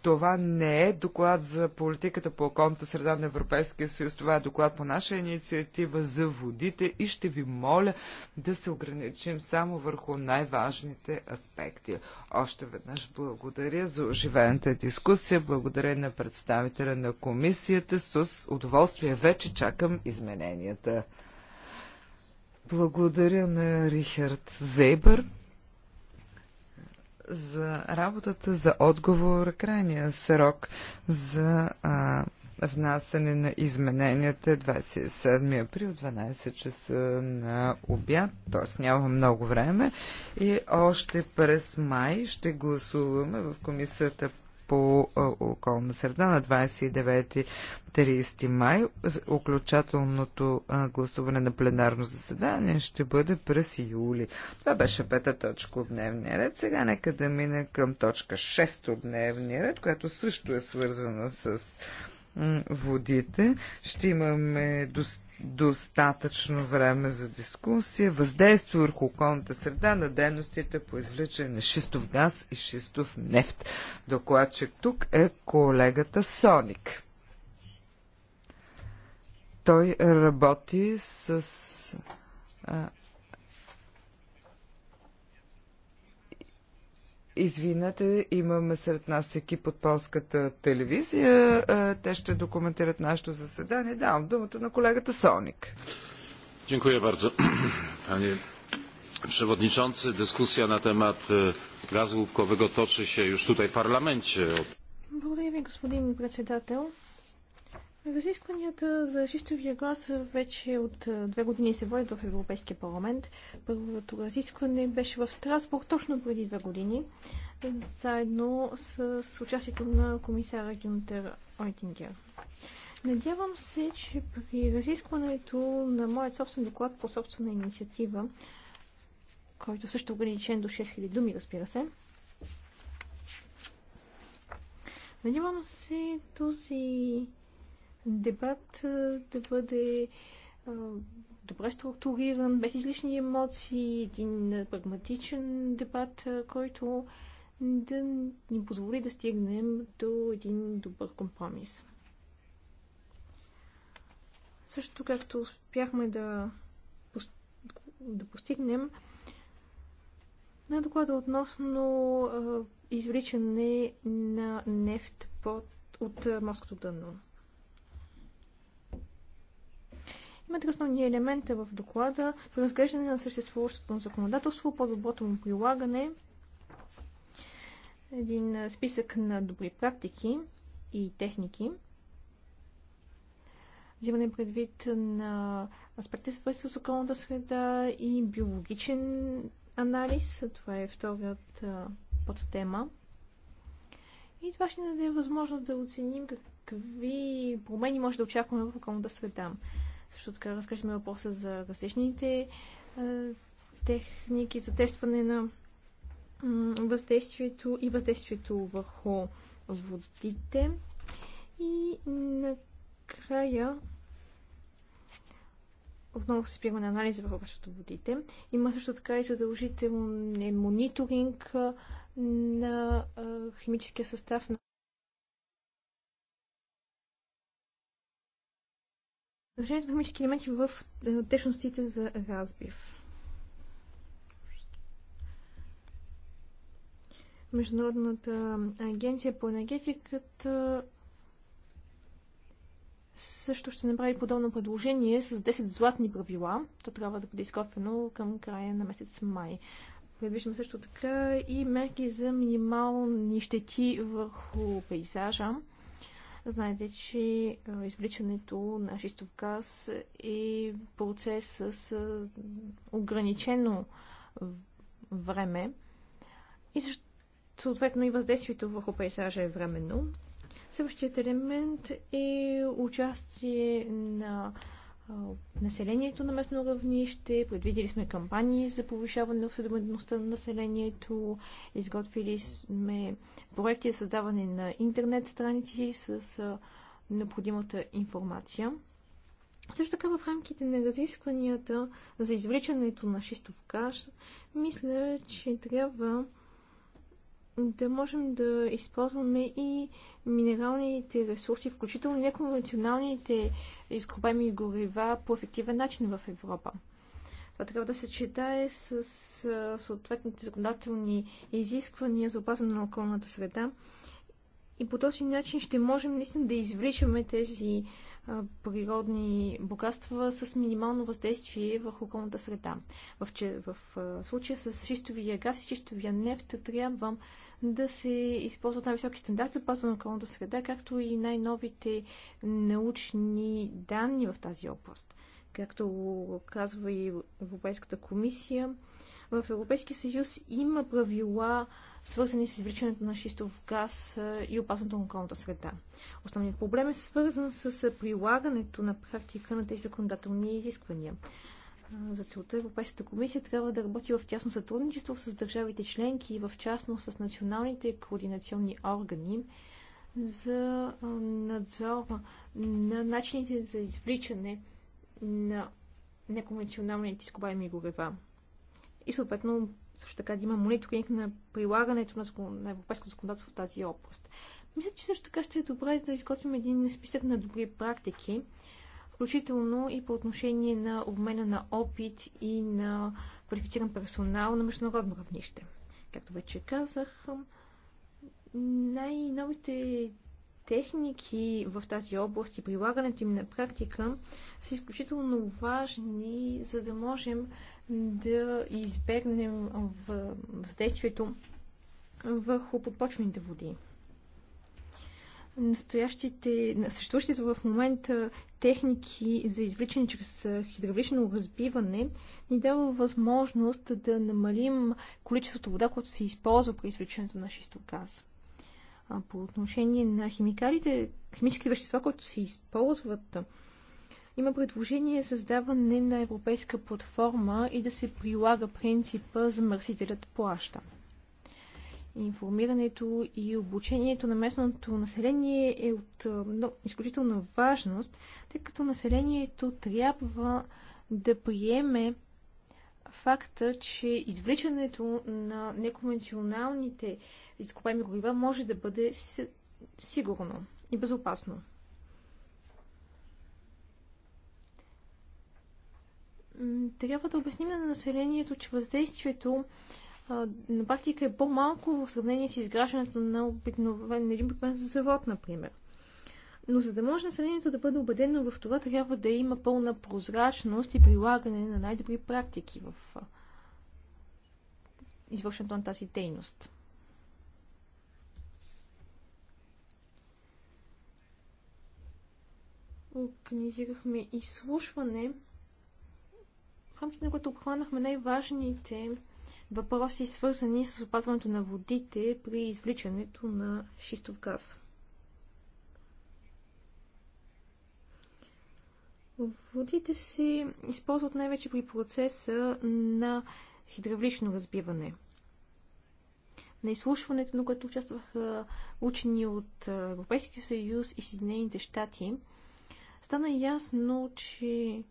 Това не е доклад за политиката по околната среда на Европейския съюз. Това е доклад по наша инициатива за водите и ще ви моля да се ограничим само върху най-важните аспекти. Още веднъж благодаря за оживената дискусия. Благодаря на представителя на комисията. С удоволствие вече чакам измененията. Благодаря на Рихард Зейбър за работата, за отговор, крайния срок за а, внасяне на измененията 27 е април 12 часа на обяд, т.е. няма много време и още през май ще гласуваме в комисията по околна среда на 29-30 май. Оключателното гласуване на пленарно заседание ще бъде през юли. Това беше пета точка от дневния ред. Сега нека да мине към точка 6 от дневния ред, която също е свързана с водите. Ще имаме достатъчно време за дискусия. Въздействие върху околната среда на дейностите по извличане на шистов газ и шистов нефт. Докладчик тук е колегата Соник. Той работи с Извинете, имаме сред нас екип от полската телевизия. Е, те ще документират нашето заседание. Давам думата на колегата Соник. Dziękuję bardzo, <clears throat> panie przewodniczący. Dyskusja na temat e, gazu łupkowego toczy się już tutaj w parlamencie. Благодаря ви, господин председател. Разискванията за шистовия глас вече от две години се водят в Европейския парламент. Първото разискване беше в Страсбург точно преди две години, заедно с, участието на комисара Гюнтер Ойтингер. Надявам се, че при разискването на моят собствен доклад по собствена инициатива, който също е ограничен до 6000 думи, разбира се, надявам се този дебат да бъде добре структуриран, без излишни емоции, един прагматичен дебат, който да ни позволи да стигнем до един добър компромис. Също както успяхме да, да постигнем на доклада относно извличане на нефт под, от морското дъно. Има три основни елемента в доклада. Разглеждане на съществуващото на законодателство, по-доброто му прилагане, един списък на добри практики и техники, взимане предвид на аспекти свързани с околната среда и биологичен анализ. Това е вторият подтема. И това ще даде възможност да оценим какви промени може да очакваме в околната среда. Също така разкрихме въпроса за различните техники за тестване на въздействието и въздействието върху водите. И накрая отново се спираме на анализа върху качеството водите. Има също така и задължителен мониторинг на химическия състав на Значението на химически елементи в е, течностите за разбив. Международната агенция по енергетиката също ще направи подобно предложение с 10 златни правила. То трябва да бъде изготвено към края на месец май. Предвиждаме също така и мерки за минимални щети върху пейзажа. Знаете, че извличането на шистов газ е процес с ограничено време и съответно и въздействието върху пейзажа е временно. Следващият елемент е участие на населението на местно равнище, предвидели сме кампании за повишаване на осведомеността на населението, изготвили сме проекти за създаване на интернет страници с необходимата информация. Също така в рамките на разискванията за извличането на шистов каш, мисля, че трябва да можем да използваме и минералните ресурси, включително неконвенционалните изкопаеми горива по ефективен начин в Европа. Това трябва да се читае с съответните законодателни изисквания за опазване на околната среда. И по този начин ще можем наистина да извличаме тези природни богатства с минимално въздействие върху околната среда. В, че, в случая с чистовия газ и чистовия нефт трябва да се използват най-високи стандарти за пазване на околната среда, както и най-новите научни данни в тази област. Както казва и Европейската комисия, в Европейския съюз има правила, свързани с извличането на шистов газ и опасното на околната среда. Основният проблем е свързан с прилагането на практика на тези законодателни изисквания. За целта Европейската комисия трябва да работи в тясно сътрудничество с държавите членки и в частност с националните координационни органи за надзор на начините за извличане на неконвенционалните изкопаеми горева. И съответно също така да има мониторинг на прилагането на, на европейското законодателство в тази област. Мисля, че също така ще е добре да изготвим един списък на добри практики, включително и по отношение на обмена на опит и на квалифициран персонал на международно равнище. Както вече казах, най-новите техники в тази област и прилагането им на практика са изключително важни, за да можем да избегнем въздействието върху подпочвените води настоящите, съществуващите в момента техники за извличане чрез хидравлично разбиване ни дава възможност да намалим количеството вода, което се използва при извличането на шистов газ. А по отношение на химикалите, химическите вещества, които се използват, има предложение за създаване на европейска платформа и да се прилага принципа замърсителят плаща информирането и обучението на местното население е от много, изключителна важност, тъй като населението трябва да приеме факта, че извличането на неконвенционалните изкопаеми горива може да бъде сигурно и безопасно. Трябва да обясним на населението, че въздействието на практика е по-малко в сравнение с изграждането на обикновен, един обикновен завод, например. Но за да може населението да бъде убедено в това, трябва да има пълна прозрачност и прилагане на най-добри практики в извършването на тази дейност. Организирахме изслушване, в рамките на което обхванахме най-важните въпроси, свързани с опазването на водите при извличането на шистов газ. Водите се използват най-вече при процеса на хидравлично разбиване. На изслушването, на което участваха учени от Европейския съюз и Съединените щати, стана ясно, че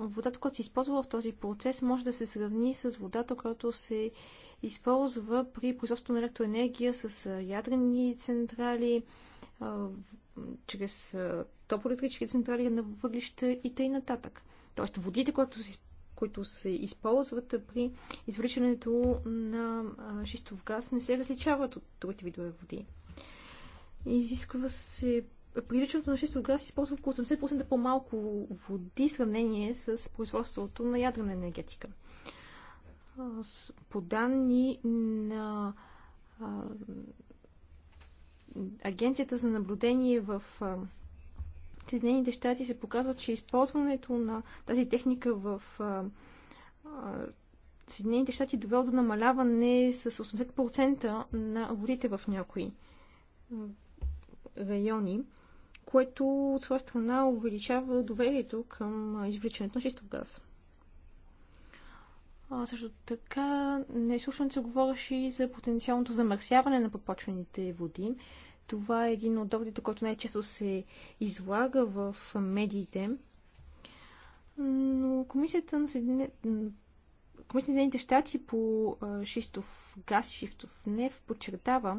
водата, която се използва в този процес, може да се сравни с водата, която се използва при производство на електроенергия с ядрени централи, чрез топлоелектрически централи на въглища и т.н. Тоест водите, които се, които се използват при извличането на шистов газ, не се различават от другите видове води. Изисква се приличното на 6 газ използва около 80% по-малко води в сравнение с производството на ядрена енергетика. По данни на Агенцията за наблюдение в Съединените щати се показва, че използването на тази техника в Съединените щати довело до намаляване с 80% на водите в някои райони което от своя страна увеличава доверието към извличането на чистов газ. А, също така, не изслушването се говореше и за потенциалното замърсяване на подпочвените води. Това е един от доводите, който най-често се излага в медиите. Но Комисията на Съедине... Комисията на Съединените щати по шистов газ и шистов нефт подчертава,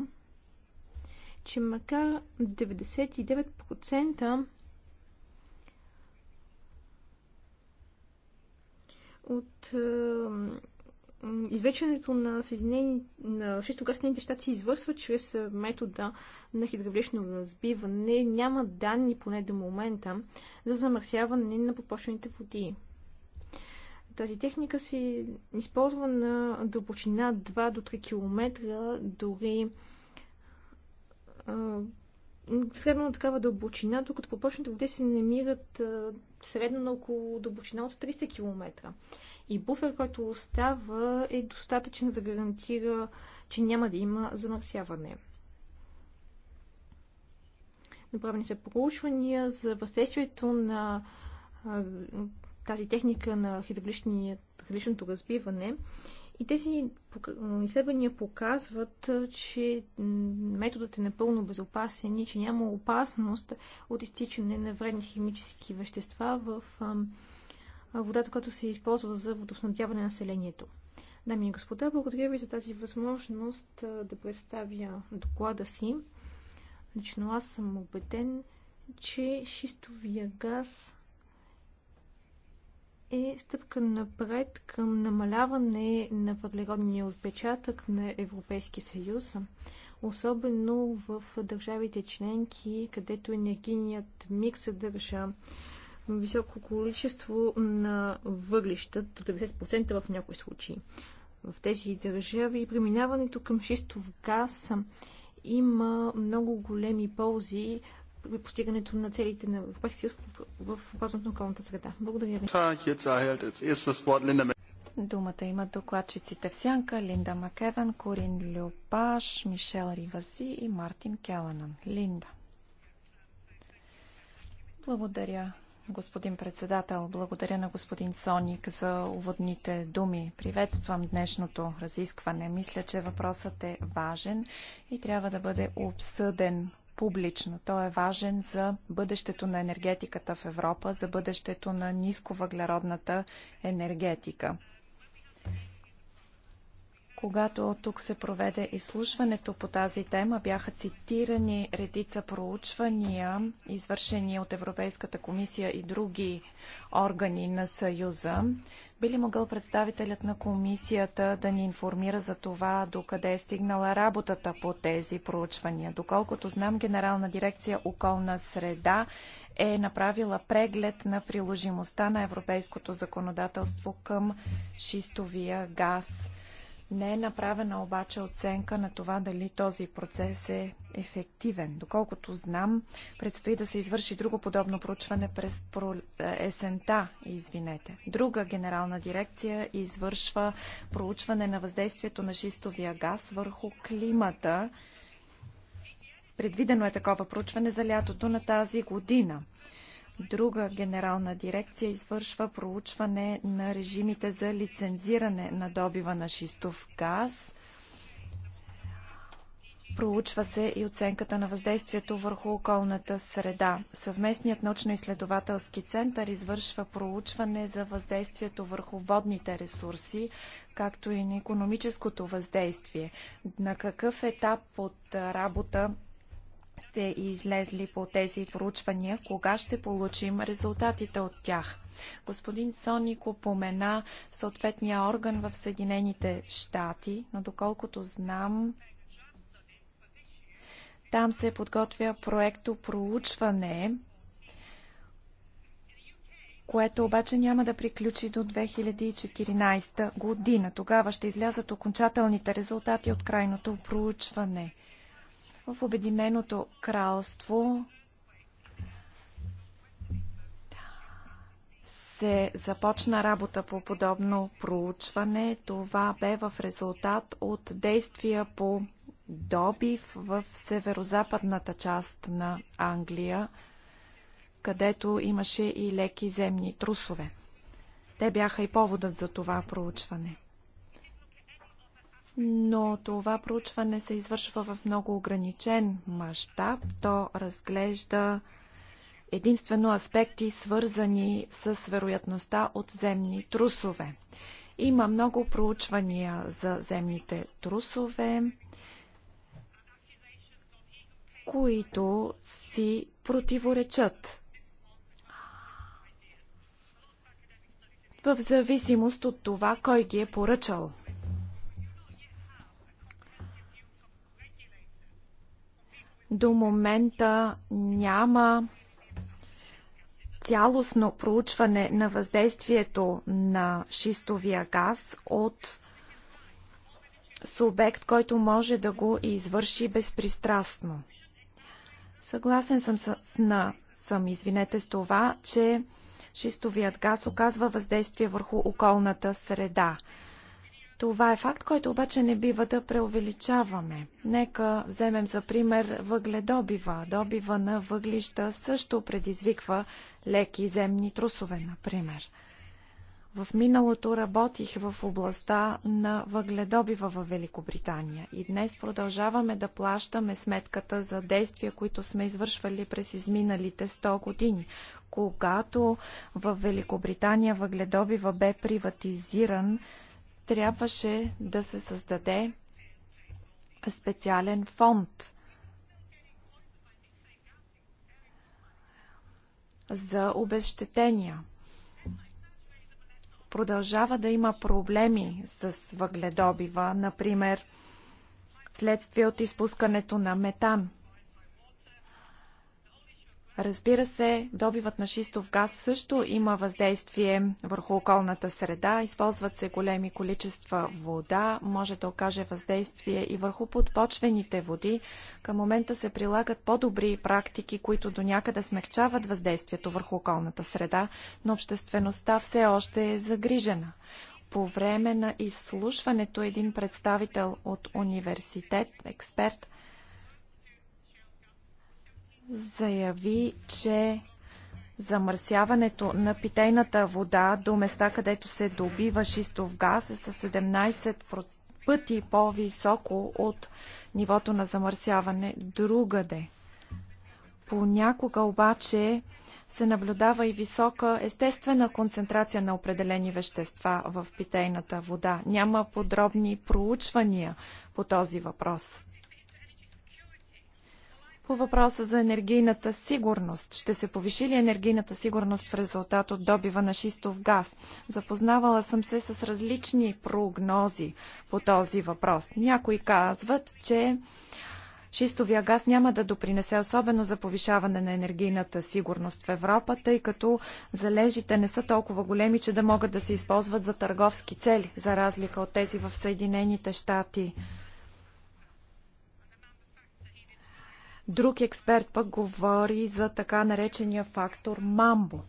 че макар 99% от е, извлеченето на, съединени, на шестогасните щати се извършва чрез е, метода на хидравлично разбиване. Няма данни, поне до момента, за замърсяване на подпочвените води. Тази техника се използва на дълбочина 2 до 3 км, дори средно на такава дълбочина, докато подпочвените води се намират а, средно на около дълбочина от 300 км. И буфер, който остава, е достатъчен да гарантира, че няма да има замърсяване. Направени са проучвания за въздействието на а, тази техника на хидравличното разбиване и тези изследвания показват, че методът е напълно безопасен и че няма опасност от изтичане на вредни химически вещества в водата, която се използва за водоснабдяване на населението. Дами и господа, благодаря ви за тази възможност да представя доклада си. Лично аз съм убеден, че шистовия газ е стъпка напред към намаляване на въглеродния отпечатък на Европейския съюз, особено в държавите членки, където енергийният микс съдържа високо количество на въглища, до 90% в някои случаи. В тези държави преминаването към шистов газ има много големи ползи при постигането на целите на Европейския съюз в опазването на околната среда. Благодаря ви. Думата имат докладчиците в сянка Линда Макевен, Корин Люпаш, Мишел Риваси и Мартин Келанан. Линда. Благодаря, господин председател. Благодаря на господин Соник за уводните думи. Приветствам днешното разискване. Мисля, че въпросът е важен и трябва да бъде обсъден публично. Той е важен за бъдещето на енергетиката в Европа, за бъдещето на нисковъглеродната енергетика. Когато тук се проведе изслушването по тази тема, бяха цитирани редица проучвания, извършени от Европейската комисия и други органи на Съюза. Би ли могъл представителят на комисията да ни информира за това, докъде е стигнала работата по тези проучвания? Доколкото знам, Генерална дирекция околна среда е направила преглед на приложимостта на европейското законодателство към шистовия газ. Не е направена обаче оценка на това дали този процес е ефективен. Доколкото знам, предстои да се извърши друго подобно проучване през е, есента, извинете. Друга генерална дирекция извършва проучване на въздействието на шистовия газ върху климата. Предвидено е такова проучване за лятото на тази година друга генерална дирекция извършва проучване на режимите за лицензиране на добива на шистов газ. Проучва се и оценката на въздействието върху околната среда. Съвместният научно-изследователски център извършва проучване за въздействието върху водните ресурси, както и на економическото въздействие. На какъв етап от работа сте излезли по тези проучвания, кога ще получим резултатите от тях? Господин Соник упомена съответния орган в Съединените щати, но доколкото знам, там се подготвя проекто проучване, което обаче няма да приключи до 2014 година. Тогава ще излязат окончателните резултати от крайното проучване – в Обединеното кралство се започна работа по подобно проучване. Това бе в резултат от действия по добив в северо-западната част на Англия, където имаше и леки земни трусове. Те бяха и поводът за това проучване но това проучване се извършва в много ограничен мащаб. То разглежда единствено аспекти, свързани с вероятността от земни трусове. Има много проучвания за земните трусове, които си противоречат. В зависимост от това, кой ги е поръчал До момента няма цялостно проучване на въздействието на шистовия газ от субект, който може да го извърши безпристрастно. Съгласен съм с, на, съм, извинете с това, че шистовият газ оказва въздействие върху околната среда. Това е факт, който обаче не бива да преувеличаваме. Нека вземем за пример въгледобива. Добива на въглища също предизвиква леки земни трусове, например. В миналото работих в областта на въгледобива във Великобритания и днес продължаваме да плащаме сметката за действия, които сме извършвали през изминалите 100 години. Когато в Великобритания въгледобива бе приватизиран, трябваше да се създаде специален фонд за обезщетения. Продължава да има проблеми с въгледобива, например, следствие от изпускането на метан. Разбира се, добивът на шистов газ също има въздействие върху околната среда. Използват се големи количества вода, може да окаже въздействие и върху подпочвените води. Към момента се прилагат по-добри практики, които до някъде смягчават въздействието върху околната среда, но обществеността все още е загрижена. По време на изслушването един представител от университет, експерт, заяви, че замърсяването на питейната вода до места, където се добива шистов газ е със 17 пъти по-високо от нивото на замърсяване другаде. Понякога обаче се наблюдава и висока естествена концентрация на определени вещества в питейната вода. Няма подробни проучвания по този въпрос. По въпроса за енергийната сигурност. Ще се повиши ли енергийната сигурност в резултат от добива на шистов газ? Запознавала съм се с различни прогнози по този въпрос. Някои казват, че Шистовия газ няма да допринесе особено за повишаване на енергийната сигурност в Европа, тъй като залежите не са толкова големи, че да могат да се използват за търговски цели, за разлика от тези в Съединените щати. Друг експерт пък говори за така наречения фактор мамбо.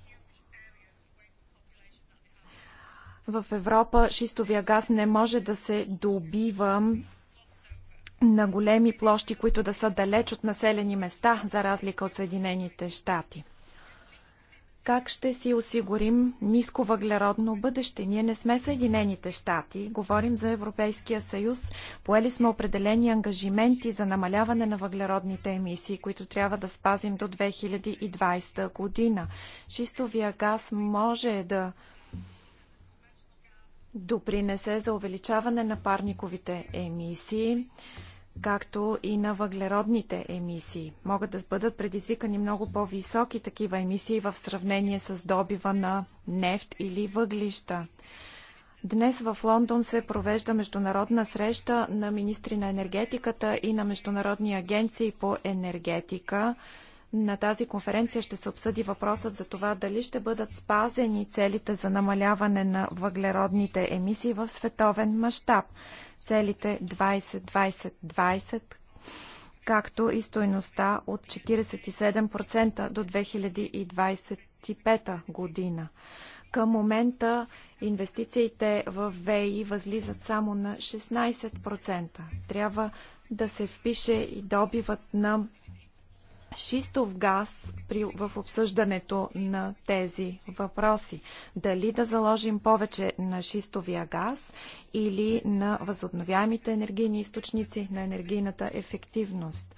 В Европа шистовия газ не може да се добива на големи площи, които да са далеч от населени места, за разлика от Съединените щати как ще си осигурим ниско въглеродно бъдеще. Ние не сме Съединените щати, говорим за Европейския съюз. Поели сме определени ангажименти за намаляване на въглеродните емисии, които трябва да спазим до 2020 година. Шистовия газ може да допринесе за увеличаване на парниковите емисии както и на въглеродните емисии. Могат да бъдат предизвикани много по-високи такива емисии в сравнение с добива на нефт или въглища. Днес в Лондон се провежда международна среща на министри на енергетиката и на международни агенции по енергетика. На тази конференция ще се обсъди въпросът за това дали ще бъдат спазени целите за намаляване на въглеродните емисии в световен мащаб целите 20-20-20, както и стойността от 47% до 2025 година. Към момента инвестициите в ВЕИ възлизат само на 16%. Трябва да се впише и добивът на шистов газ при, в обсъждането на тези въпроси. Дали да заложим повече на шистовия газ или на възобновяемите енергийни източници на енергийната ефективност.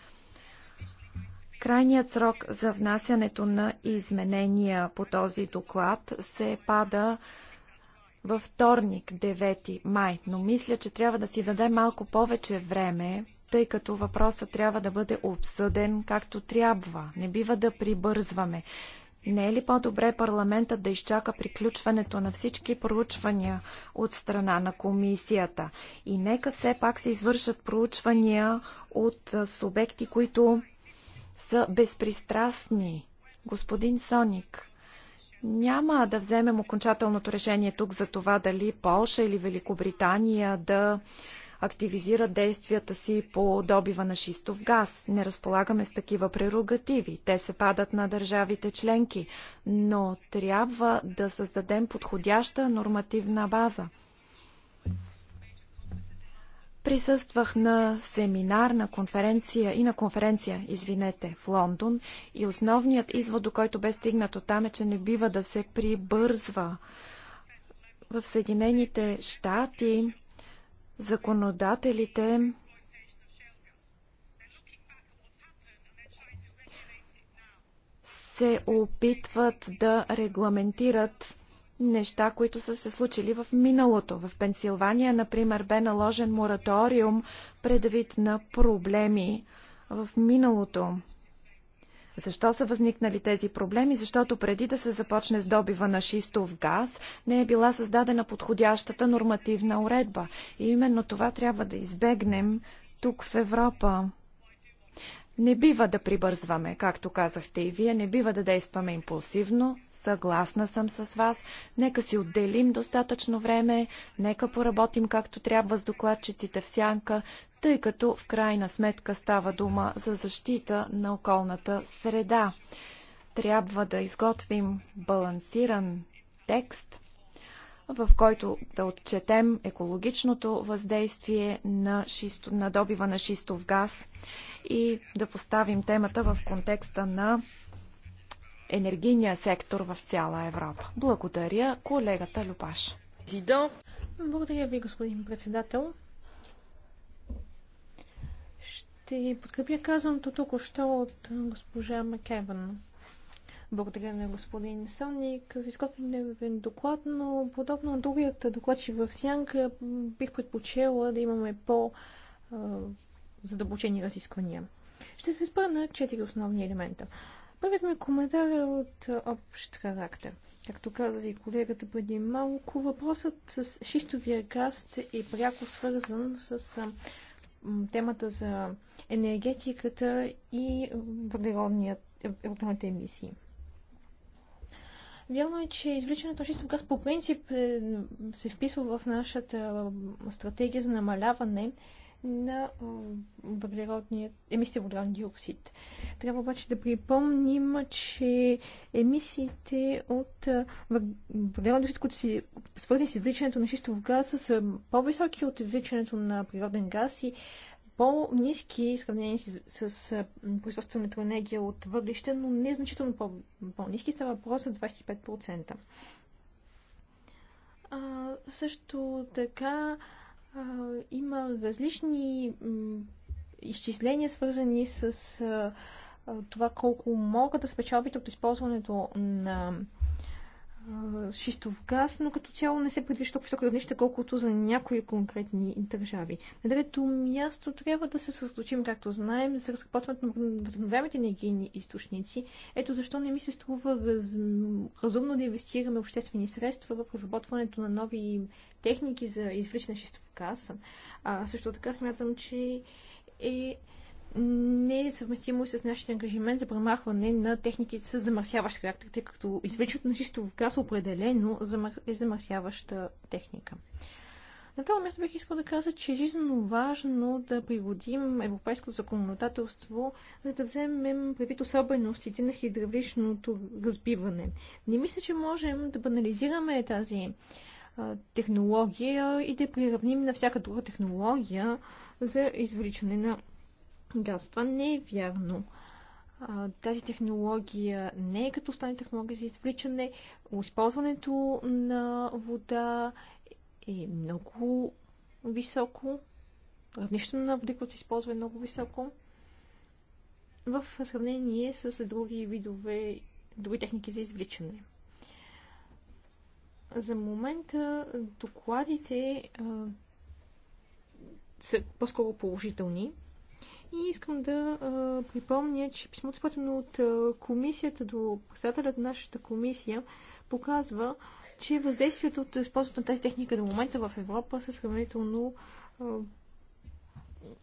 Крайният срок за внасянето на изменения по този доклад се пада във вторник, 9 май, но мисля, че трябва да си даде малко повече време тъй като въпросът трябва да бъде обсъден както трябва. Не бива да прибързваме. Не е ли по-добре парламентът да изчака приключването на всички проучвания от страна на комисията? И нека все пак се извършат проучвания от субекти, които са безпристрастни. Господин Соник, няма да вземем окончателното решение тук за това дали Полша или Великобритания да активизира действията си по добива на шистов газ. Не разполагаме с такива прерогативи. Те се падат на държавите членки, но трябва да създадем подходяща нормативна база. Присъствах на семинар, на конференция и на конференция, извинете, в Лондон и основният извод, до който бе стигнато там е, че не бива да се прибързва. В Съединените щати Законодателите се опитват да регламентират неща, които са се случили в миналото. В Пенсилвания, например, бе наложен мораториум предвид на проблеми в миналото. Защо са възникнали тези проблеми? Защото преди да се започне с добива на шистов газ, не е била създадена подходящата нормативна уредба. И именно това трябва да избегнем тук в Европа. Не бива да прибързваме, както казахте и вие, не бива да действаме импулсивно, съгласна съм с вас, нека си отделим достатъчно време, нека поработим както трябва с докладчиците в сянка, тъй като в крайна сметка става дума за защита на околната среда. Трябва да изготвим балансиран текст, в който да отчетем екологичното въздействие на, шисто, на добива на шистов газ и да поставим темата в контекста на енергийния сектор в цяла Европа. Благодаря колегата Любаш. Зидон. Благодаря ви, господин председател. Ще подкрепя казаното тук още от госпожа Макеван. Благодаря на господин Соник за изготвен доклад, но подобно на другият доклад, че в Сянка бих предпочела да имаме по-задълбочени разисквания. Ще се спра на четири основни елемента. Първият ми коментар е от общ характер. Както каза и колегата преди малко, въпросът с шистовия газ е пряко свързан с темата за енергетиката и въглеродният въглеродните емисии. Вярно е, че извличането на чистов газ по принцип е, се вписва в нашата стратегия за намаляване на емисиите въглероден диоксид. Трябва обаче да припомним, че емисиите от е, въглероден диоксид, които са свързани с извличането на чистов газ, са по-високи от извличането на природен газ и по-низки, сравнени с, с, с производствената енергия от въглища, но не значително по- по-низки, става въпрос за 25%. А, също така а, има различни изчисления, свързани с а, това колко могат да спечелбите от използването на а, шистов газ, но като цяло не се предвижда толкова високо равнище, колкото за някои конкретни държави. На трето място трябва да се съсредоточим, както знаем, за разработването на възобновяемите енергийни източници. Ето защо не ми се струва раз... разумно да инвестираме обществени средства в разработването на нови техники за извличане шистов газ. А, също така смятам, че е не е съвместимо с нашия ангажимент за премахване на техниките с замърсяващ характер, тъй като извличането на шистов газ определено е замърсяваща техника. На това място бих искал да кажа, че е жизненно важно да пригодим европейското законодателство, за да вземем предвид особеностите на хидравличното разбиване. Не мисля, че можем да банализираме тази а, технология и да приравним на всяка друга технология за извличане на газ. Това не е вярно. Тази технология не е като останалите технологии за извличане. Използването на вода е много високо. Равнището на води, което се използва е много високо. В сравнение с други видове, други техники за извличане. За момента докладите а, са по-скоро положителни. И искам да а, припомня, че писмото, изпратено от а, комисията до председателят на нашата комисия, показва, че въздействието от използването на тази техника до момента в Европа са сравнително а,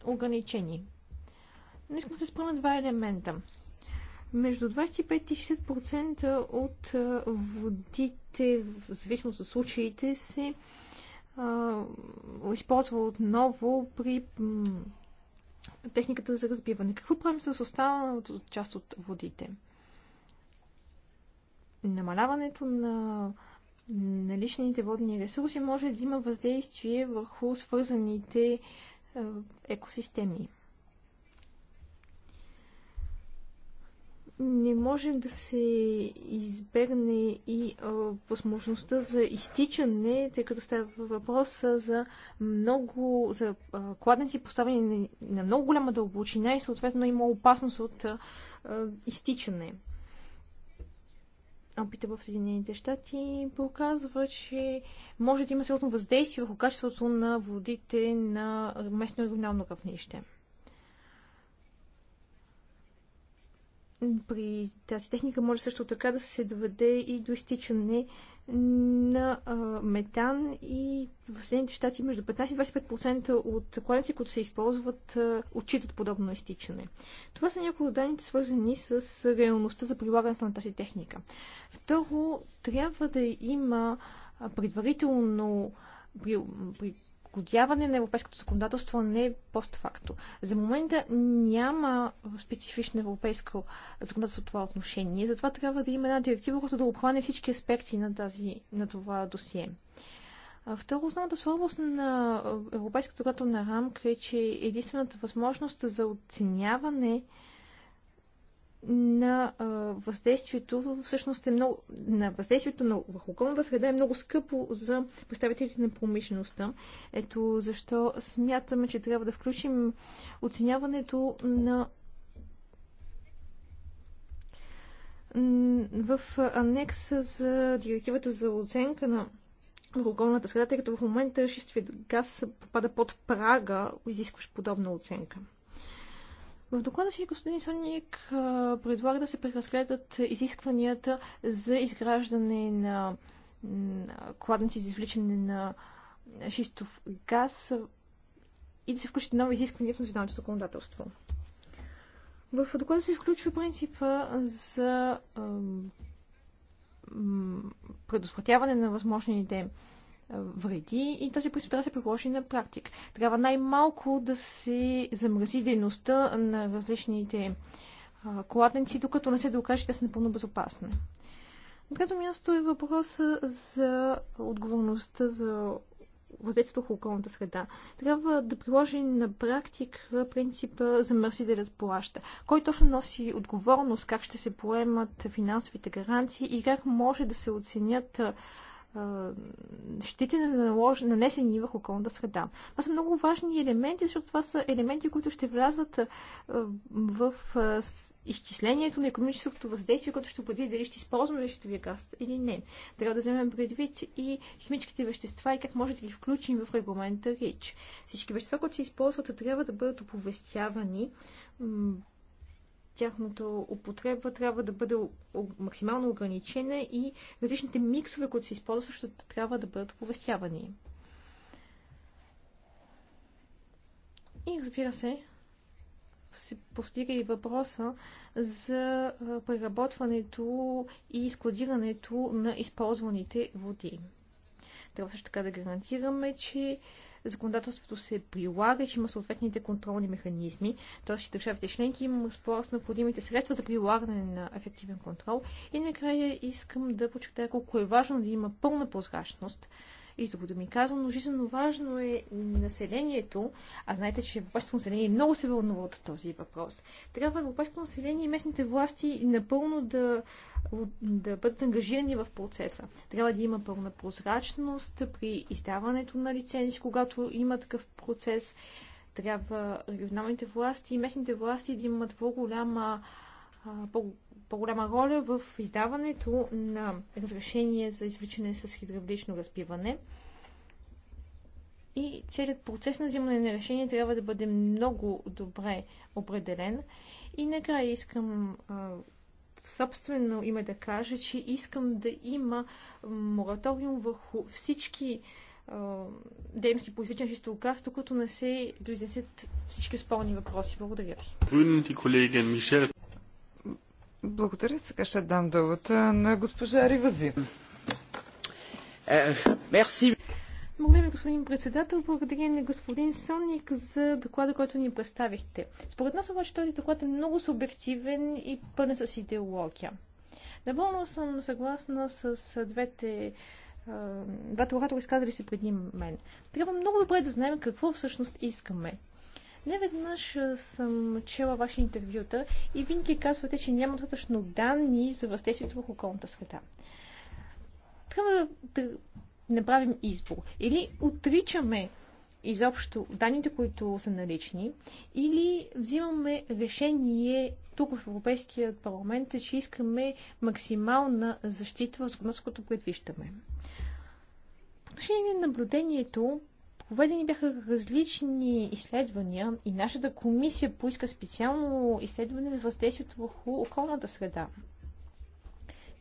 ограничени. Но искам да се спра на два елемента. Между 25 и 60% от а, водите, в зависимост от случаите, се а, използва отново при техниката за разбиване. Какво правим с останалата част от водите? Намаляването на наличните водни ресурси може да има въздействие върху свързаните е, екосистеми. не може да се избегне и а, възможността за изтичане, тъй като става въпрос за много, за а, кладенци поставени на, на много голяма дълбочина и съответно има опасност от а, изтичане. Опита в Съединените щати показва, че може да има сериозно въздействие върху качеството на водите на местно и регионално равнище. при тази техника може също така да се доведе и до изтичане на а, метан и в Съединените щати между 15-25% и от кладенци, които се използват, а, отчитат подобно изтичане. Това са някои от данните, свързани с реалността за прилагането на тази техника. Второ, трябва да има предварително при, при подгодяване на европейското законодателство не е постфакто. За момента няма специфично европейско законодателство в това отношение, затова трябва да има една директива, която да обхване всички аспекти на, тази, на това досие. Второ, основната слабост на европейската законодателна рамка е, че единствената възможност за оценяване на въздействието всъщност е много, на въздействието на върху околната среда е много скъпо за представителите на промишлеността. Ето защо смятаме, че трябва да включим оценяването на в анекса за директивата за оценка на върху околната среда, тъй като в момента шистовият газ попада под прага, изискващ подобна оценка. В доклада си господин Соник предлага да се преразгледат изискванията за изграждане на кладници за извличане на шистов газ и да се включат нови изисквания в националното законодателство. В доклада се включва принципа за предотвратяване на възможните вреди и този принцип трябва да се приложи на практик. Трябва най-малко да се замрази дейността на различните кладенци, докато не се докаже, че са напълно безопасни. На трето място е въпроса за отговорността за въздействието върху околната среда. Трябва да приложи на практик принципа замърсителят плаща. Кой точно носи отговорност, как ще се поемат финансовите гаранции и как може да се оценят щетите налож... нанесени върху околната среда. Това са много важни елементи, защото това са елементи, които ще влязат в изчислението на економическото въздействие, което ще бъде дали ще използваме вещевия газ или не. Трябва да вземем предвид и химическите вещества и как може да ги включим в регламента РИЧ. Всички вещества, които се използват, трябва да бъдат оповестявани тяхното употреба трябва да бъде максимално ограничена и различните миксове, които се използват, също трябва да бъдат оповестявани. И разбира се, се постига и въпроса за преработването и складирането на използваните води. Трябва също така да гарантираме, че законодателството се прилага, че има съответните контролни механизми, т.е. че държавите членки има разполагат с необходимите средства за прилагане на ефективен контрол. И накрая искам да подчертая колко е важно да има пълна прозрачност, и за да ми казвам, жизненно важно е населението, а знаете, че европейското население много се вълнува от този въпрос. Трябва европейското население и местните власти напълно да, да бъдат ангажирани в процеса. Трябва да има пълна прозрачност при издаването на лицензи, когато има такъв процес. Трябва регионалните власти и местните власти да имат по-голяма по по-голяма роля в издаването на разрешение за извличане с хидравлично разпиване. И целият процес на взимане на решение трябва да бъде много добре определен. И накрая искам собствено име да кажа, че искам да има мораториум върху всички дейности по извличане чисто газ, докато не се доизнесат всички спорни въпроси. Благодаря ви. Благодаря. Сега ще дам думата на госпожа Ривази. Е, мерси. Благодаря ви, господин председател. Благодаря на господин Соник за доклада, който ни представихте. Според нас обаче този доклад е много субективен и пълен с идеология. Напълно съм съгласна с двете двата оратора изказали се преди мен. Трябва много добре да знаем какво всъщност искаме. Неведнъж съм чела ваши интервюта и винаги казвате, че няма достатъчно данни за въздействието върху околната среда. Трябва да, да направим избор. Или отричаме изобщо данните, които са налични, или взимаме решение тук в Европейския парламент, че искаме максимална защита в законодателството, което предвиждаме. По отношение на наблюдението, Проведени бяха различни изследвания и нашата комисия поиска специално изследване за въздействието върху околната среда.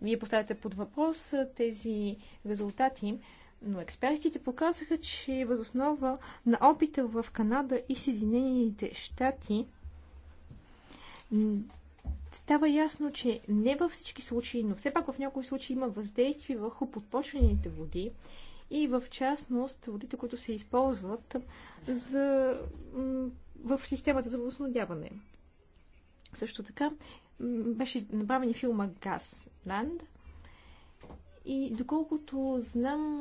Вие поставяте под въпрос тези резултати, но експертите показаха, че възоснова на опита в Канада и Съединените щати става ясно, че не във всички случаи, но все пак в някои случаи има въздействие върху подпочвените води и в частност водите, които се използват за, в системата за водоснодяване. Също така беше направен филма Газланд и доколкото знам,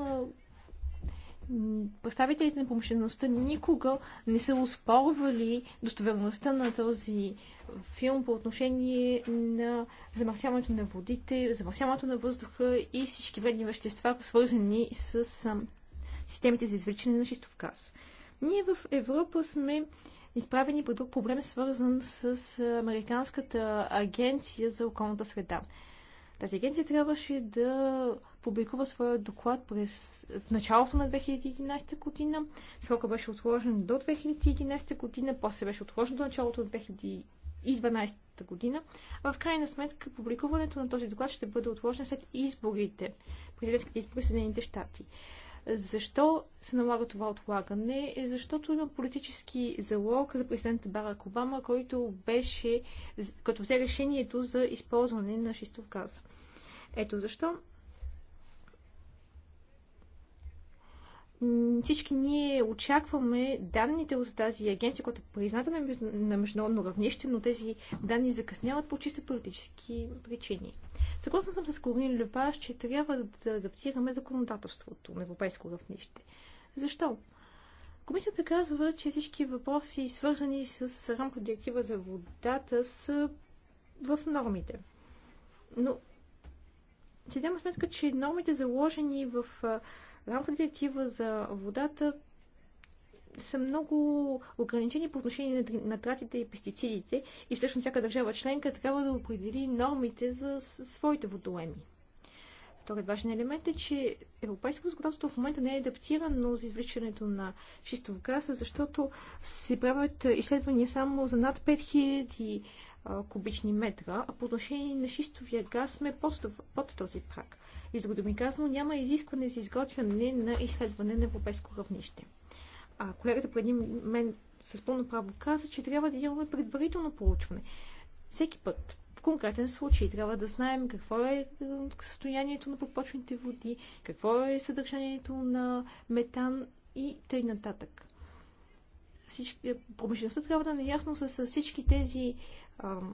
представителите на промишлеността никога не са успорвали достоверността на този филм по отношение на замърсяването на водите, замърсяването на въздуха и всички вредни вещества, свързани с системите за извличане на шистов газ. Ние в Европа сме изправени по друг проблем, свързан с Американската агенция за околната среда. Тази агенция трябваше да публикува своя доклад през началото на 2011 година. Срока беше отложен до 2011 година, после беше отложен до началото на 2012 година. А в крайна сметка публикуването на този доклад ще бъде отложен след изборите, президентските избори в Съединените щати. Защо се налага това отлагане? Е защото има политически залог за президента Барак Обама, който беше, като взе решението за използване на шистов газ. Ето защо всички ние очакваме данните от тази агенция, която е призната на, международно равнище, но тези данни закъсняват по чисто политически причини. Съгласна съм с Корин Лепаш, че трябва да адаптираме законодателството на европейско равнище. Защо? Комисията казва, че всички въпроси, свързани с рамка директива за водата, са в нормите. Но си сметка, че нормите заложени в Рамката тива за водата са много ограничени по отношение на нитратите и пестицидите и всъщност всяка държава членка трябва да определи нормите за своите водоеми. Вторият важен елемент е, че европейското законодателство в момента не е адаптирано за извличането на шистов газ, защото се правят изследвания само за над 5000 кубични метра, а по отношение на шистовия газ сме под този прак. И за да ми казано, няма изискване за изготвяне на изследване на европейско равнище. А колегата преди мен с пълно право каза, че трябва да имаме предварително проучване. Всеки път, в конкретен случай, трябва да знаем какво е, е състоянието на подпочвените води, какво е съдържанието на метан и тъй нататък. Всички, е, промишлеността трябва да е наясно с всички тези ам,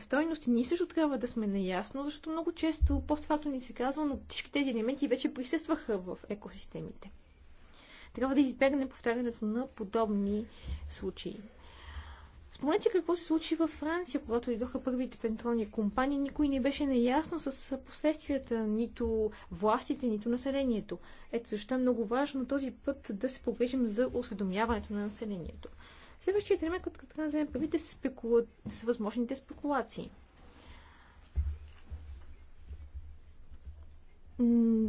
стойности, ние също трябва да сме наясно, защото много често постфакто ни се казва, но всички тези елементи вече присъстваха в екосистемите. Трябва да избегнем повтарянето на подобни случаи. Спомнете какво се случи във Франция, когато идоха първите пентрони компании. Никой не беше наясно с последствията нито властите, нито населението. Ето защо е много важно този път да се погрежим за осведомяването на населението. Следващия елемент, който трябва да първите предвид, са, е спекула... са възможните спекулации.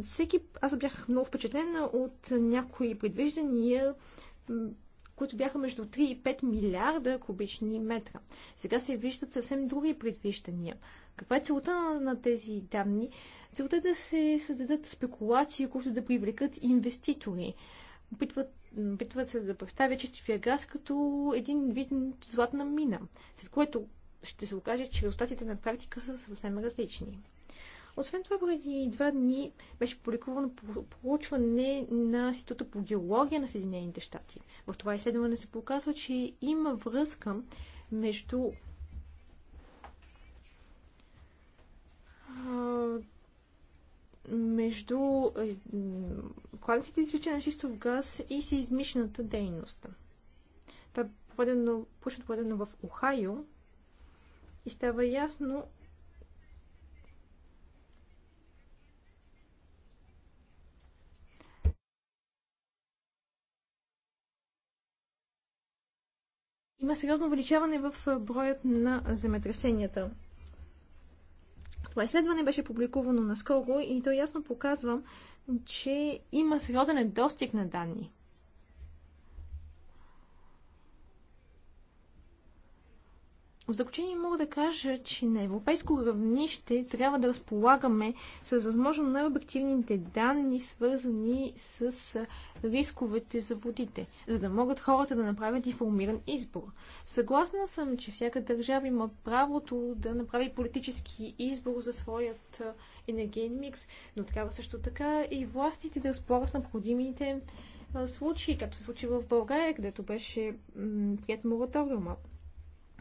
Всеки, аз бях много впечатлена от някои предвиждания, които бяха между 3 и 5 милиарда кубични метра. Сега се виждат съвсем други предвиждания. Каква е целта на, на тези данни? Целта е да се създадат спекулации, които да привлекат инвеститори. Опитват опитват се да представят чистивия газ като един вид златна мина, след което ще се окаже, че резултатите на практика са съвсем различни. Освен това, преди два дни беше публикувано проучване на Института по геология на Съединените щати. В това изследване се показва, че има връзка между между е, кладенците извличане на чистов газ и сеизмичната дейност. Това е поведено, пушно поведено в Охайо и става ясно, Има сериозно увеличаване в е, броят на земетресенията. Това изследване беше публикувано наскоро и то ясно показва, че има сериозен недостиг на данни. В заключение мога да кажа, че на европейско равнище трябва да разполагаме с възможно най-обективните данни, свързани с рисковете за водите, за да могат хората да направят информиран избор. Съгласна съм, че всяка държава има правото да направи политически избор за своят енергиен микс, но трябва също така и властите да разполагат с необходимите случаи, както се случи в България, където беше прият мораториума.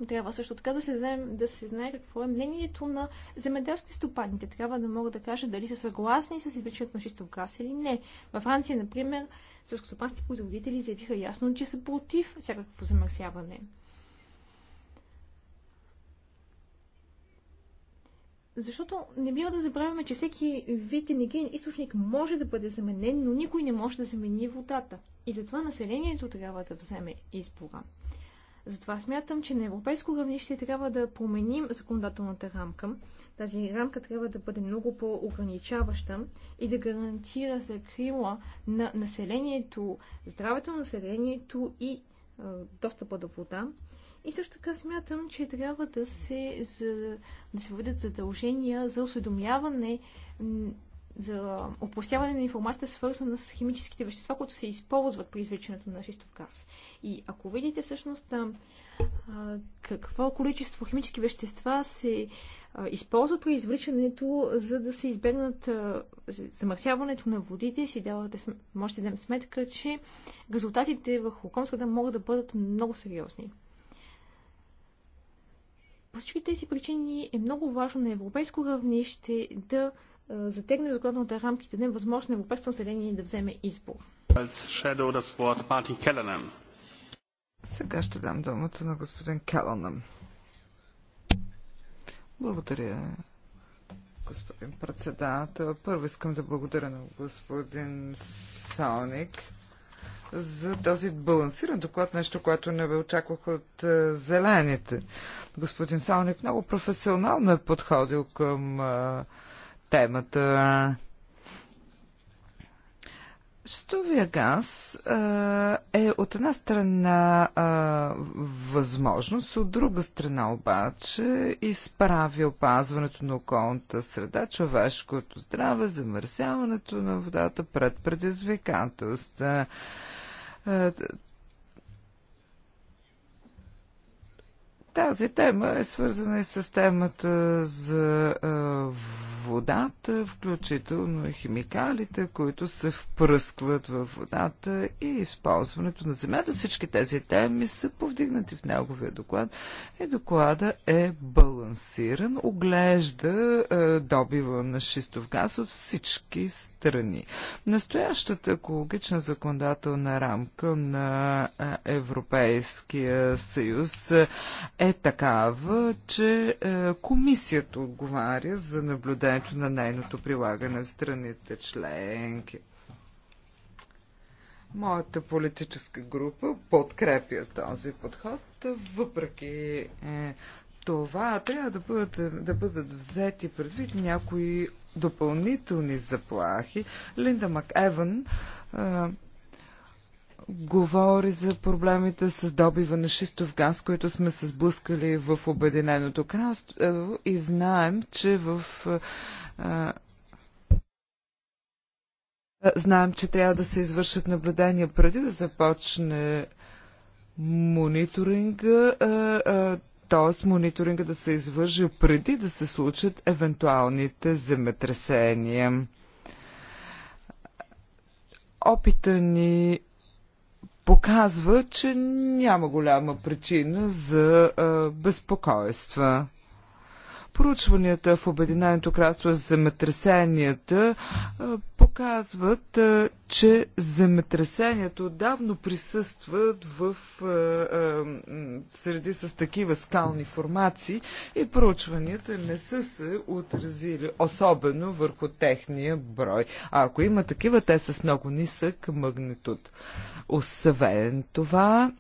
Трябва също така да се, вземе, да се знае какво е мнението на земеделските стопаните. Трябва да могат да кажат дали са съгласни с извличането на чистов газ или не. Във Франция, например, селскостопанските производители заявиха ясно, че са против всякакво замърсяване. Защото не бива да забравяме, че всеки вид енергиен източник може да бъде заменен, но никой не може да замени водата. И затова населението трябва да вземе избора. Затова смятам, че на европейско равнище трябва да променим законодателната рамка. Тази рамка трябва да бъде много по-ограничаваща и да гарантира закрила на населението, здравето на населението и е, достъпа до вода. И също така смятам, че трябва да се, за, да се въведат задължения за осведомяване за опростяване на информацията, свързана с химическите вещества, които се използват при извличането на шистов газ. И ако видите всъщност а, какво количество химически вещества се а, използват при извличането, за да се избегнат а, замърсяването на водите, си давате, може да дадем сметка, че резултатите върху околната могат да бъдат много сериозни. По всички тези причини е много важно на европейско равнище да затегне в законодателната рамки да е възможно на европейското население да вземе избор. Сега ще дам думата на господин Келанъм. Благодаря, господин председател. Първо искам да благодаря на господин Соник за този балансиран доклад, нещо, което не бе очаквах от е, зелените. Господин Салник много професионално е подходил към е, темата. Шестовия газ а, е от една страна а, възможност, от друга страна обаче изправи опазването на околната среда, човешкото здраве, замърсяването на водата пред предизвикателства. Тази тема е свързана и с темата за а, водата, включително и химикалите, които се впръскват в водата и използването на земята. Всички тези теми са повдигнати в неговия доклад и доклада е балансиран, оглежда е, добива на шистов газ от всички страни. Настоящата екологична законодателна рамка на е, Европейския съюз е такава, че е, комисията отговаря за наблюдение наблюдението на нейното прилагане в страните членки. Моята политическа група подкрепя този подход, въпреки е, това трябва да бъдат, да бъдат взети предвид някои допълнителни заплахи. Линда МакЕван е, говори за проблемите с добива на шистов газ, които сме се сблъскали в Обединеното кралство е, и знаем, че в е, е, Знаем, че трябва да се извършат наблюдения преди да започне мониторинга, т.е. мониторинга да се извърши преди да се случат евентуалните земетресения. Опита ни показва, че няма голяма причина за безпокойства. Проучванията в Обединеното кралство за земетресенията показват, че земетресенията отдавно присъстват в среди с такива скални формации и проучванията не са се отразили особено върху техния брой. А ако има такива, те са с много нисък магнитуд. Освен това,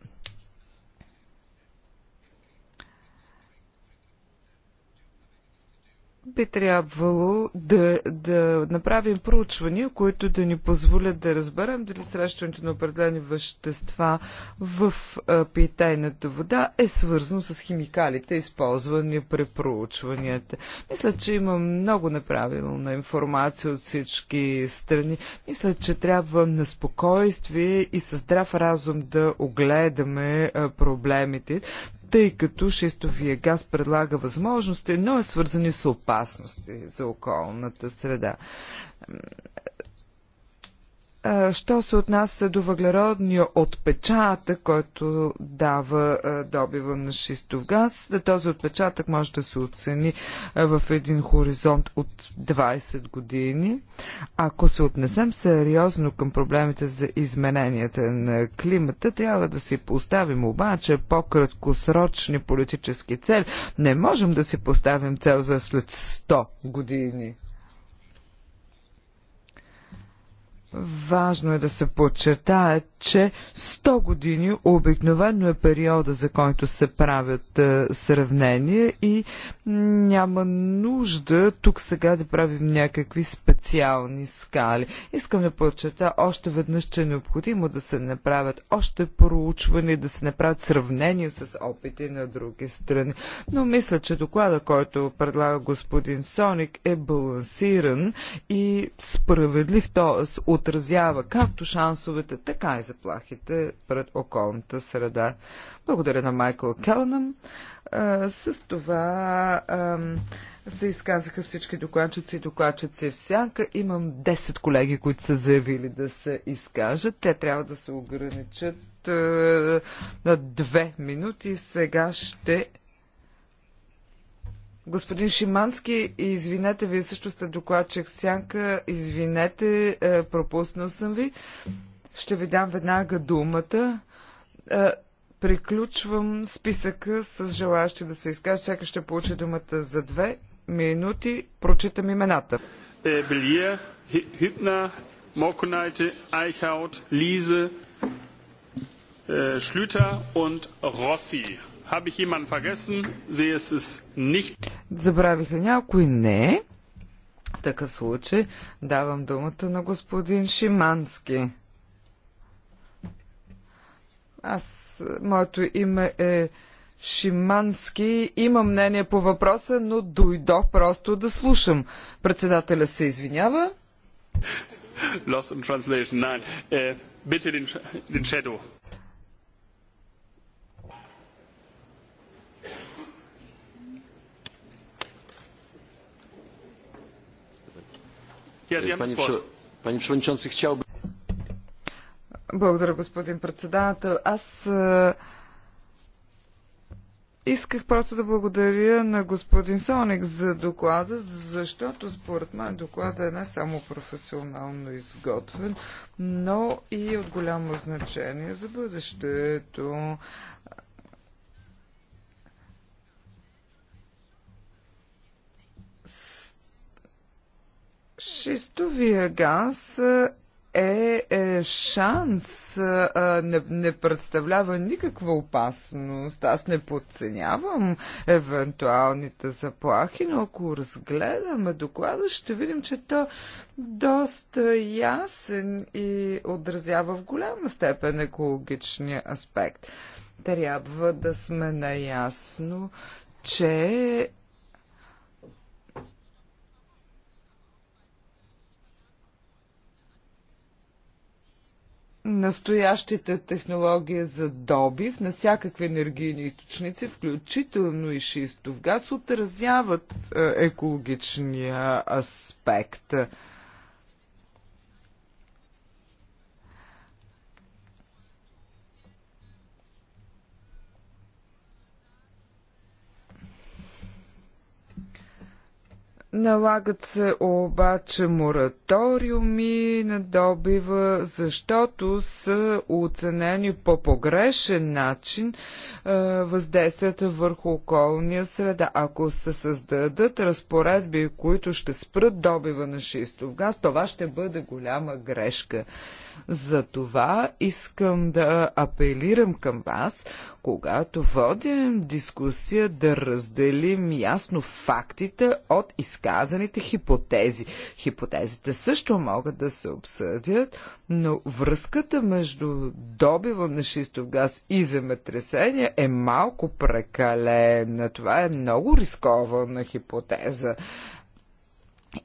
би трябвало да, да направим проучвания, които да ни позволят да разберем дали срещането на определени вещества в а, питейната вода е свързано с химикалите, използвани при проучванията. Мисля, че има много неправилна информация от всички страни. Мисля, че трябва на спокойствие и със здрав разум да огледаме а, проблемите тъй като шестовия газ предлага възможности, но е свързани с опасности за околната среда. Що се отнася до въглеродния отпечатък, който дава добива на шистов газ, този отпечатък може да се оцени в един хоризонт от 20 години. Ако се отнесем сериозно към проблемите за измененията на климата, трябва да си поставим обаче по-краткосрочни политически цели. Не можем да си поставим цел за след 100 години. Важно е да се подчертае, че 100 години обикновено е периода, за който се правят е, сравнения и няма нужда тук сега да правим някакви специални скали. Искам да подчертая още веднъж, че е необходимо да се направят още проучвания, да се направят сравнения с опити на други страни. Но мисля, че доклада, който предлага господин Соник е балансиран и справедлив, т.е. от отразява както шансовете, така и заплахите пред околната среда. Благодаря на Майкъл Келнам. С това се изказаха всички докладчици и докладчици всяка. Имам 10 колеги, които са заявили да се изкажат. Те трябва да се ограничат на 2 минути. Сега ще Господин Шимански, извинете, вие също сте докладчик Сянка. Извинете, е, пропуснал съм ви. Ще ви дам веднага думата. Е, приключвам списъка с желаящи да се изкажат. Всяка ще получи думата за две минути. Прочитам имената. Е, Белия, Хипна, Моконайте, Айхаут, Лизе, Шлюта и Роси. Забравих ли някой? Не. В такъв случай давам думата на господин Шимански. Аз, моето име е Шимански. Има мнение по въпроса, но дойдох просто да слушам. Председателя се извинява. Lost in translation. Nein. Äh, bitte den, den Shadow. Благодаря, господин председател. Аз е, Исках просто да благодаря на господин Соник за доклада, защото според мен доклада е не само професионално изготвен, но и от голямо значение за бъдещето. Шестовия газ е, е шанс, а, не, не представлява никаква опасност. Аз не подценявам евентуалните заплахи, но ако разгледаме доклада, ще видим, че то доста ясен и отразява в голяма степен екологичния аспект. Трябва да сме наясно, че настоящите технологии за добив на всякакви енергийни източници, включително и шистов газ, отразяват е, екологичния аспект. Налагат се обаче мораториуми на добива, защото са оценени по погрешен начин е, въздействията върху околния среда. Ако се създадат разпоредби, които ще спрат добива на шистов газ, това ще бъде голяма грешка. За това искам да апелирам към вас, когато водим дискусия, да разделим ясно фактите от изказаните хипотези. Хипотезите също могат да се обсъдят, но връзката между добива на шистов газ и земетресение е малко прекалена. Това е много рискована хипотеза.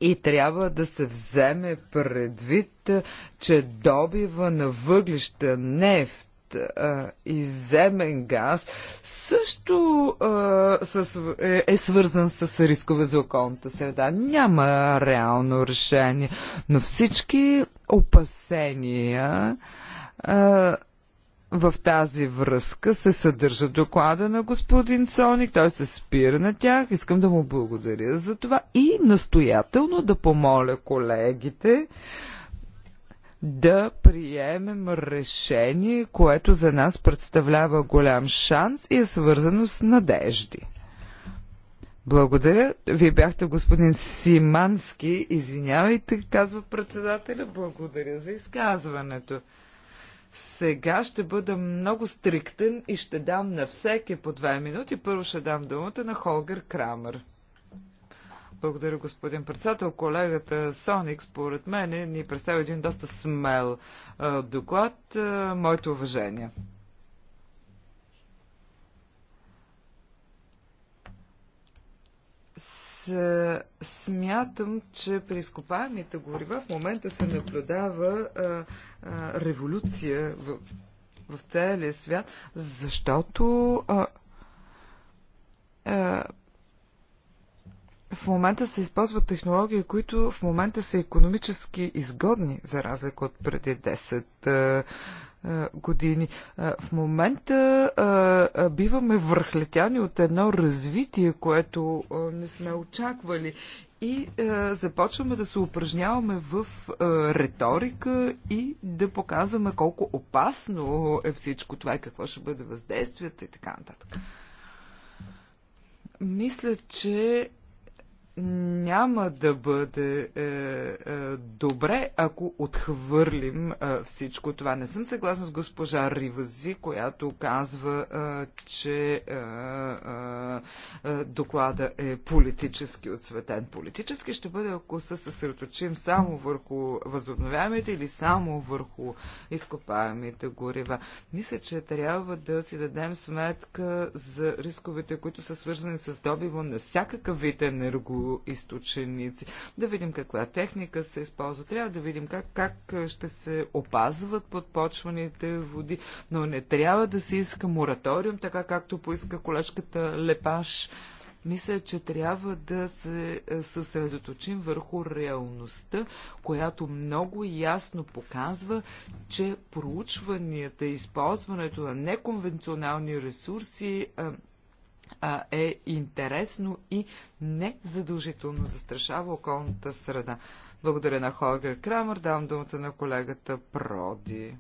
И трябва да се вземе предвид, че добива на въглища, нефт, и земен газ също е, е свързан с рискове за околната среда. Няма реално решение, но всички опасения в тази връзка се съдържа доклада на господин Соник, той се спира на тях. Искам да му благодаря за това и настоятелно да помоля колегите да приемем решение, което за нас представлява голям шанс и е свързано с надежди. Благодаря. Вие бяхте господин Симански. Извинявайте, казва председателя. Благодаря за изказването. Сега ще бъда много стриктен и ще дам на всеки по две минути. Първо ще дам думата на Холгер Крамер. Благодаря, господин председател. Колегата Соник, според мен, ни представи един доста смел доклад. Моето уважение. Е, смятам, че при изкопаемите горива в момента се наблюдава а, е, а, е, революция в, в целия свят, защото а, а, в момента се използват технологии, които в момента са економически изгодни, за разлика от преди 10 е, години. Е, в момента е, биваме върхлетяни от едно развитие, което не сме очаквали. И започваме да се упражняваме в риторика и да показваме колко опасно е всичко това и какво ще бъде въздействията и така нататък. Мисля, че няма да бъде е, е, добре, ако отхвърлим е, всичко това. Не съм съгласна с госпожа Ривази, която казва, е, че е, е, е, доклада е политически отсветен. Политически ще бъде, ако се съсредоточим само върху възобновяемите или само върху изкопаемите горива. Мисля, че трябва да си дадем сметка за рисковете, които са свързани с добива на всякакъв вид енерго Източеници. Да видим каква техника се използва. Трябва да видим как, как ще се опазват подпочваните води, но не трябва да се иска мораториум, така както поиска колежката Лепаш. Мисля, че трябва да се съсредоточим върху реалността, която много ясно показва, че проучванията и използването на неконвенционални ресурси а е интересно и незадължително застрашава околната среда. Благодаря на Холгер Крамер. Давам думата на колегата Проди.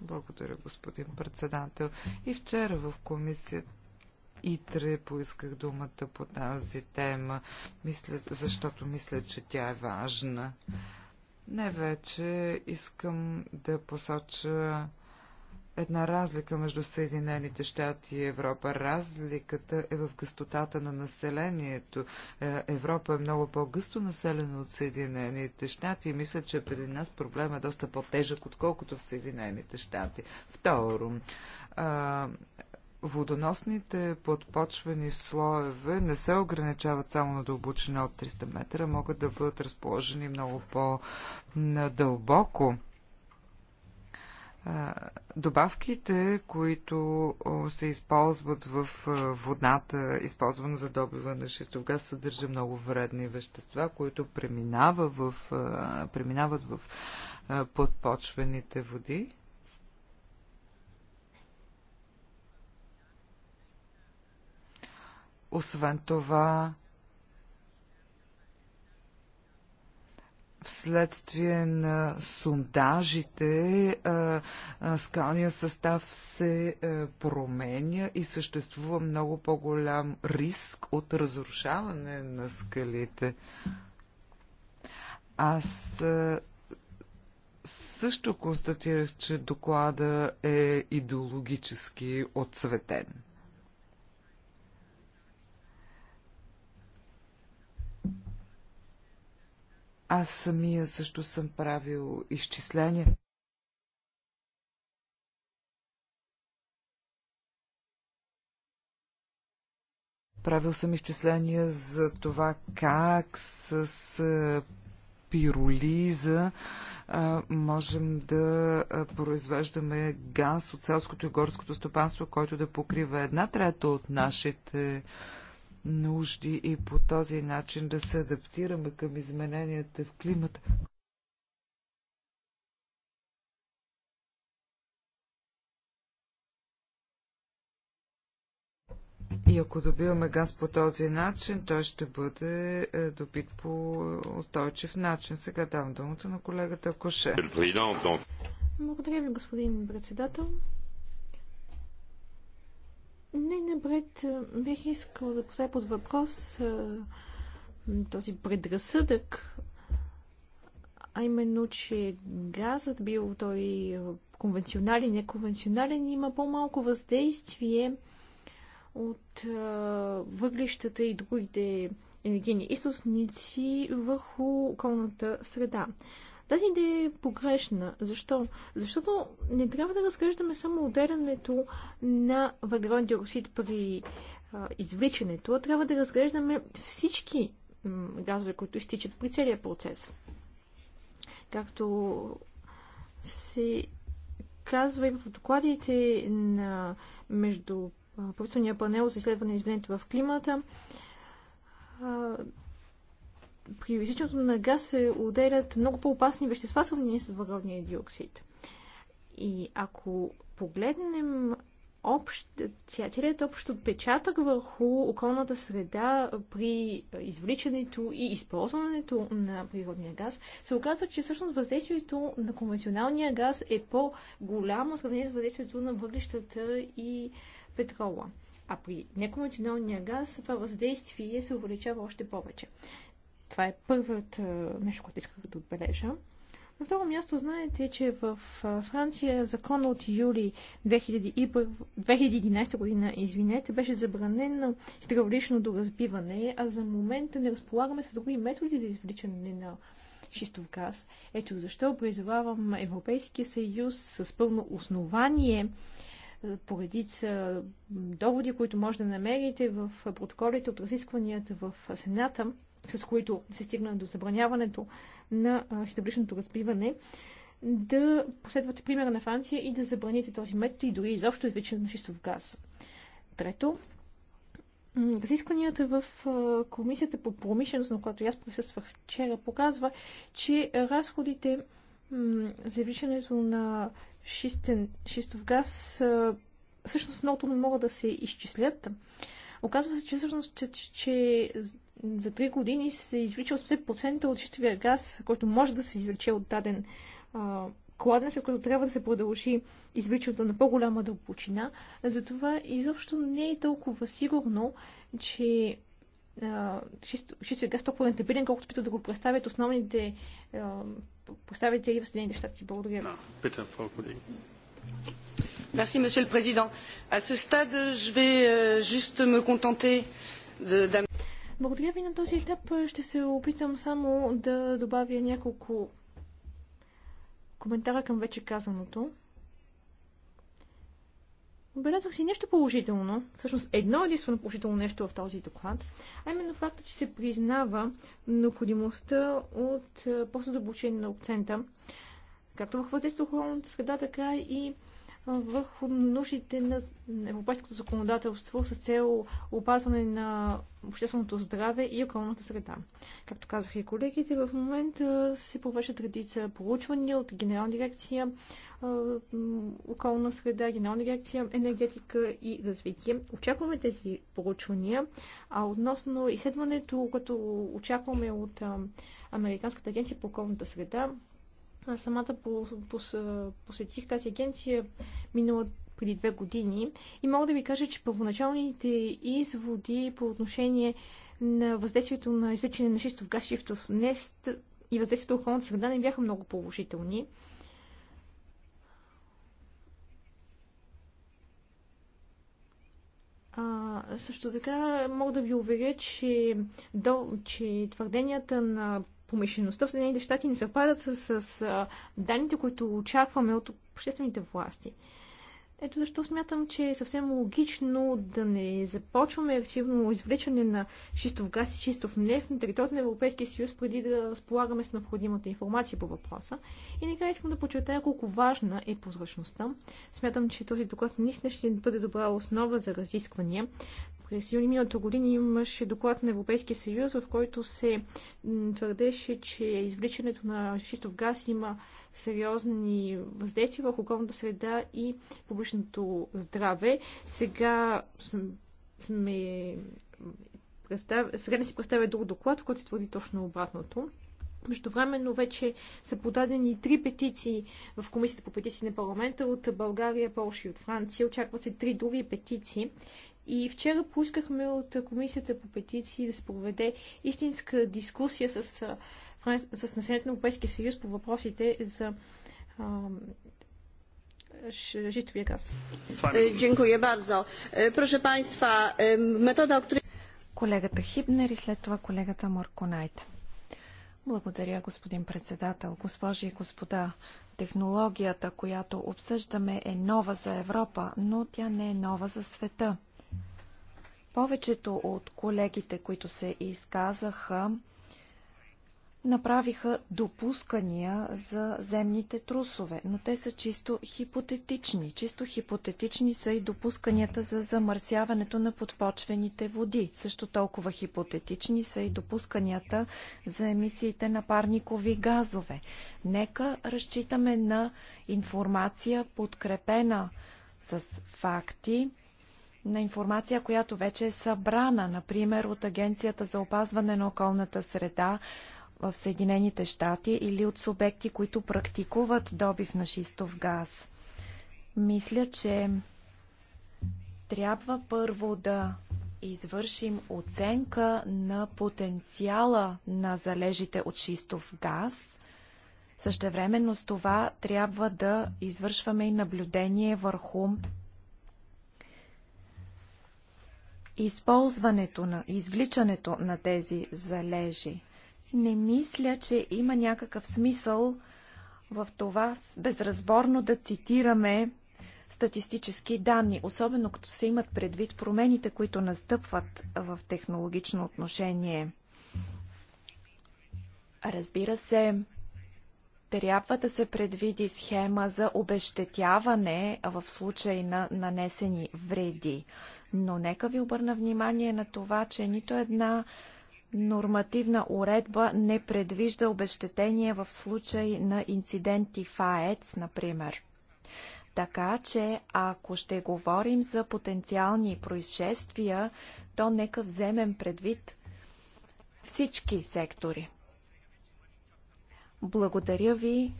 Благодаря, господин председател. И вчера в комисията Итре поисках думата по тази тема, мисля, защото мисля, че тя е важна. Не вече искам да посоча една разлика между Съединените щати и Европа. Разликата е в гъстотата на населението. Е, Европа е много по-гъсто населена от Съединените щати и мисля, че преди нас проблем е доста по-тежък, отколкото в Съединените щати. Второ, водоносните подпочвени слоеве не се ограничават само на дълбочина от 300 метра, могат да бъдат разположени много по-надълбоко добавките, които се използват в водата, използвана за добива на шестов газ, съдържа много вредни вещества, които преминава в, преминават в подпочвените води. Освен това, вследствие на сундажите скалния състав се променя и съществува много по-голям риск от разрушаване на скалите. Аз също констатирах, че доклада е идеологически отцветен. Аз самия също съм правил изчисления. Правил съм изчисления за това как с пиролиза а, можем да произвеждаме газ от селското и горското стопанство, който да покрива една трета от нашите нужди и по този начин да се адаптираме към измененията в климата. И ако добиваме газ по този начин, той ще бъде е, добит по устойчив начин. Сега давам думата на колегата Коше. Благодаря ви, господин председател. Най-напред бих искал да поставя под въпрос този предразсъдък, а именно, че газът бил той конвенционален, неконвенционален, има по-малко въздействие от а, въглищата и другите енергийни източници върху околната среда. Тази идея е погрешна. Защо? Защото не трябва да разглеждаме само отделянето на въглероден диоксид при а, извличането, а трябва да разглеждаме всички газове, които изтичат при целия процес. Както се казва и в докладите на между правителствения панел за изследване на изменението в климата, при изличането на газ се отделят много по-опасни вещества, свързани с въглеродния диоксид. И ако погледнем общ, целият общ отпечатък върху околната среда при извличането и използването на природния газ, се оказва, че всъщност въздействието на конвенционалния газ е по-голямо сравнение с въздействието на въглищата и петрола. А при неконвенционалния газ това въздействие се увеличава още повече. Това е първото е, нещо, което исках да отбележа. На второ място знаете, че в е, Франция закон от юли 2011 година, извинете, беше забранено хидравлично доразбиване, а за момента не разполагаме с други методи за извличане на шистов газ. Ето защо призовавам Европейския съюз с пълно основание е, поредица доводи, които може да намерите в протоколите от разискванията в Сената, с които се стигна до забраняването на хидравличното разбиване, да последвате примера на Франция и да забраните този метод и дори изобщо извичане на шистов газ. Трето, Разискванията в Комисията по промишленост, на която аз присъствах вчера, показва, че разходите за извличането на шистен, шистов газ всъщност много трудно могат да се изчислят. Оказва се, че всъщност, че, че за 3 години се извлича 80% от чистовия газ, който може да се извлече от даден а, кладен, след трябва да се продължи извличането на по-голяма дълбочина. Затова изобщо не е толкова сигурно, че чист, чистия газ е толкова рентабилен, колкото питат да го представят основните а, представители в Съединените щати. Благодаря ви. Е Merci, Monsieur le Président. À ce stade, je vais euh, juste me contenter благодаря ви на този етап. Ще се опитам само да добавя няколко коментара към вече казаното. Отбелязах си нещо положително, всъщност едно единствено положително нещо в този доклад, а именно факта, че се признава необходимостта от по-задълбочен на акцента, както в въздействие околната среда, така и върху нуждите на европейското законодателство с цел опазване на общественото здраве и околната среда. Както казаха и колегите, в момента се провеждат редица проучвания от Генерална дирекция околна среда, Генерална дирекция енергетика и развитие. Очакваме тези проучвания, а относно изследването, което очакваме от Американската агенция по околната среда, аз самата посетих тази агенция минала преди две години и мога да ви кажа, че първоначалните изводи по отношение на въздействието на извличане на шистов газ, шистов нест и въздействието на околната среда не бяха много положителни. А, също така мога да ви уверя, че, до, че твърденията на помишлеността в Съединените щати не съвпадат с, с данните, които очакваме от обществените власти. Ето защо смятам, че е съвсем логично да не започваме активно извличане на чистов газ и чистов нефт на територията на Европейския съюз, преди да разполагаме с необходимата информация по въпроса. И нека искам да подчертая колко важна е прозрачността. Смятам, че този доклад наистина ще бъде добра основа за разисквания. През юни миналата година имаше доклад на Европейския съюз, в който се твърдеше, че извличането на чистов газ има сериозни въздействия върху околната среда и публичното здраве. Сега сме, сме сега не си представя друг доклад, в който се твърди точно обратното. Междувременно вече са подадени три петиции в Комисията по петиции на парламента от България, Польша и от Франция. Очакват се три други петиции. И вчера поискахме от Комисията по петиции да се проведе истинска дискусия с с населението на Европейския съюз по въпросите за żytwie газ. Е, е, е, колегата Хибнер и след това колегата Найта. Благодаря, господин председател. Госпожи и господа, технологията, която обсъждаме, е нова за Европа, но тя не е нова за света. Повечето от колегите, които се изказаха, направиха допускания за земните трусове, но те са чисто хипотетични. Чисто хипотетични са и допусканията за замърсяването на подпочвените води. Също толкова хипотетични са и допусканията за емисиите на парникови газове. Нека разчитаме на информация, подкрепена с факти, на информация, която вече е събрана, например, от Агенцията за опазване на околната среда, в Съединените щати или от субекти, които практикуват добив на шистов газ. Мисля, че трябва първо да извършим оценка на потенциала на залежите от шистов газ. Същевременно с това трябва да извършваме и наблюдение върху използването на, извличането на тези залежи. Не мисля, че има някакъв смисъл в това безразборно да цитираме статистически данни, особено като се имат предвид промените, които настъпват в технологично отношение. Разбира се, трябва да се предвиди схема за обещетяване в случай на нанесени вреди. Но нека ви обърна внимание на това, че нито една нормативна уредба не предвижда обещетение в случай на инциденти в АЕЦ, например. Така че, ако ще говорим за потенциални происшествия, то нека вземем предвид всички сектори. Благодаря ви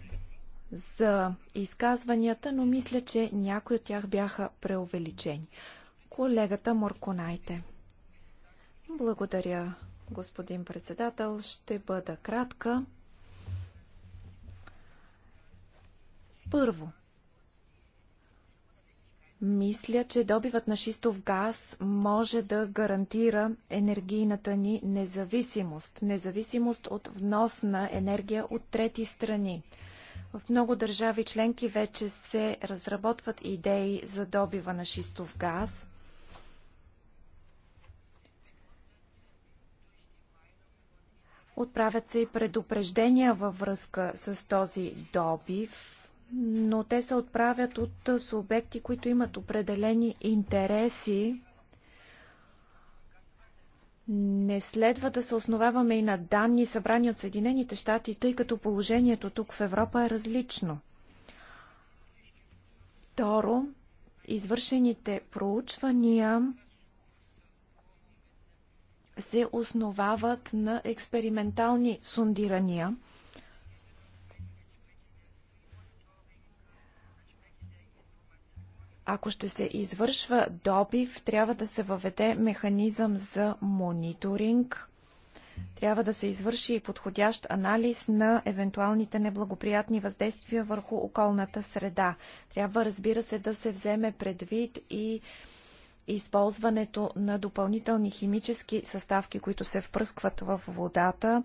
за изказванията, но мисля, че някои от тях бяха преувеличени. Колегата Морконайте. Благодаря, господин председател. Ще бъда кратка. Първо, мисля, че добивът на шистов газ може да гарантира енергийната ни независимост. Независимост от внос на енергия от трети страни. В много държави членки вече се разработват идеи за добива на шистов газ. Отправят се и предупреждения във връзка с този добив, но те се отправят от субекти, които имат определени интереси. Не следва да се основаваме и на данни, събрани от Съединените щати, тъй като положението тук в Европа е различно. Второ, извършените проучвания се основават на експериментални сундирания. Ако ще се извършва добив, трябва да се въведе механизъм за мониторинг. Трябва да се извърши и подходящ анализ на евентуалните неблагоприятни въздействия върху околната среда. Трябва, разбира се, да се вземе предвид и използването на допълнителни химически съставки, които се впръскват в водата,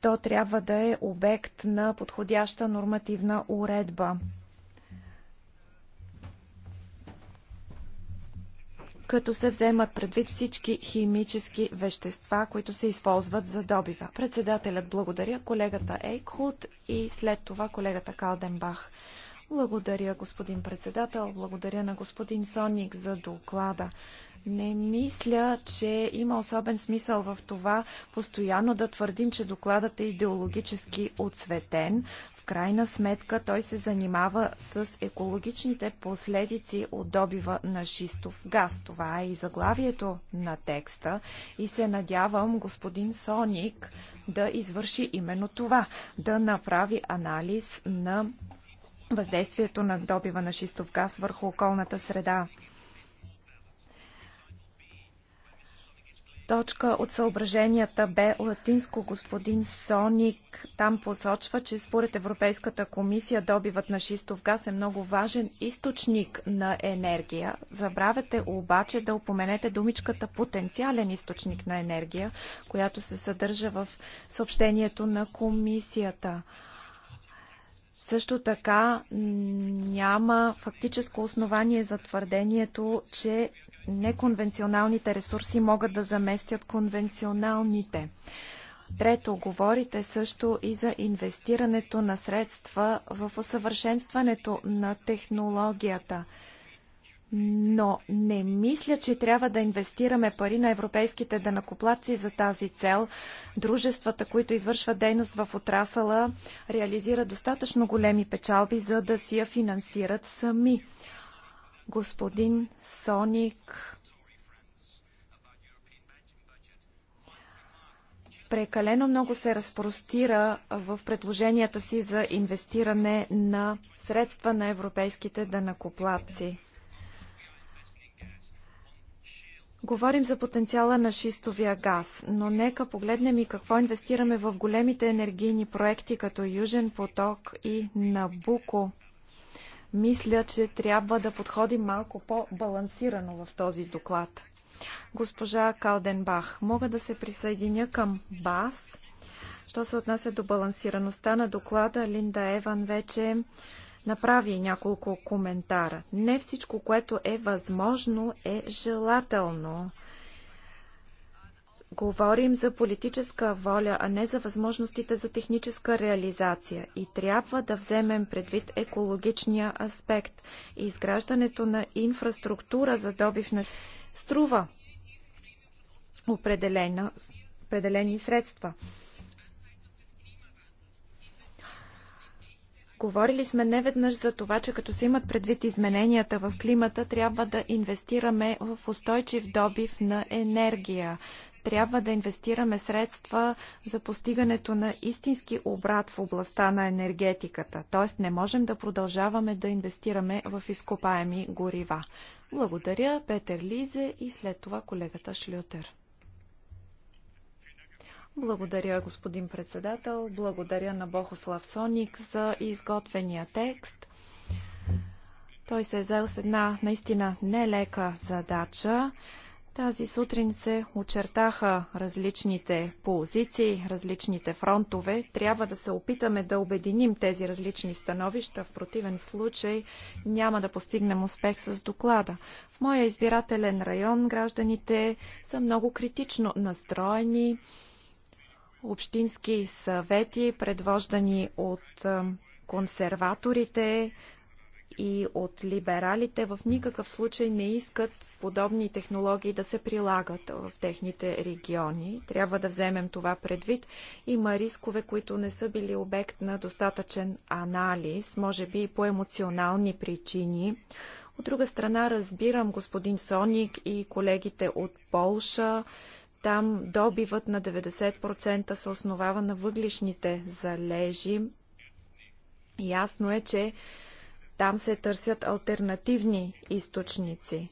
то трябва да е обект на подходяща нормативна уредба. като се вземат предвид всички химически вещества, които се използват за добива. Председателят благодаря колегата Ейкхут и след това колегата Калденбах. Благодаря, господин председател. Благодаря на господин Соник за доклада. Не мисля, че има особен смисъл в това постоянно да твърдим, че докладът е идеологически отсветен. В крайна сметка той се занимава с екологичните последици от добива на шистов газ. Това е и заглавието на текста и се надявам господин Соник да извърши именно това, да направи анализ на въздействието на добива на шистов газ върху околната среда. точка от съображенията бе латинско господин Соник. Там посочва, че според Европейската комисия добивът на шистов газ е много важен източник на енергия. Забравяте обаче да упоменете думичката потенциален източник на енергия, която се съдържа в съобщението на комисията. Също така няма фактическо основание за твърдението, че неконвенционалните ресурси могат да заместят конвенционалните. Трето, говорите също и за инвестирането на средства в усъвършенстването на технологията но не мисля, че трябва да инвестираме пари на европейските данакоплаци за тази цел. Дружествата, които извършват дейност в отрасъла, реализират достатъчно големи печалби, за да си я финансират сами. Господин Соник прекалено много се разпростира в предложенията си за инвестиране на средства на европейските данакоплаци. Говорим за потенциала на шистовия газ, но нека погледнем и какво инвестираме в големите енергийни проекти, като Южен поток и Набуко. Мисля, че трябва да подходим малко по-балансирано в този доклад. Госпожа Калденбах, мога да се присъединя към БАС. Що се отнася до балансираността на доклада, Линда Еван вече направи няколко коментара. Не всичко, което е възможно, е желателно. Говорим за политическа воля, а не за възможностите за техническа реализация. И трябва да вземем предвид екологичния аспект. И изграждането на инфраструктура за добив на струва определена, определени средства. Говорили сме неведнъж за това, че като се имат предвид измененията в климата, трябва да инвестираме в устойчив добив на енергия. Трябва да инвестираме средства за постигането на истински обрат в областта на енергетиката. Тоест не можем да продължаваме да инвестираме в изкопаеми горива. Благодаря, Петър Лизе и след това колегата Шлютер. Благодаря, господин председател. Благодаря на Бохослав Соник за изготвения текст. Той се е взел с една наистина нелека задача. Тази сутрин се очертаха различните позиции, различните фронтове. Трябва да се опитаме да обединим тези различни становища. В противен случай няма да постигнем успех с доклада. В моя избирателен район гражданите са много критично настроени общински съвети, предвождани от консерваторите и от либералите, в никакъв случай не искат подобни технологии да се прилагат в техните региони. Трябва да вземем това предвид. Има рискове, които не са били обект на достатъчен анализ, може би и по емоционални причини. От друга страна разбирам господин Соник и колегите от Полша, там добивът на 90% се основава на въглишните залежи. Ясно е, че там се търсят альтернативни източници.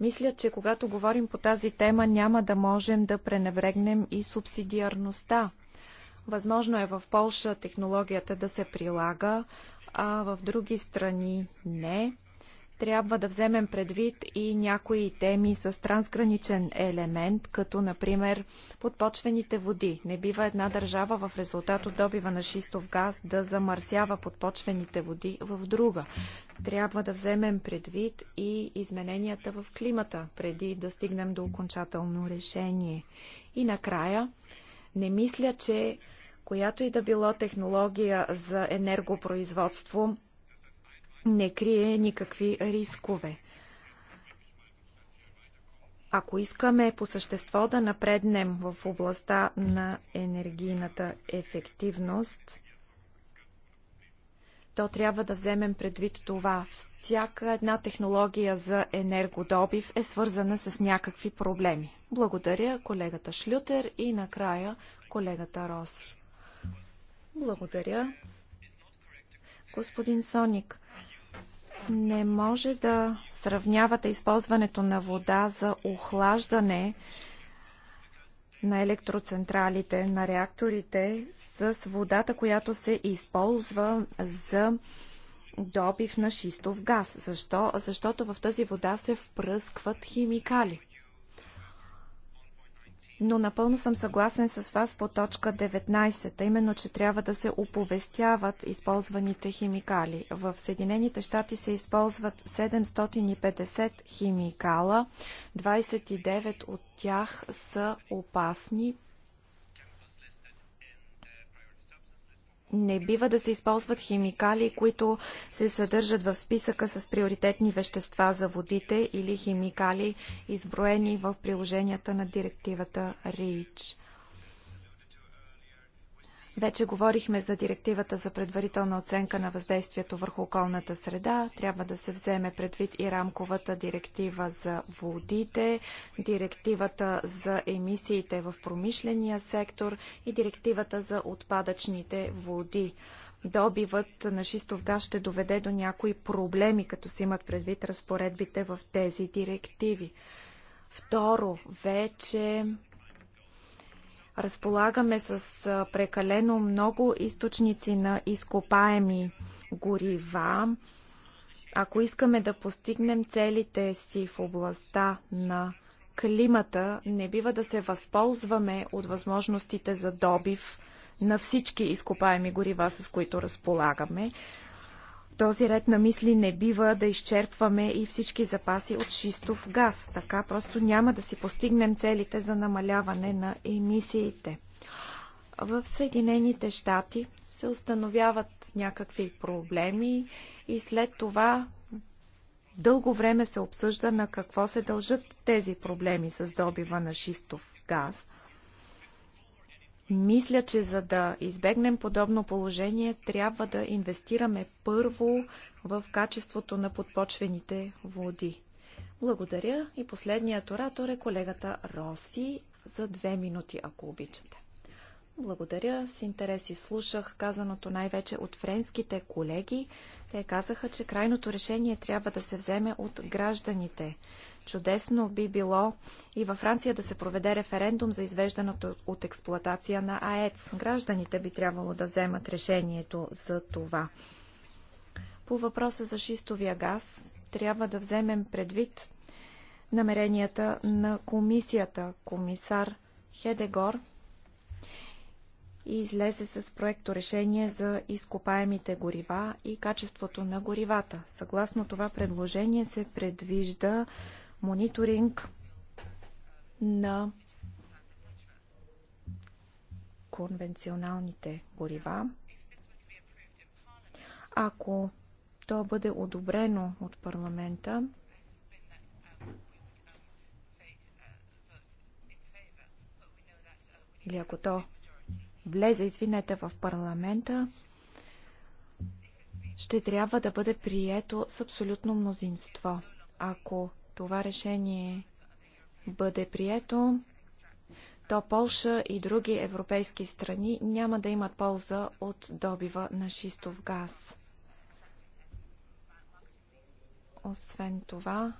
Мисля, че когато говорим по тази тема, няма да можем да пренебрегнем и субсидиарността. Възможно е в Полша технологията да се прилага, а в други страни не трябва да вземем предвид и някои теми с трансграничен елемент, като например подпочвените води. Не бива една държава в резултат от добива на шистов газ да замърсява подпочвените води в друга. Трябва да вземем предвид и измененията в климата, преди да стигнем до окончателно решение. И накрая, не мисля, че която и да било технология за енергопроизводство не крие никакви рискове. Ако искаме по същество да напреднем в областта на енергийната ефективност, то трябва да вземем предвид това. Всяка една технология за енергодобив е свързана с някакви проблеми. Благодаря колегата Шлютер и накрая колегата Роси. Благодаря. Господин Соник, не може да сравнявате използването на вода за охлаждане на електроцентралите, на реакторите с водата, която се използва за добив на шистов газ. Защо? Защото в тази вода се впръскват химикали но напълно съм съгласен с вас по точка 19, именно, че трябва да се оповестяват използваните химикали. В Съединените щати се използват 750 химикала, 29 от тях са опасни, Не бива да се използват химикали, които се съдържат в списъка с приоритетни вещества за водите или химикали, изброени в приложенията на директивата РИЧ. Вече говорихме за директивата за предварителна оценка на въздействието върху околната среда. Трябва да се вземе предвид и рамковата директива за водите, директивата за емисиите в промишления сектор и директивата за отпадъчните води добивът на шистов газ ще доведе до някои проблеми, като се имат предвид разпоредбите в тези директиви. Второ, вече разполагаме с прекалено много източници на изкопаеми горива. Ако искаме да постигнем целите си в областта на климата, не бива да се възползваме от възможностите за добив на всички изкопаеми горива, с които разполагаме този ред на мисли не бива да изчерпваме и всички запаси от шистов газ. Така просто няма да си постигнем целите за намаляване на емисиите. В Съединените щати се установяват някакви проблеми и след това дълго време се обсъжда на какво се дължат тези проблеми с добива на шистов газ. Мисля, че за да избегнем подобно положение, трябва да инвестираме първо в качеството на подпочвените води. Благодаря. И последният оратор е колегата Роси за две минути, ако обичате. Благодаря. С интерес и слушах казаното най-вече от френските колеги. Те казаха, че крайното решение трябва да се вземе от гражданите. Чудесно би било и във Франция да се проведе референдум за извеждането от експлоатация на АЕЦ. Гражданите би трябвало да вземат решението за това. По въпроса за шистовия газ трябва да вземем предвид намеренията на комисията. Комисар Хедегор и излезе с проекто решение за изкопаемите горива и качеството на горивата. Съгласно това предложение се предвижда мониторинг на конвенционалните горива. Ако то бъде одобрено от парламента, или ако то влезе, извинете, в парламента, ще трябва да бъде прието с абсолютно мнозинство. Ако това решение бъде прието, то Полша и други европейски страни няма да имат полза от добива на шистов газ. Освен това,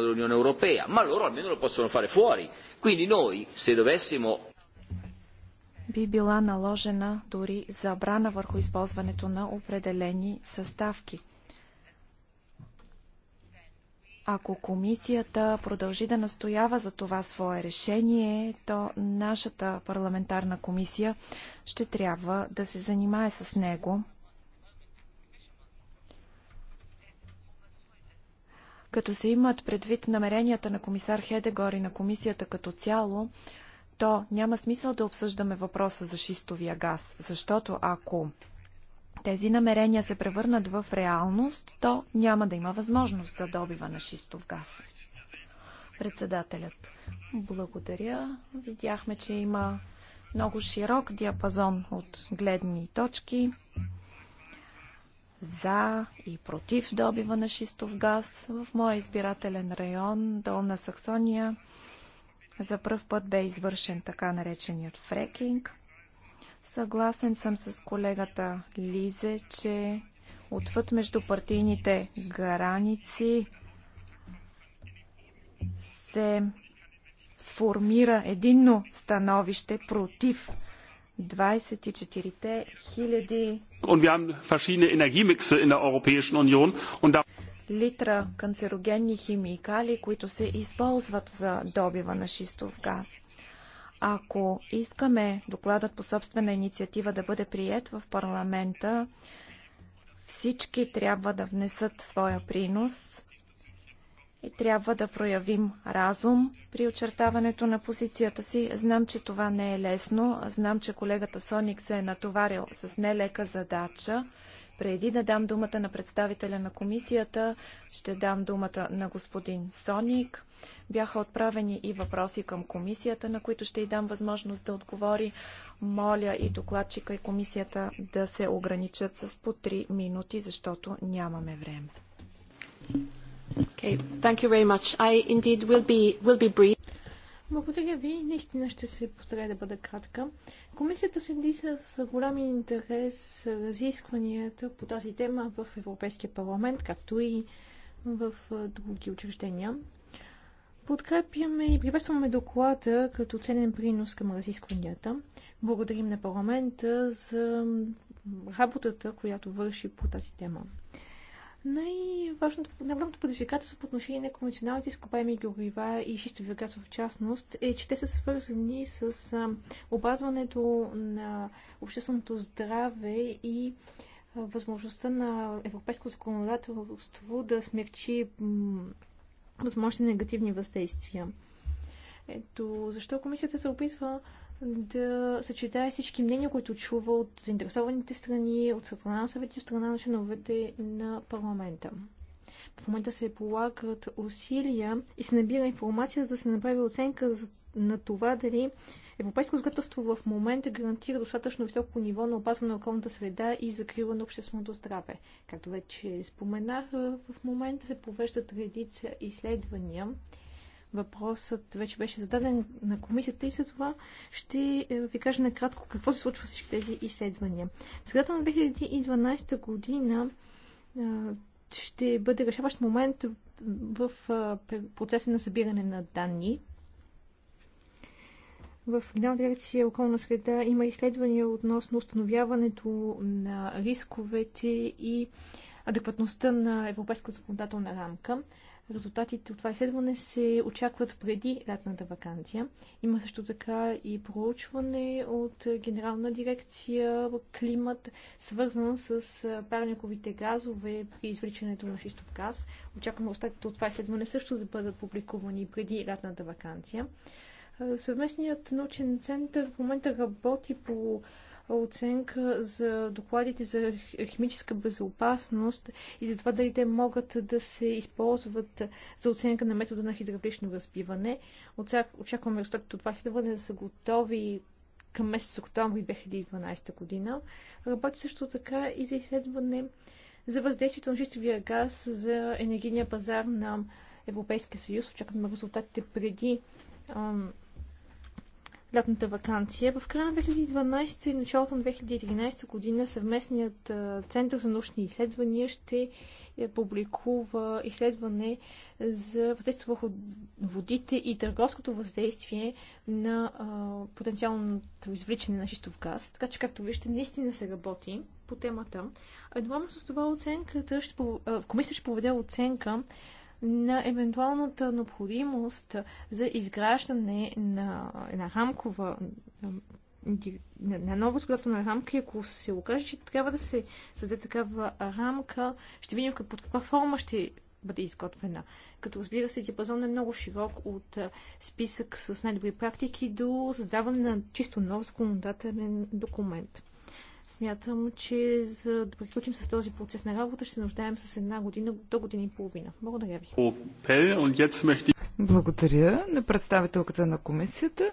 dell'Unione Europea, ma loro almeno lo possono fare fuori. Quindi noi, se dovessimo би била наложена дори забрана върху използването на определени съставки. Ако комисията продължи да настоява за това свое решение, то нашата парламентарна комисия ще трябва да се занимае с него. Като се имат предвид намеренията на комисар Хедегор и на комисията като цяло, то няма смисъл да обсъждаме въпроса за шистовия газ, защото ако тези намерения се превърнат в реалност, то няма да има възможност за добива на шистов газ. Председателят, благодаря. Видяхме, че има много широк диапазон от гледни точки за и против добива на шистов газ. В моя избирателен район, Долна Саксония, за пръв път бе извършен така нареченият фрекинг. Съгласен съм с колегата Лизе, че отвъд между партийните граници се сформира единно становище против 24 хиляди литра канцерогенни химикали, които се използват за добива на шистов газ. Ако искаме докладът по собствена инициатива да бъде прият в парламента, всички трябва да внесат своя принос и трябва да проявим разум при очертаването на позицията си. Знам, че това не е лесно. Знам, че колегата Соник се е натоварил с нелека задача. Преди да дам думата на представителя на комисията, ще дам думата на господин Соник. Бяха отправени и въпроси към комисията, на които ще й дам възможност да отговори. Моля и докладчика и комисията да се ограничат с по 3 минути, защото нямаме време. Благодаря ви. Наистина ще се постарая да бъда кратка. Комисията следи с голям интерес разискванията по тази тема в Европейския парламент, както и в други учреждения. Подкрепяме и приветстваме доклада като ценен принос към разискванията. Благодарим на парламента за работата, която върши по тази тема. Най-важното, най-голямото предизвикателство по отношение на конвенционалните изкопаеми горива и шистови газ в частност е, че те са свързани с а, обазването на общественото здраве и а, възможността на европейско законодателство да смягчи възможни негативни въздействия. Ето защо комисията се опитва да съчетая всички мнения, които чува от заинтересованите страни, от страна на съвети, от страна на членовете на парламента. В момента се полагат усилия и се набира информация, за да се направи оценка на това дали европейското законодателство в момента гарантира достатъчно високо ниво на опазване на околната среда и закрива на общественото здраве. Както вече споменах, в момента се провеждат редица изследвания Въпросът вече беше зададен на комисията и след това ще е, ви кажа накратко какво се случва с всички тези изследвания. В средата на 2012 година ще бъде решаващ момент в процеса на събиране на данни. В Генерална дирекция околна среда има изследвания относно установяването на рисковете и адекватността на европейска законодателна рамка. Резултатите от това изследване се очакват преди лятната вакансия. Има също така и проучване от Генерална дирекция Климат, свързан с парниковите газове при извличането на шистов газ. Очакваме остатите от това изследване също да бъдат публикувани преди лятната вакансия. Съвместният научен център в момента работи по оценка за докладите за химическа безопасност и за това дали те могат да се използват за оценка на метода на хидравлично разбиване. Очакваме резултатите от вас да бъде да са готови към месец октомври 2012 година. Работи също така и за изследване за въздействието на чистовия газ за енергийния пазар на Европейския съюз. Очакваме резултатите преди лятната вакансия. В края на 2012 и началото на 2013 година съвместният Център за научни изследвания ще е, публикува изследване за въздействие върху водите и търговското въздействие на потенциалното извличане на шистов газ. Така че, както вижте, наистина се работи по темата. Едновременно с това оценката ще, комисията ще поведе оценка на евентуалната необходимост за изграждане на една рамкова на нова на рамка и ако се окаже, че трябва да се създаде такава рамка, ще видим под каква форма ще бъде изготвена. Като разбира се, диапазон е много широк от списък с най-добри практики до създаване на чисто нов законодателен документ. Смятам, че за да приключим с този процес на работа, ще се нуждаем с една година до година и половина. Благодаря ви. Благодаря на представителката на комисията.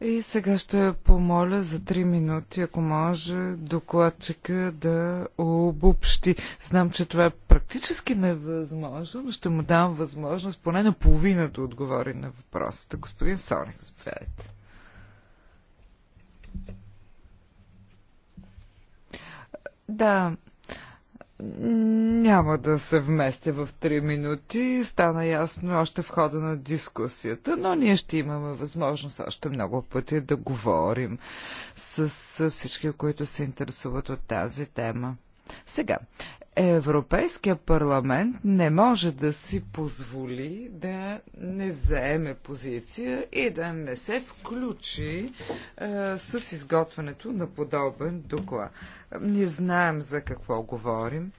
И сега ще помоля за 3 минути, ако може, докладчика да обобщи. Знам, че това е практически невъзможно, но ще му дам възможност поне на половина да отговори на въпросите. Господин Сорик, заповядайте. Да, няма да се вместя в три минути. Стана ясно още в хода на дискусията, но ние ще имаме възможност още много пъти да говорим с всички, които се интересуват от тази тема. Сега, Европейския парламент не може да си позволи да не заеме позиция и да не се включи е, с изготвянето на подобен доклад. Ние знаем за какво говорим.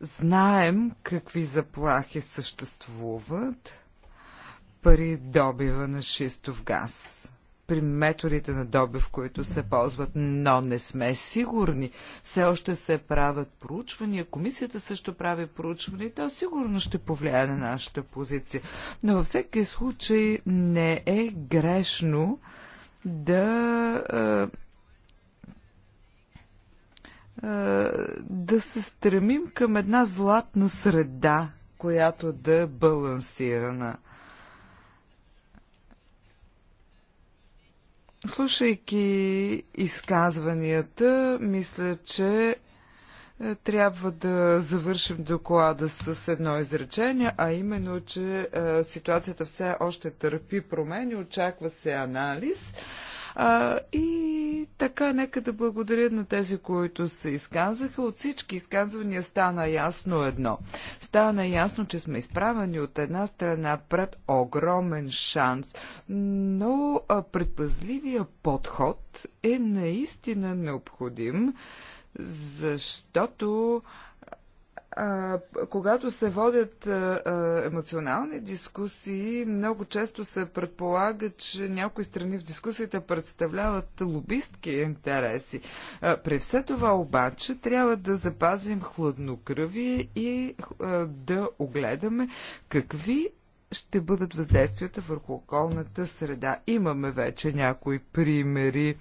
Знаем какви заплахи съществуват при добива на шистов газ при методите на добив, които се ползват, но не сме сигурни. Все още се правят проучвания, комисията също прави проучвания и то сигурно ще повлияе на нашата позиция. Но във всеки случай не е грешно да да се стремим към една златна среда, която да е балансирана. Слушайки изказванията, мисля, че е, трябва да завършим доклада с едно изречение, а именно, че е, ситуацията все още търпи промени, очаква се анализ а, и така, нека да благодаря на тези, които се изказаха. От всички изказвания стана ясно едно. Стана ясно, че сме изправени от една страна пред огромен шанс, но предпазливия подход е наистина необходим, защото а, когато се водят а, емоционални дискусии, много често се предполага, че някои страни в дискусията представляват лобистки интереси. А, при все това обаче трябва да запазим хладнокръвие и а, да огледаме какви ще бъдат въздействията върху околната среда. Имаме вече някои примери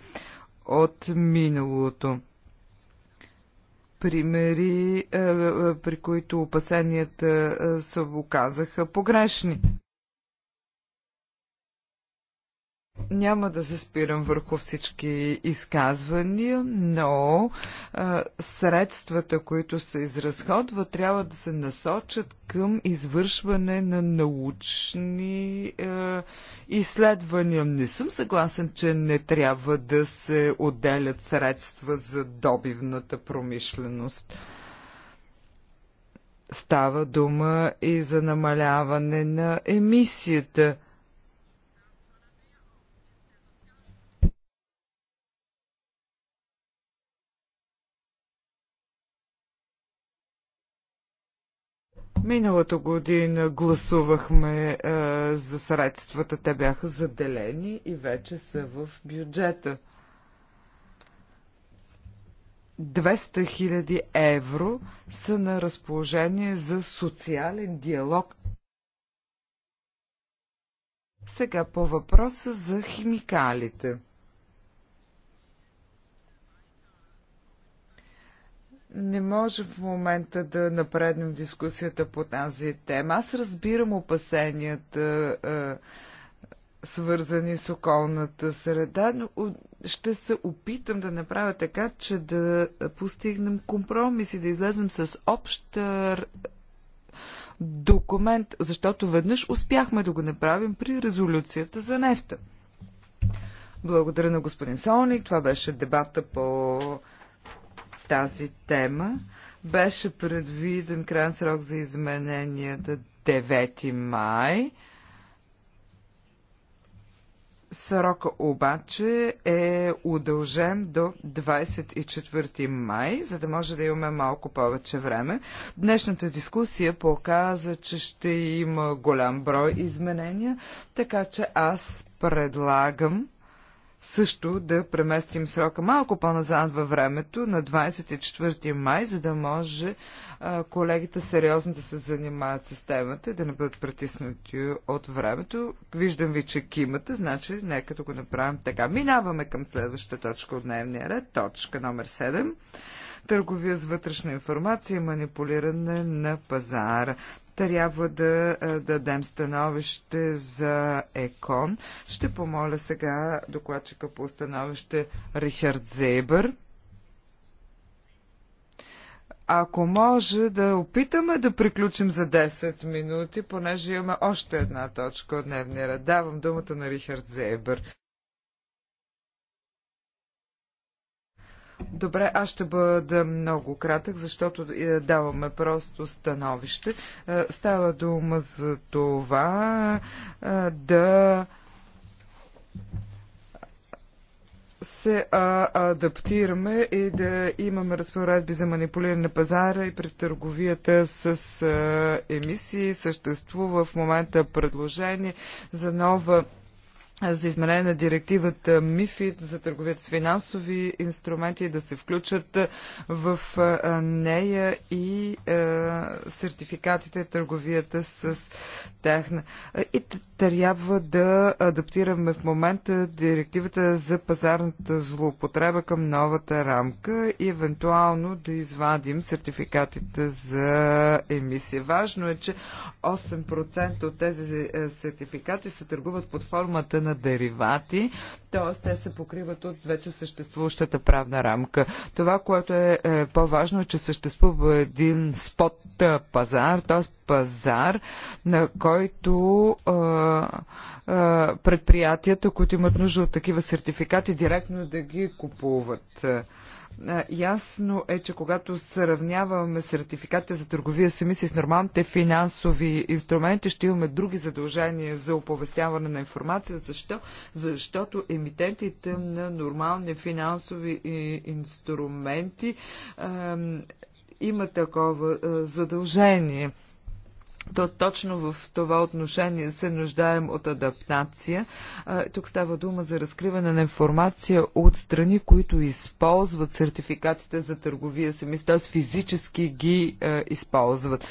от миналото примери, е, е, при които опасенията се оказаха погрешни. Няма да се спирам върху всички изказвания, но а, средствата, които се изразходват, трябва да се насочат към извършване на научни а, изследвания. Не съм съгласен, че не трябва да се отделят средства за добивната промишленост. Става дума и за намаляване на емисията – Миналата година гласувахме а, е, за средствата. Те бяха заделени и вече са в бюджета. 200 000 евро са на разположение за социален диалог. Сега по въпроса за химикалите. Не може в момента да напреднем дискусията по тази тема. Аз разбирам опасенията, е, свързани с околната среда, но ще се опитам да направя така, че да постигнем компромис и да излезем с общ е, документ, защото веднъж успяхме да го направим при резолюцията за нефта. Благодаря на господин Солник. Това беше дебата по тази тема. Беше предвиден крайен срок за измененията 9 май. Срока обаче е удължен до 24 май, за да може да имаме малко повече време. Днешната дискусия показа, че ще има голям брой изменения, така че аз предлагам също да преместим срока малко по-назад във времето, на 24 май, за да може а, колегите сериозно да се занимават с темата и да не бъдат притиснати от времето. Виждам ви, че кимата, значи нека да го направим така. Минаваме към следващата точка от дневния ред, точка номер 7 търговия с вътрешна информация и манипулиране на пазара трябва да дадем становище за ЕКОН. Ще помоля сега докладчика по становище Рихард Зейбър. Ако може да опитаме да приключим за 10 минути, понеже имаме още една точка от дневния ред. Давам думата на Рихард Зейбър. Добре, аз ще бъда много кратък, защото е, даваме просто становище. Е, става дума за това е, да се а, адаптираме и да имаме разпоредби за манипулиране на пазара и при търговията с а, емисии. Съществува в момента предложение за нова за изменение на директивата МИФИД за търговият с финансови инструменти да се включат в нея и сертификатите търговията с техна. И трябва да адаптираме в момента директивата за пазарната злоупотреба към новата рамка и евентуално да извадим сертификатите за емисия. Важно е, че 8% от тези е, сертификати се търгуват под формата на на деривати, т.е. те се покриват от вече съществуващата правна рамка. Това, което е, е по-важно, е, че съществува един спот е, пазар, т.е. пазар, на който е, е, предприятията, които имат нужда от такива сертификати, директно да ги купуват. Ясно е, че когато сравняваме сертификатите за търговия с емисии с нормалните финансови инструменти, ще имаме други задължения за оповестяване на информация. Защо? Защото емитентите на нормални финансови инструменти имат такова задължение то точно в това отношение се нуждаем от адаптация. Тук става дума за разкриване на информация от страни, които използват сертификатите за търговия сами, т.е. физически ги е, използват.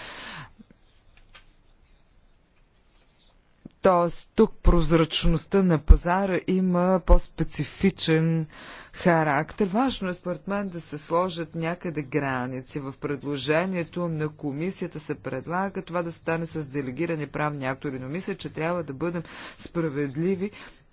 Тоест, тук прозрачността на пазара има по-специфичен характер. Важно е според мен да се сложат някъде граници. В предложението на комисията се предлага това да стане с делегирани правни актори, но мисля, че трябва да бъдем справедливи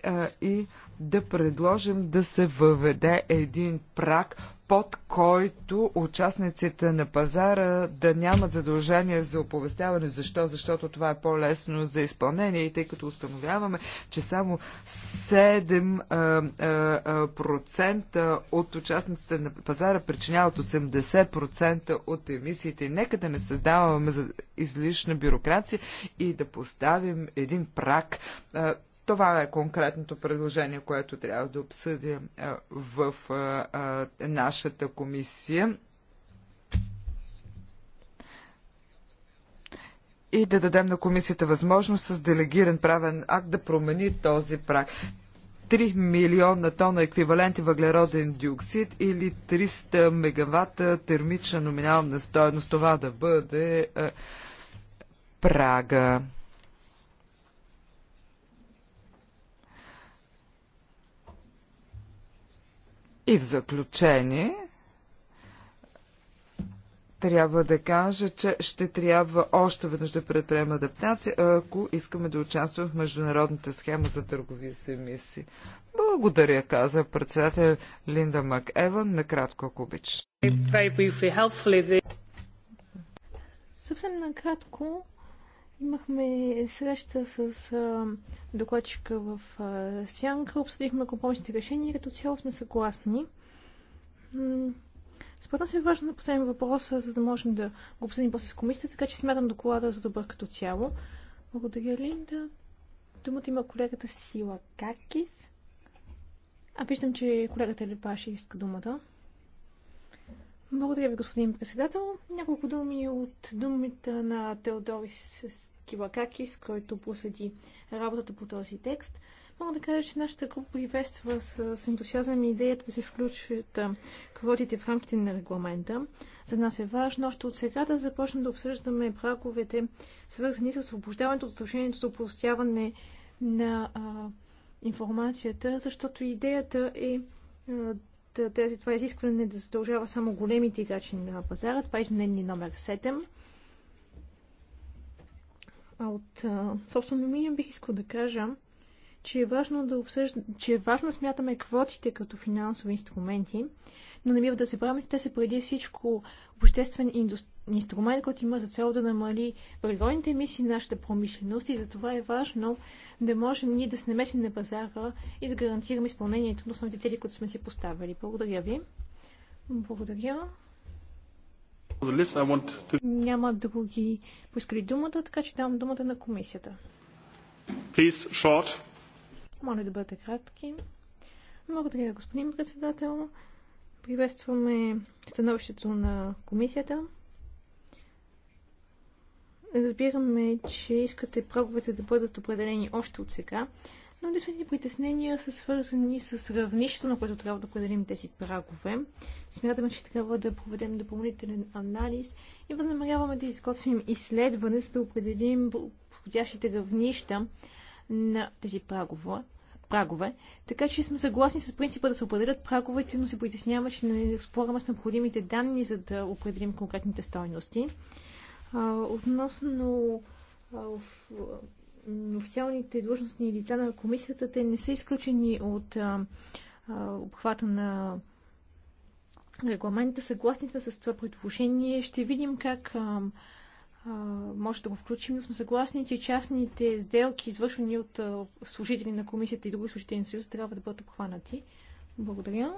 а, и да предложим да се въведе един прак, под който участниците на пазара да нямат задължение за оповестяване. Защо? Защото това е по-лесно за изпълнение и тъй като установяваме, че само 7% от участниците на пазара причиняват 80% от емисиите. Нека да не създаваме излишна бюрокрация и да поставим един прак това е конкретното предложение, което трябва да обсъдим е, в е, е, нашата комисия. И да дадем на комисията възможност с делегиран правен акт да промени този прак. 3 милиона тона еквиваленти въглероден диоксид или 300 мегавата термична номинална стоеност. Това да бъде прага. И в заключение трябва да кажа, че ще трябва още веднъж да предприема адаптация, ако искаме да участваме в международната схема за търговия с емисии. Благодаря, каза председател Линда МакЕван, накратко, ако обичаш. Съвсем накратко, Имахме среща с а, докладчика в а, Сянка, обсъдихме компромисните решения и като цяло сме съгласни. Според нас е важно да поставим въпроса, за да можем да го обсъдим после с комисията, така че смятам доклада за добър като цяло. Благодаря, Линда. Думата има колегата Сила Какис. А виждам, че колегата Лепаши иска думата. Благодаря ви, господин председател. Няколко думи от думите на Теодорис Кивакакис, който посъди работата по този текст. Мога да кажа, че нашата група приветства с, с ентусиазъм идеята да се включат квотите в рамките на регламента. За нас е важно още от сега да започнем да обсъждаме праговете, свързани с освобождаването от задължението за упростяване на а, информацията, защото идеята е тези, това изискване да задължава само големите играчи на пазара. Това е изменение номер 7. А от собствено ми бих искал да кажа, че е важно да обсъждаме, че е важно да смятаме квотите като финансови инструменти, но не бива да се правим, че те са преди всичко обществен индустрия инструмент, който има за цел да намали въглеродните емисии на нашата промишленост и затова е важно да можем ние да се намесим на пазара и да гарантираме изпълнението на основните цели, които сме си поставили. Благодаря ви. Благодаря. To... Няма други поискали думата, така че давам думата на комисията. Please, short. Моля да бъдете кратки. Благодаря, господин председател. Приветстваме становището на комисията. Разбираме, че искате праговете да бъдат определени още от сега, но единствените притеснения са свързани с равнището, на което трябва да определим тези прагове. Смятаме, че трябва да проведем допълнителен анализ и възнамеряваме да изготвим изследване, за да определим подходящите равнища на тези прагове. прагове. Така че сме съгласни с принципа да се определят праговете, но се притесняваме, че не разполагаме с необходимите данни, за да определим конкретните стойности. Относно официалните длъжностни лица на комисията, те не са изключени от обхвата на регламента. Съгласни сме с това предложение. Ще видим как а, а, може да го включим, но сме съгласни, че частните сделки, извършвани от а, служители на комисията и други служители на съюз, трябва да бъдат обхванати. Благодаря.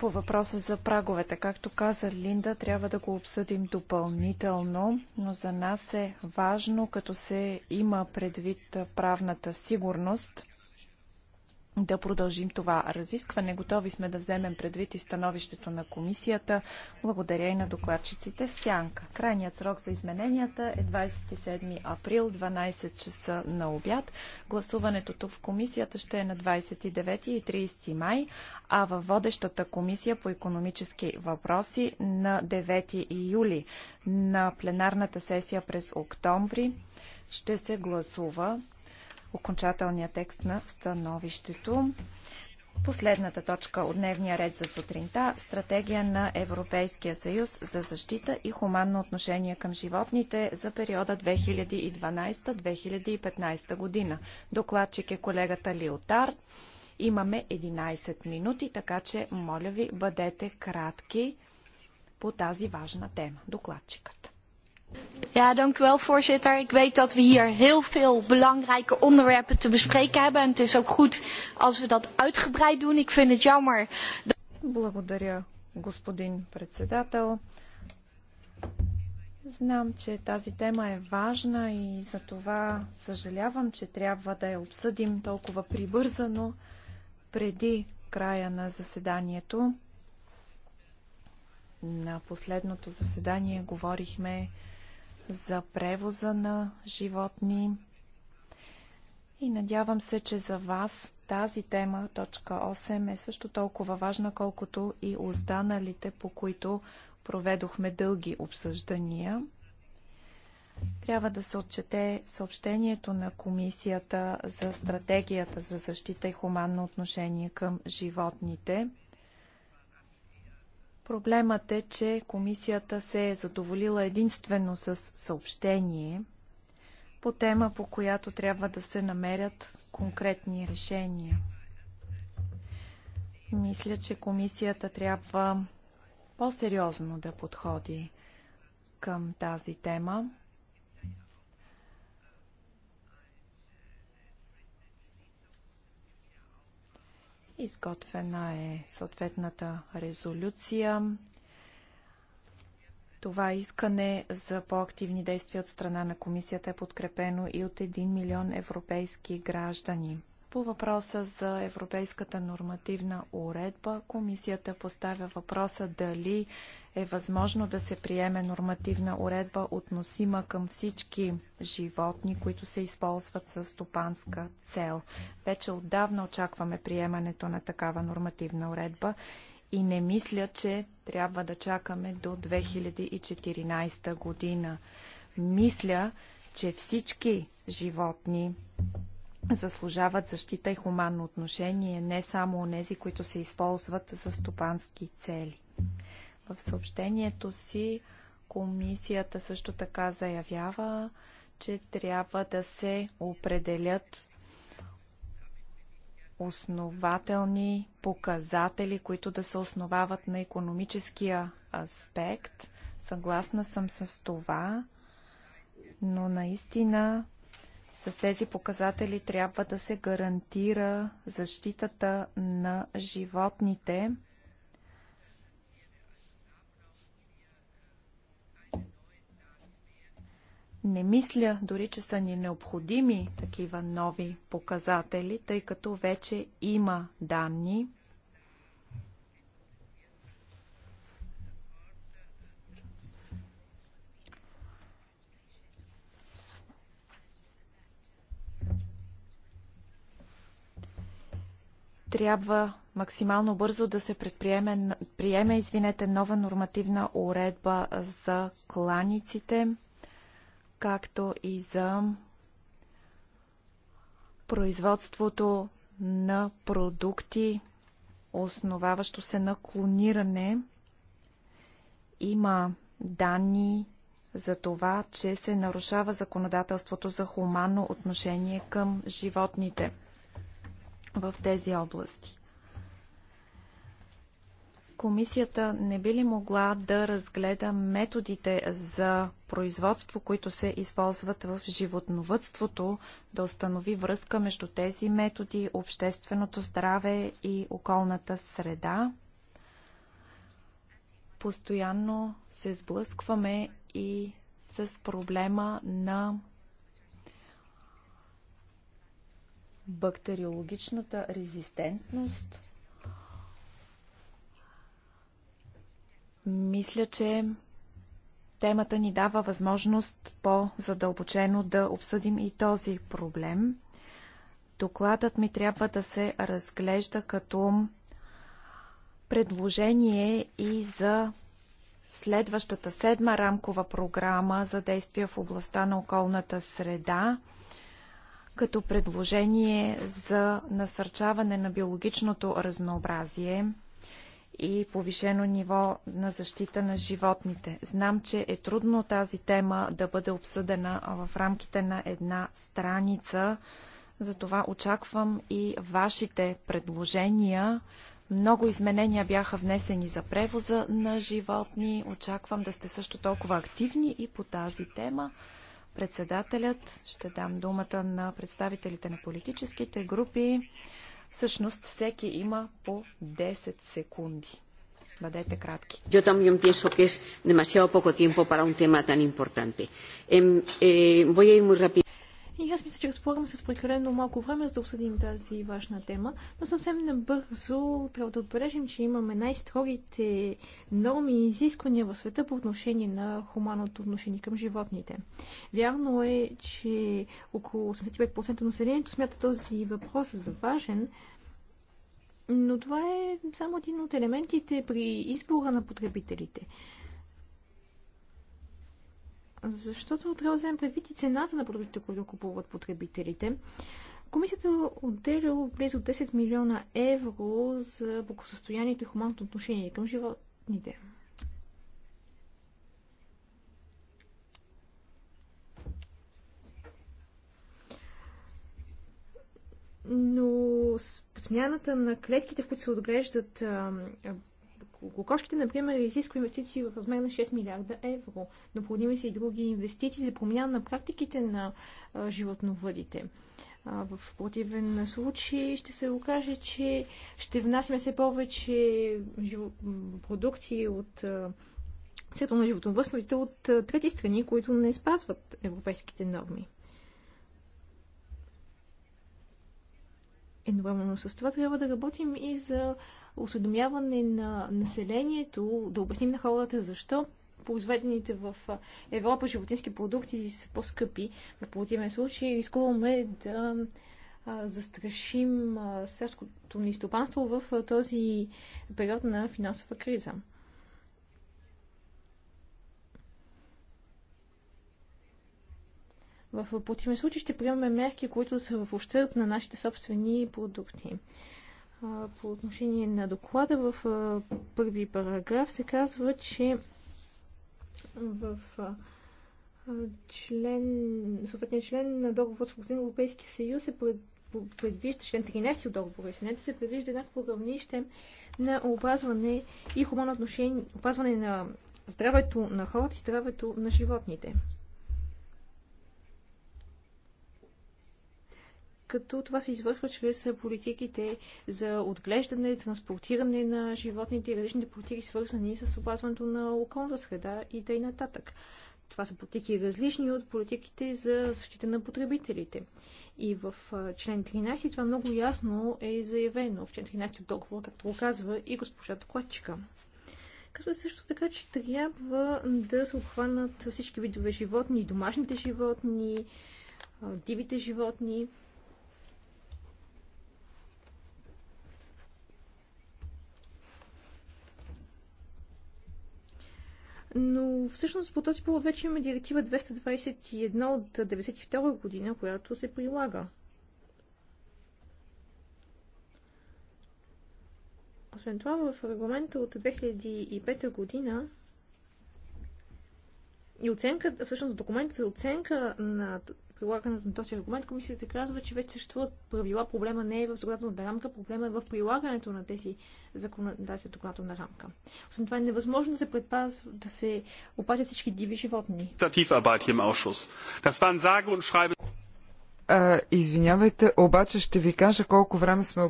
По въпроса за праговете, както каза Линда, трябва да го обсъдим допълнително, но за нас е важно, като се има предвид правната сигурност, да продължим това разискване. Готови сме да вземем предвид и становището на комисията. Благодаря и на докладчиците в Сянка. Крайният срок за измененията е 27 април, 12 часа на обяд. Гласуването тук в комисията ще е на 29 и 30 май, а във водещата комисия по економически въпроси на 9 юли на пленарната сесия през октомври ще се гласува окончателния текст на становището. Последната точка от дневния ред за сутринта – стратегия на Европейския съюз за защита и хуманно отношение към животните за периода 2012-2015 година. Докладчик е колегата Лиотар. Имаме 11 минути, така че моля ви бъдете кратки по тази важна тема. Докладчикът. Ja, dank u wel, voorzitter. Ik weet dat we hier heel veel belangrijke onderwerpen te bespreken hebben. En het is ook goed als we dat uitgebreid doen. Ik vind het jammer. Благодаря, господин председател. Знам, че тази тема е важна и за това съжалявам, че трябва да я обсъдим толкова прибързано преди края на заседанието. На последното заседание говорихме за превоза на животни. И надявам се, че за вас тази тема, точка 8, е също толкова важна, колкото и останалите, по които проведохме дълги обсъждания. Трябва да се отчете съобщението на Комисията за стратегията за защита и хуманно отношение към животните – Проблемът е, че комисията се е задоволила единствено с съобщение по тема, по която трябва да се намерят конкретни решения. Мисля, че комисията трябва по-сериозно да подходи към тази тема. Изготвена е съответната резолюция. Това искане за по-активни действия от страна на комисията е подкрепено и от 1 милион европейски граждани. По въпроса за европейската нормативна уредба, комисията поставя въпроса дали е възможно да се приеме нормативна уредба относима към всички животни, които се използват с стопанска цел. Вече отдавна очакваме приемането на такава нормативна уредба и не мисля, че трябва да чакаме до 2014 година. Мисля, че всички животни, заслужават защита и хуманно отношение, не само онези, които се използват за стопански цели. В съобщението си комисията също така заявява, че трябва да се определят основателни показатели, които да се основават на економическия аспект. Съгласна съм с това, но наистина с тези показатели трябва да се гарантира защитата на животните. Не мисля дори, че са ни необходими такива нови показатели, тъй като вече има данни, трябва максимално бързо да се предприеме приеме, извинете, нова нормативна уредба за кланиците, както и за производството на продукти, основаващо се на клониране. Има данни за това, че се нарушава законодателството за хуманно отношение към животните – в тези области. Комисията не би ли могла да разгледа методите за производство, които се използват в животновътството, да установи връзка между тези методи, общественото здраве и околната среда? Постоянно се сблъскваме и с проблема на бактериологичната резистентност. Мисля, че темата ни дава възможност по-задълбочено да обсъдим и този проблем. Докладът ми трябва да се разглежда като предложение и за следващата седма рамкова програма за действия в областта на околната среда – като предложение за насърчаване на биологичното разнообразие и повишено ниво на защита на животните. Знам, че е трудно тази тема да бъде обсъдена в рамките на една страница, затова очаквам и вашите предложения. Много изменения бяха внесени за превоза на животни. Очаквам да сте също толкова активни и по тази тема. Председателят ще дам думата на представителите на политическите групи. Всъщност всеки има по 10 секунди. Бъдете кратки. Yo también pienso que es demasiado poco tiempo para un tema tan importante. Eh, eh, voy a ir muy rápido. И аз мисля, че разполагам с прекалено малко време, за да обсъдим тази важна тема, но съвсем набързо трябва да отбележим, че имаме най-строгите норми и изисквания в света по отношение на хуманното отношение към животните. Вярно е, че около 85% от населението смята този въпрос за важен, но това е само един от елементите при избора на потребителите защото трябва да вземем предвид и цената на продуктите, които купуват потребителите. Комисията е отделя близо 10 милиона евро за благосъстоянието и хуманното отношение към животните. но смяната на клетките, в които се отглеждат Кокошките, например, изисква инвестиции в размер на 6 милиарда евро. Необходими са и други инвестиции за промяна на практиките на животновъдите. В противен случай ще се окаже, че ще внасяме все повече продукти от сектор на животновъдството от трети страни, които не спазват европейските норми. Едновременно с това трябва да работим и за осведомяване на населението, да обясним на хората защо произведените в Европа животински продукти са по-скъпи. В противен случай рискуваме да застрашим селското ни стопанство в този период на финансова криза. В противен случай ще приемаме мерки, които са в ущърп на нашите собствени продукти по отношение на доклада в първи параграф се казва, че в член, съответния член на договор с Европейския съюз се пред, предвижда, член 13 от договора, извинете, се предвижда еднакво равнище на опазване и хуманно отношение, опазване на здравето на хората и здравето на животните. като това се извършва чрез политиките за отглеждане, транспортиране на животните и различните политики, свързани с опазването на околната среда и т.н. нататък. Това са политики различни от политиките за защита на потребителите. И в член 13 това много ясно е заявено. В член 13 от договора, както го казва и госпожа докладчика. Казва също така, че трябва да се обхванат всички видове животни, домашните животни, дивите животни, но всъщност по този повод вече има директива 221 от 1992 година, която се прилага. Освен това, в регламента от 2005 година и оценка, всъщност документ за оценка на прилагането на този аргумент, комисията казва, че вече съществуват правила. Проблема не е в законодателната рамка, проблема е в прилагането на тези законодателна рамка. Освен това е невъзможно да се, предпаз, да се опазят всички диви животни. Извинявайте, обаче ще ви кажа колко време сме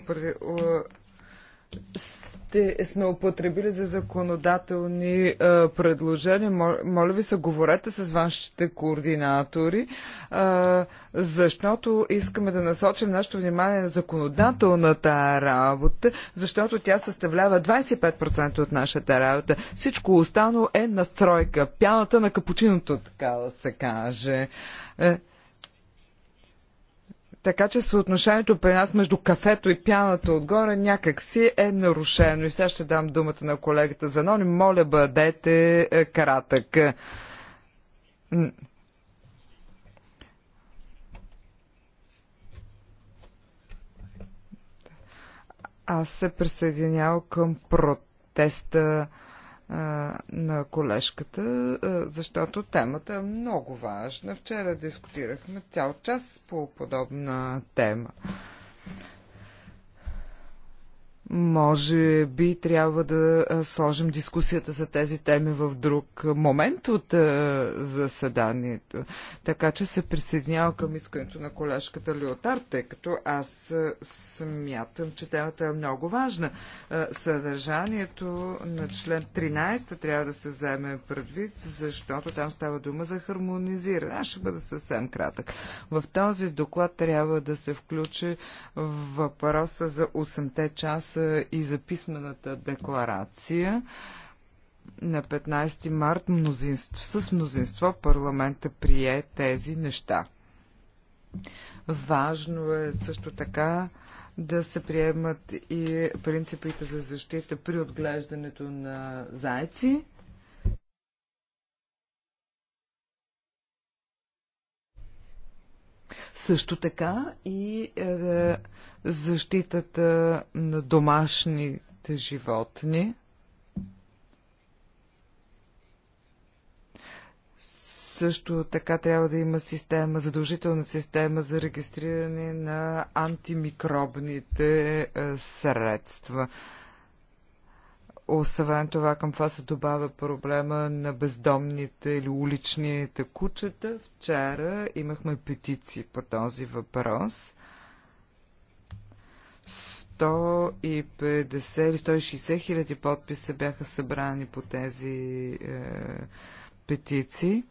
сте, сме употребили за законодателни е, предложения. Моля ви се, говорете с вашите координатори, е, защото искаме да насочим нашето внимание на законодателната работа, защото тя съставлява 25% от нашата работа. Всичко останало е настройка, пяната на капучиното, така да се каже. Е, така че съотношението при нас между кафето и пяната отгоре някак си е нарушено. И сега ще дам думата на колегата Занони. Моля, бъдете е, кратък. Аз се присъединявам към протеста на колежката, защото темата е много важна. Вчера дискутирахме цял час по подобна тема. Може би трябва да сложим дискусията за тези теми в друг момент от заседанието. Така че се присъединява към искането на колежката Леотар, тъй като аз смятам, че темата е много важна. Съдържанието на член 13 трябва да се вземе предвид, защото там става дума за хармонизиране. Аз ще бъда съвсем кратък. В този доклад трябва да се включи въпроса за 8 часа е, и за писмената декларация на 15 март мнозинство, с мнозинство парламента прие тези неща. Важно е също така да се приемат и принципите за защита при отглеждането на зайци. Също така и е, защитата на домашните животни. Също така трябва да има система, задължителна система за регистриране на антимикробните е, средства. Освен това, към това се добавя проблема на бездомните или уличните кучета. Вчера имахме петиции по този въпрос. 150 или 160 хиляди подписа бяха събрани по тези е, петиции.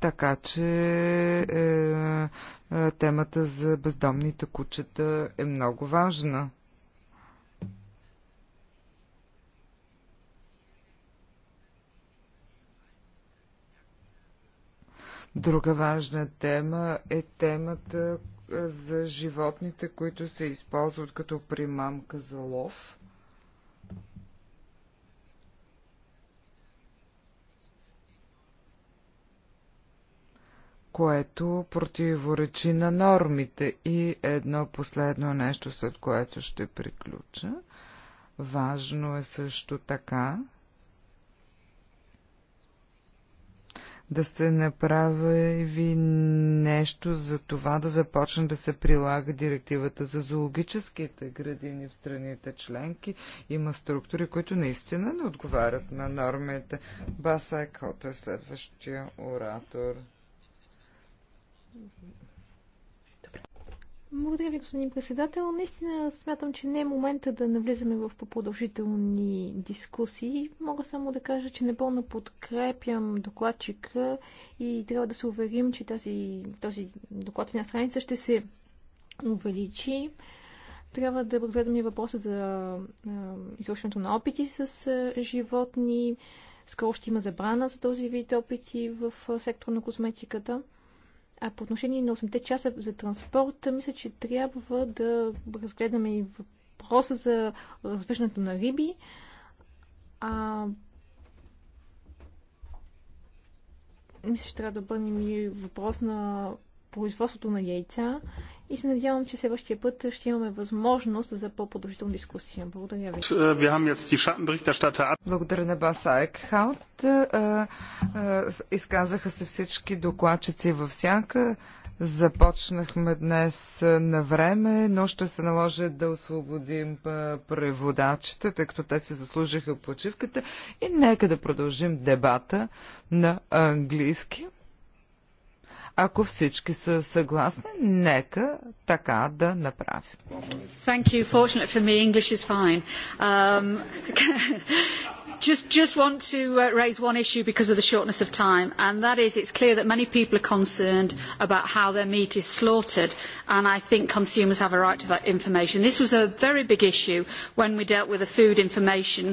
Така че е, е, темата за бездомните кучета е много важна. Друга важна тема е темата е, за животните, които се използват като примамка за лов. което противоречи на нормите. И едно последно нещо, след което ще приключа. Важно е също така да се направи ви нещо за това да започне да се прилага директивата за зоологическите градини в страните членки. Има структури, които наистина не отговарят на нормите. БАСА е следващия оратор. Благодаря ви, господин председател. Наистина смятам, че не е момента да навлизаме в по-продължителни дискусии. Мога само да кажа, че непълно подкрепям докладчика и трябва да се уверим, че тази, този доклад на страница ще се увеличи трябва да разгледаме въпроса за извършването на опити с животни. Скоро ще има забрана за този вид опити в сектора на косметиката. А по отношение на 8 часа за транспорта, мисля, че трябва да разгледаме и въпроса за развъждането на риби. А... Мисля, че трябва да бъдем и въпрос на производството на яйца и се надявам, че следващия път ще имаме възможност за по-продължителна дискусия. Благодаря ви. Äh, Благодаря на Баса Екхаут. Е, е, изказаха се всички докладчици във всяка. Започнахме днес е, на време, но ще се наложи да освободим преводачите, тъй като те се заслужиха почивката. И нека да продължим дебата на английски. Ако всички са съгласни, нека така да направим. Thank you. Fortunately for me, English is fine. Um, just, just want to raise one issue because of the shortness of time, and that is it's clear that many people are concerned about how their meat is slaughtered, and I think consumers have a right to that information. This was a very big issue when we dealt with the food information,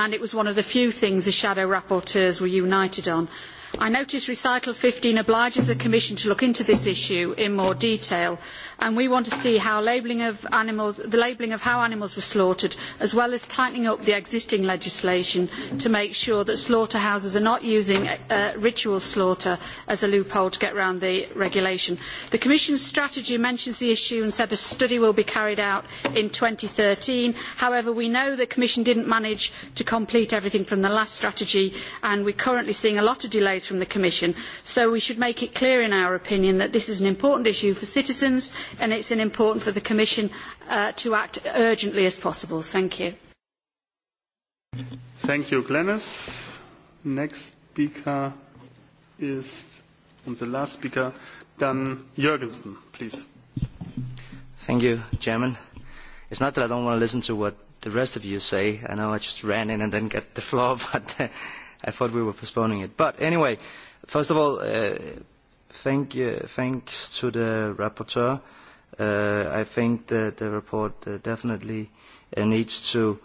and it was one of the few things the shadow rapporteurs were united on I notice recital fifteen obliges the Commission to look into this issue in more detail and we want to see how labelling of animals, the labelling of how animals were slaughtered, as well as tightening up the existing legislation to make sure that slaughterhouses are not using ritual slaughter as a loophole to get around the regulation. The Commission's strategy mentions the issue and said a study will be carried out in thirteen. However, we know the Commission did not manage to complete everything from the last strategy, and we are currently seeing a lot of delays from the Commission. So we should make it clear in our opinion that this is an important issue for citizens and it's important for the Commission to act urgently as possible. Thank you. Thank you, Glenis. Next speaker is, and the last speaker, Dan Jurgensen, please. Thank you, Chairman. It's not that I don't want to listen to what the rest of you say. I know I just ran in and then get the floor, but I thought we were postponing it. But anyway, first of all, uh, thank you, thanks to the rapporteur. I think that the report definitely needs to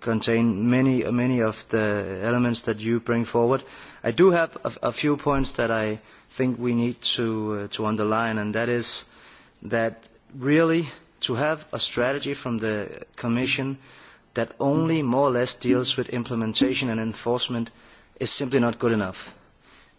contain many, many of the elements that you bring forward. I do have a, few points that I think we need to, underline, and that is that really to have a strategy from the Commission that only more or less deals with implementation and enforcement is simply not good enough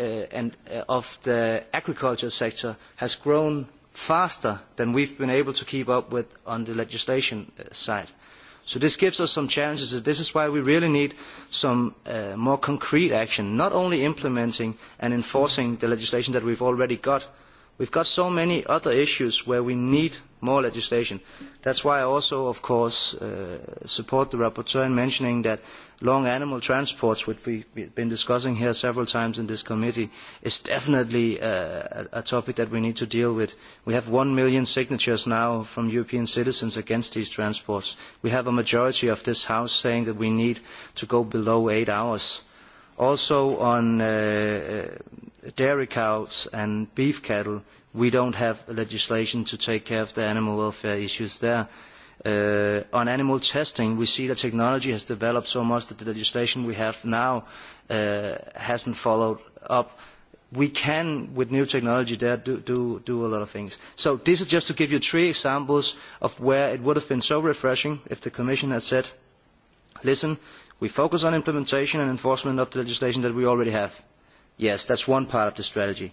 and of the agriculture sector has grown faster than we have been able to keep up with on the legislation side. So this gives us some challenges. This is why we really need some more concrete action, not only implementing and enforcing the legislation that we have already got. We have got so many other issues where we need more legislation. That is why I also, of course, support the rapporteur in mentioning that long animal transports, which we have been discussing here several times in this committee, is definitely a, topic that we need to deal with. We have one million signatures now from European citizens against these transports. We have a majority of this House saying that we need to go below eight hours. Also on dairy cows and beef cattle, we don't have legislation to take care of the animal welfare issues there. on animal testing, we see that technology has developed so much that the legislation we have now has not followed up. We can, with new technology there, do, a lot of things. So this is just to give you three examples of where it would have been so refreshing if the Commission had said, listen, we focus on implementation and enforcement of the legislation that we already have. Yes, that is one part of the strategy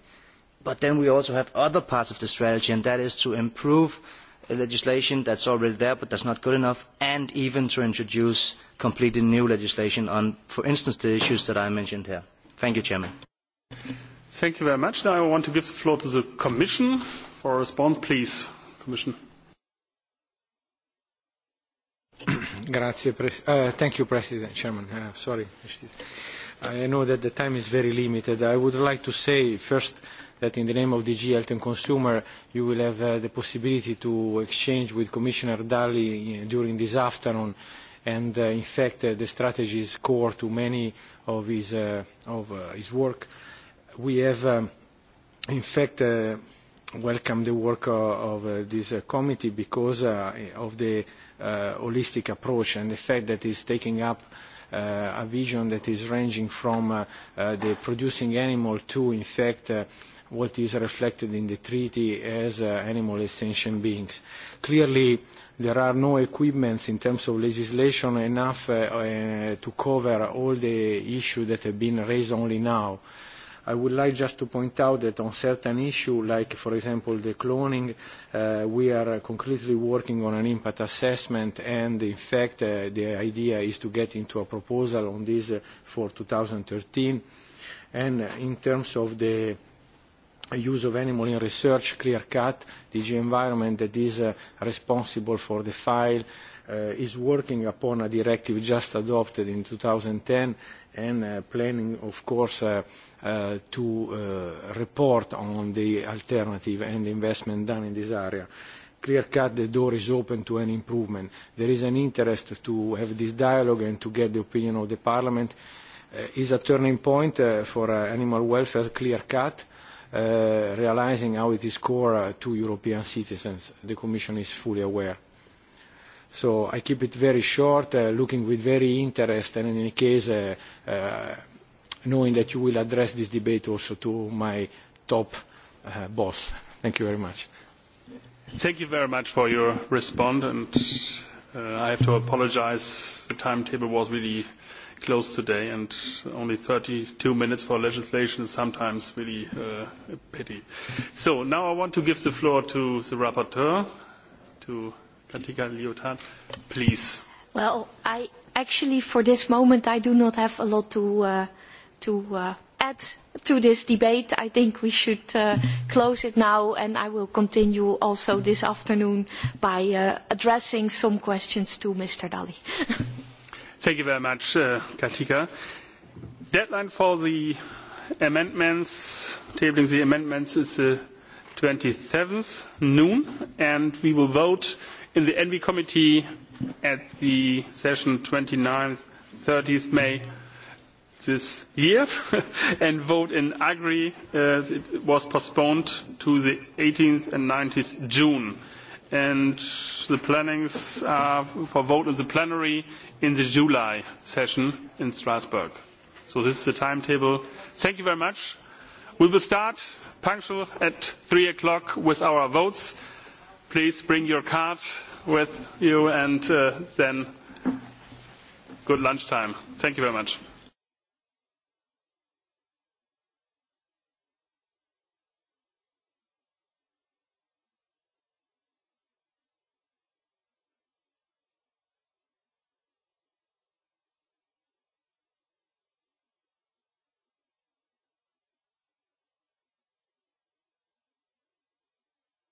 But then we also have other parts of the strategy, and that is to improve legislation that is already there but that is not good enough, and even to introduce completely new legislation on, for instance, the issues that I mentioned here. Thank you, Chairman. Thank you very much. Now I want to give the floor to the Commission for a response, please. Commission. thank you, President, Chairman. Uh, sorry. I know that the time is very limited. I would like to say first that in the name of DG Health and Consumer you will have uh, the possibility to exchange with Commissioner Dalli during this afternoon and uh, in fact uh, the strategy is core to many of his, uh, of, uh, his work. We have um, in fact uh, welcomed the work of uh, this uh, committee because uh, of the uh, holistic approach and the fact that it's taking up uh, a vision that is ranging from uh, uh, the producing animal to in fact uh, what is reflected in the treaty as animal as sentient beings. Clearly, there are no equipments in terms of legislation enough to cover all the issues that have been raised only now. I would like just to point out that on certain issues, like for example the cloning, we are concretely working on an impact assessment and in fact the idea is to get into a proposal on this for thirteen. And in terms of the use of animal in research, clear-cut. DG Environment that is responsible for the file is working upon a directive just adopted in 2010 and planning, of course, to report on the alternative and investment done in this area. Clear-cut, the door is open to an improvement. There is an interest to have this dialogue and to get the opinion of the Parliament. Is a turning point for animal welfare clear-cut realising how it is core to European citizens. The Commission is fully aware. So I keep it very short, looking with very interest, and in any case, knowing that you will address this debate also to my top boss. Thank you very much. Thank you very much for your response, and I have to apologise. The timetable was really close today, and only 32 minutes for legislation is sometimes really a pity. So now I want to give the floor to the rapporteur, to Katika Lyotard. Please. Well, I actually, for this moment, I do not have a lot to to add to this debate. I think we should close it now, and I will continue also this afternoon by addressing some questions to Mr. Dalli. Thank you very much, Katika. Deadline for the amendments, tabling the amendments is the 27th noon, and we will vote in the ENVI committee at the session 29th, 30th May this year and vote in Agri. as It was postponed to the 18th and 19th June and the plannings are for vote in the plenary in the July session in Strasbourg. So this is the timetable. Thank you very much. We will start punctual at three o'clock with our votes. Please bring your cards with you and then good lunchtime. Thank you very much.